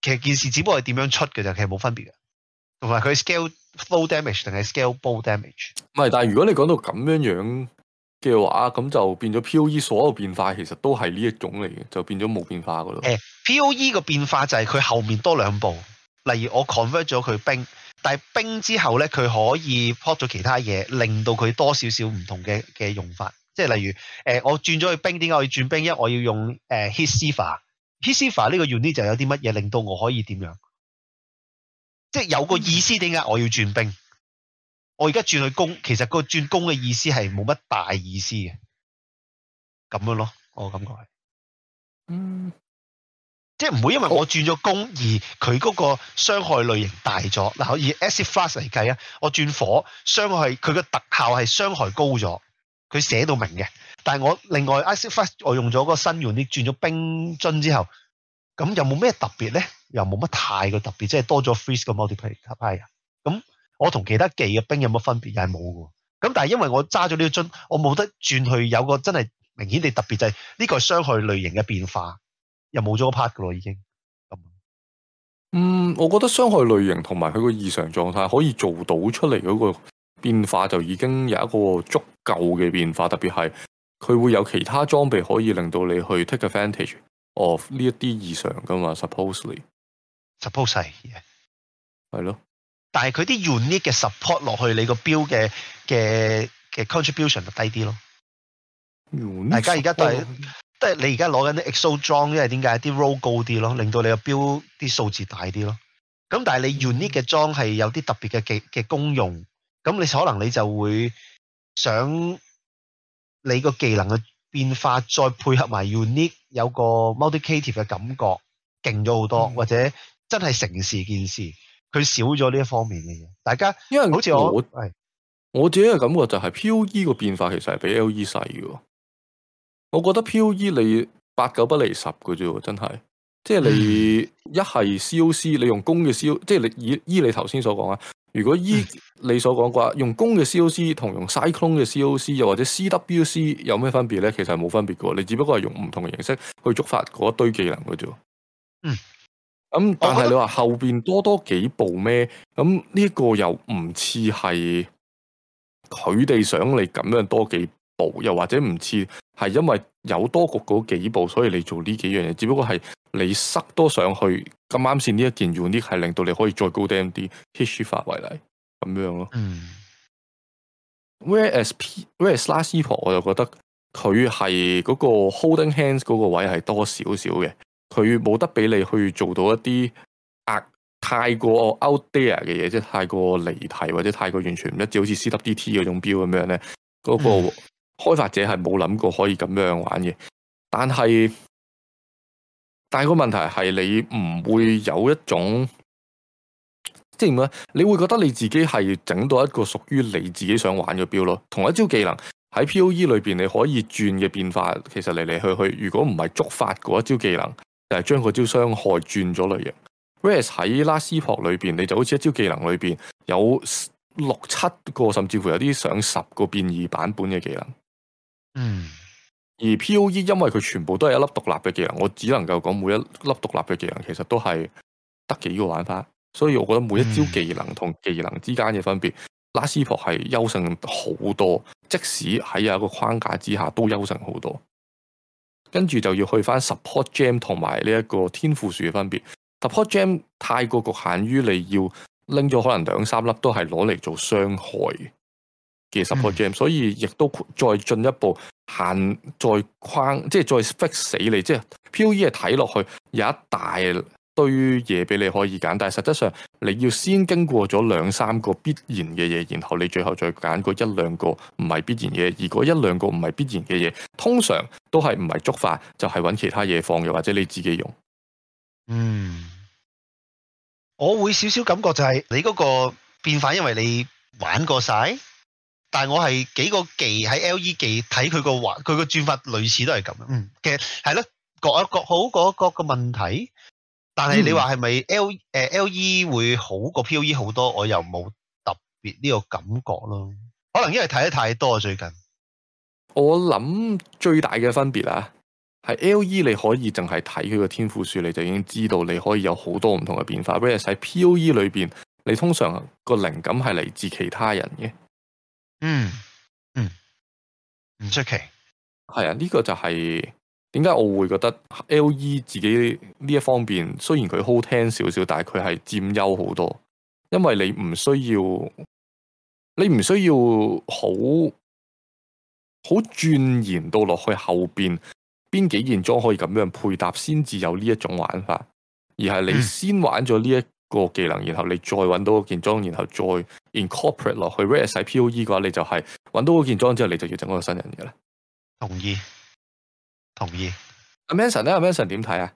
其實件事只不過係點樣出嘅啫，其實冇分別嘅，同埋佢 scale。Full damage 定係 scale b u l l damage？唔係，但係如果你講到咁樣樣嘅話，咁就變咗 P.O.E 所有變化其實都係呢一種嚟嘅，就變咗冇變化噶咯。誒，P.O.E 個變化就係佢後面多兩步。例如我 convert 咗佢冰，但係兵之後咧，佢可以 pop 咗其他嘢，令到佢多少少唔同嘅嘅用法。即係例如誒，uh, 我轉咗去冰，點解我要轉冰因一我要用誒 Hisiva。Hisiva、uh, 呢個原 n 就有啲乜嘢令到我可以點樣？即係有個意思點解我要轉兵？我而家轉去攻，其實個轉攻嘅意思係冇乜大意思嘅，咁樣咯。我感覺係，嗯，即係唔會因為我轉咗攻而佢嗰個傷害類型大咗。嗱，以 Acid Flash 嚟計啊，我轉火傷害，佢個特效係傷害高咗，佢寫到明嘅。但係我另外 Acid Flash 我用咗個新用，你轉咗冰樽之後，咁有冇咩特別咧？又冇乜太過特別，即係多咗 freeze 個 multiplier 係啊。咁我同其他技嘅兵有乜分別？又係冇嘅。咁但係因為我揸咗呢樽，我冇得轉去有個真係明顯地特別就係、是、呢個傷害類型嘅變化，又冇咗 part 噶咯已經。咁嗯，我覺得傷害類型同埋佢個異常狀態可以做到出嚟嗰個變化就已經有一個足夠嘅變化，特別係佢會有其他裝備可以令到你去 take advantage of 呢一啲異常噶嘛，supposedly。support 晒，係咯。但係佢啲 unique 嘅 support 落去，你個標嘅嘅嘅 contribution 就低啲咯。大家而家都係，即係你而家攞緊啲 exo 裝，因為點解啲 roll 高啲咯，令到你個標啲數字大啲咯。咁但係你 unique 嘅裝係有啲特別嘅技嘅功用，咁你可能你就會想你個技能嘅變化再配合埋 unique 有個 multiplicative 嘅感覺，勁咗好多，嗯，或者。真係城市件事，佢少咗呢一方面嘅嘢。大家因為好似我，我，我我自己嘅感覺就係 P O E 個變化其實係比 L E 細嘅。我覺得 P O E 你八九不離十嘅啫，真係。即係你、嗯、一係 C O C，你用弓嘅 C O，即係你以依你頭先所講啊。如果依你所講嘅話，用弓嘅 C O C 同用 Cyclone 嘅 C O C 又或者 C W C 有咩分別咧？其實係冇分別嘅。你只不過係用唔同嘅形式去觸發嗰堆技能嘅啫。嗯。咁、嗯，但係你話後邊多多幾步咩？咁呢一個又唔似係佢哋想你咁樣多幾步，又或者唔似係因為有多局嗰幾步，所以你做呢幾樣嘢。只不過係你塞多上去咁啱先呢一件 unique，係令到你可以再高啲。M D Hishifa 為例，咁樣咯。嗯。Whereas P，Whereas Last Epoch，我就覺得佢係嗰個 holding hands 嗰個位係多少少嘅。佢冇得俾你去做到一啲呃，太過 out there 嘅嘢，即係太過離題或者太過完全唔一致，好似 C W D T 嗰種標咁樣咧。嗰、嗰個開發者係冇諗過可以咁樣玩嘅。但係但係個問題係你唔會有一種即係點樣？即係、你會覺得你自己係整到一個屬於你自己想玩嘅標咯。同一招技能喺 P O E 裏邊面你可以轉嘅變化其實嚟嚟去去，如果唔係觸發嗰一招技能。就係、是、將個招傷害轉咗類型。Rares 喺拉斯珀裏邊，你就好似一招技能裏邊有六七個，甚至乎有啲上十個變異版本嘅技能。嗯。而 PoE 因為佢全部都係一粒獨立嘅技能，我只能夠講每一粒獨立嘅技能，其實都係得幾個玩法。所以我覺得每一招技能同技能之間嘅分別、嗯，拉斯珀係優勝好多，即使喺有一個框架之下都優勝好多。跟住就要去翻 support gem 同埋呢一個天賦樹嘅分別。support gem 太過局限於你要拎咗可能兩三粒都係攞嚟做傷害嘅 support gem，所以亦都再進一步限再框，即係再逼死你。即係 P O E 係睇落去有一大。堆嘢俾你可以揀，但係實質上你要先經過咗兩三個必然嘅嘢，然後你最後再揀嗰一兩個唔係必然嘅嘢。而嗰一兩個唔係必然嘅嘢，通常都係唔係觸發，就係、是、搵其他嘢放，又或者你自己用。嗯，我會少少感覺就係你嗰個變化，因為你玩過晒，但係我係幾個技喺 L E 技睇佢個玩，佢個轉法類似都係咁樣。嗯，其實係咯，各一各好，各一各嘅問題。但係你話係咪 L 誒 L.E 會好過 P.O.E 好多？我又冇特別呢個感覺咯，可能因為睇得太多最近。我諗最大嘅分別啊，係 L.E 你可以淨係睇佢個天賦樹，你就已經知道你可以有好多唔同嘅變化。譬如喺 P.O.E 裏邊，你通常個靈感係嚟自其他人嘅。嗯嗯，唔出奇，係啊，呢個就係。.點解我會覺得 L.E 自己呢一方面，雖然佢好聽少少，但係佢係佔優好多，因為你唔需要，你唔需要好好鑽研到落去後邊邊幾件裝可以咁樣配搭，先至有呢一種玩法，而係你先玩咗呢一個技能，然後你再揾到件裝，然後再 incorporate 落去。r 如果係 P.O.E 嘅話，你就係揾到件裝之後，你就要整嗰個新人嘅啦。同意。同意。阿 Manson 咧，阿 Manson 點睇啊？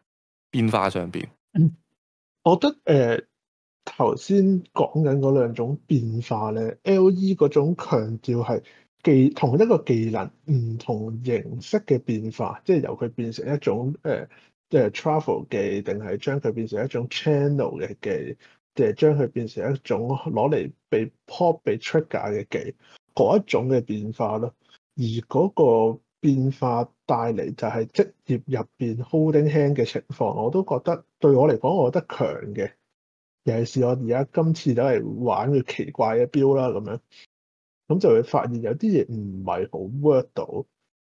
變化上邊，我覺得誒，頭先講緊嗰兩種變化咧，L.E. 嗰種強調係技同一個技能唔同形式嘅變化，即係由佢變成一種誒誒、呃即係、travel 技，定係將佢變成一種 channel 嘅技，定係將佢變成一種攞嚟被 pop 被 trigger 嘅技，嗰一種嘅變化咯。而嗰、嗰個。變化帶嚟就係職業入邊 holding hand 嘅情況，我都覺得對我嚟講，我覺得強嘅，尤其是我而家今次都係玩個奇怪嘅標啦，咁樣，咁就會發現有啲嘢唔係好 work 到，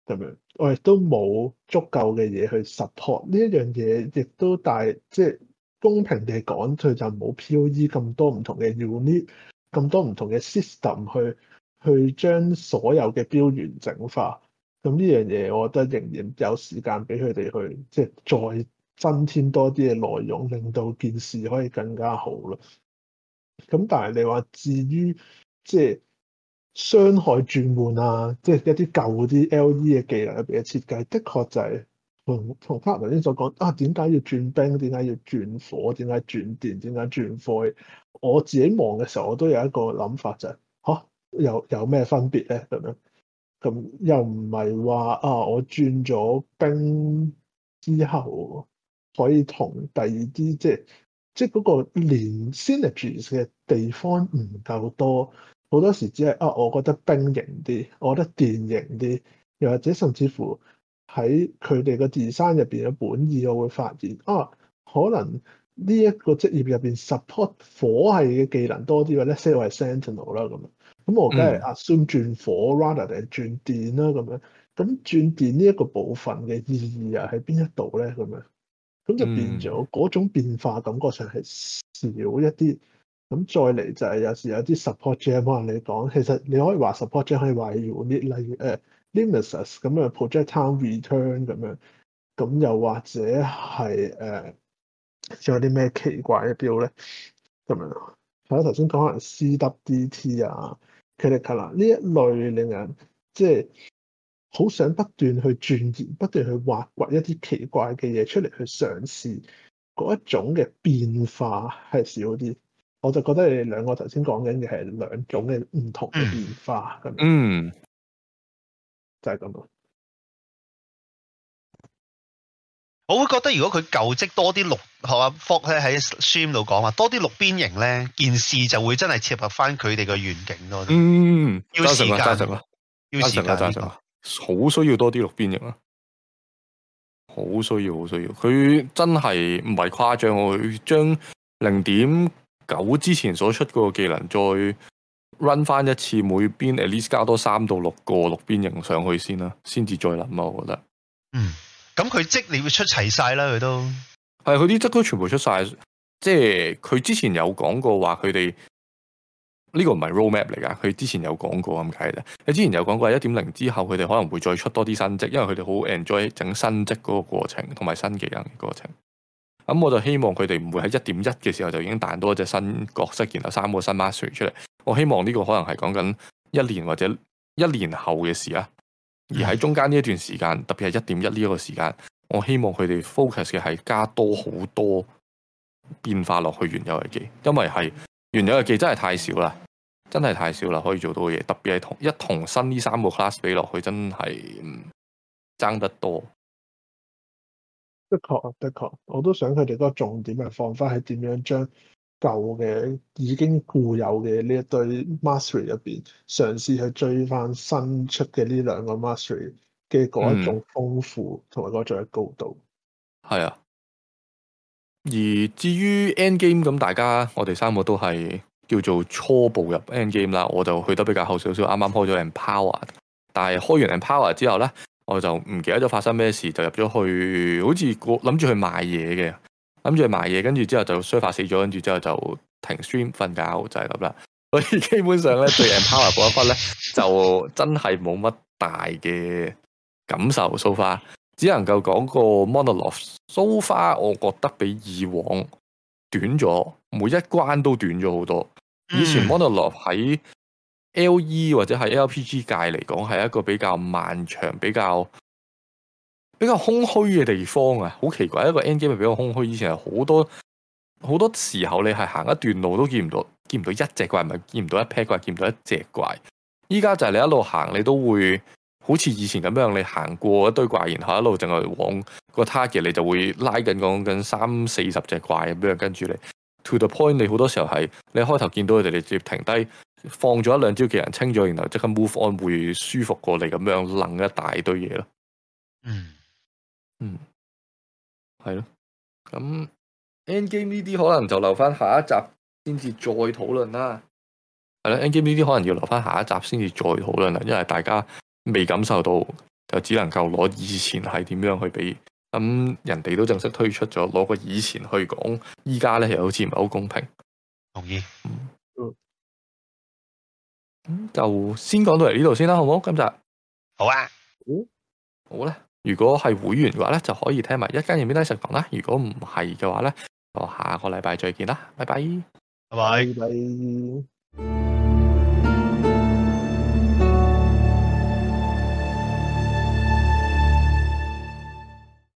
咁樣，我亦都冇足夠嘅嘢去 support 呢一樣嘢，亦都大即係公平地講，佢就冇 PoE 咁多唔同嘅 unit，咁多唔同嘅 system 去去將所有嘅標完整化。咁呢樣嘢，我覺得仍然有時間俾佢哋去，即係再增添多啲嘅內容，令到件事可以更加好咯。咁但係你話至於即係傷害轉換啊，即係一啲舊啲 L.E. 嘅技能入邊嘅設計，的確就係同同返頭先所講啊，點解要轉冰？點解要轉火？點解轉電？點解轉火？我自己望嘅時候，我都有一個諗法就係、啊、有有咩分別咧咁咁又唔係話啊，我轉咗冰之後可以同第二啲即係即係嗰個連 synergy 嘅地方唔夠多，好多時只係啊，我覺得冰型啲，我覺得電型啲，又或者甚至乎喺佢哋個 design 入邊嘅本意，我會發現啊，可能呢一個職業入邊 support 火系嘅技能多啲，或者 set 係 Sentinel 啦咁。咁我梗係 assume 轉火 rather 定係轉電啦，咁樣。咁轉電呢一個部分嘅意義又喺邊一度咧？咁樣咁就變咗嗰種變化感覺上係少一啲。咁再嚟就係有時有啲 support jam，可能你講其實你可以話 support jam 可以話要啲例如誒 limiters 咁啊 project time return 咁樣。咁又或者係誒，仲、uh，有啲咩奇怪嘅標咧？咁樣。係啦，頭先講可能 CWDT 啊。啦，呢一類令人即係好想不斷去轉變，不斷去挖掘一啲奇怪嘅嘢出嚟去嘗試，嗰一種嘅變化係少啲。我就覺得你哋兩個頭先講緊嘅係兩種嘅唔同嘅變化咁、就係、樣。嗯，再講多。我會覺得如果佢舊積多啲六，學阿 Fox 咧，喺 stream 度講話，多啲六邊形咧，件事就會真係切合翻佢哋嘅願景咯。嗯，紮實啦，紮實啦，紮實啦，好需要多啲六邊形啊！好需要，好需要，佢真係唔係誇張。我將零點九之前所出嗰個技能再 run 翻一次，每邊 at least 加多三到六個六邊形上去先啦，先至再諗啊！我覺得，嗯。咁佢職你會出齊晒啦，佢都係佢啲職都全部出晒，即係佢之前有講過話佢哋呢個唔係 roadmap 嚟噶，佢之前有講過咁解嘅。佢、就是、之前有講過，一點零之後佢哋可能會再出多啲新職，因為佢哋好 enjoy 整新職嗰個過程同埋新技能過程。咁我就希望佢哋唔會喺一點一嘅時候就已經彈多隻新角色，然後三個新 master 出嚟。我希望呢個可能係講緊一年或者一年後嘅事啊。而喺中間呢一段時間，特別係一點一呢一個時間，我希望佢哋 focus 嘅係加多好多變化落去原有嘅記，因為係原有嘅記真係太少啦，真係太少啦，可以做到嘅嘢。特別係同一同新呢三個 class 俾落去，真係爭得多。的確，的確，我都想佢哋個重點係放翻喺點樣將。舊嘅已經固有嘅呢一堆 mastery 入邊，嘗試去追翻新出嘅呢兩個 mastery 嘅嗰一種豐富同埋嗰種高度。係啊。而至於 Endgame 咁，大家我哋三個都係叫做初步入 Endgame 啦。我就去得比較後少少，啱啱開咗 Empower，但係開完 Empower 之後咧，我就唔記得咗發生咩事，就入咗去，好似諗住去賣嘢嘅。諗住埋嘢，跟住之後就衰發死咗，跟住之後就停 stream 瞓覺，就係咁啦。所以基本上咧，對 Empower 嗰一筆咧，就真係冇乜大嘅感受。So far，只能夠講個 Monologue，So far，我覺得比以往短咗，每一關都短咗好多。以前 Monolove 喺 LE 或者係 LPG 界嚟講，係一個比較漫長、比較比較空虛嘅地方啊，好奇怪，一個 N G 咪比較空虛。以前係好多好多時候，你係行一段路都見唔到，見唔到一隻怪，唔係見唔到一 pair 怪，見唔到一隻怪。依家就係你一路行，你都會好似以前咁樣，你行過一堆怪，然後一路淨係往個 target，你就會拉緊講緊三四十隻怪咁樣，跟住你 to the point。你好多時候係你開頭見到佢哋，你直接停低，放咗一兩招嘅人清咗，然後即刻 move on 會舒服過嚟咁樣，楞一大堆嘢咯。嗯。嗯，係咯，咁 Endgame 呢啲，可能就留翻下一集先至再討論啦。係咧，Endgame 呢啲可能要留翻下一集先至再討論啦，因為大家未感受到，就只能夠攞以前係點樣去比。咁人哋都正式推出咗，攞個以前去講，依家咧又好似唔係好公平。同意。嗯，就先講到嚟呢度先啦，好唔好？今集好啊，好啦。好如果係會員嘅話咧，就可以聽埋一間 Midnight 食堂啦。如果唔係嘅話咧，我下個禮拜再見啦，拜拜，拜拜，拜，拜。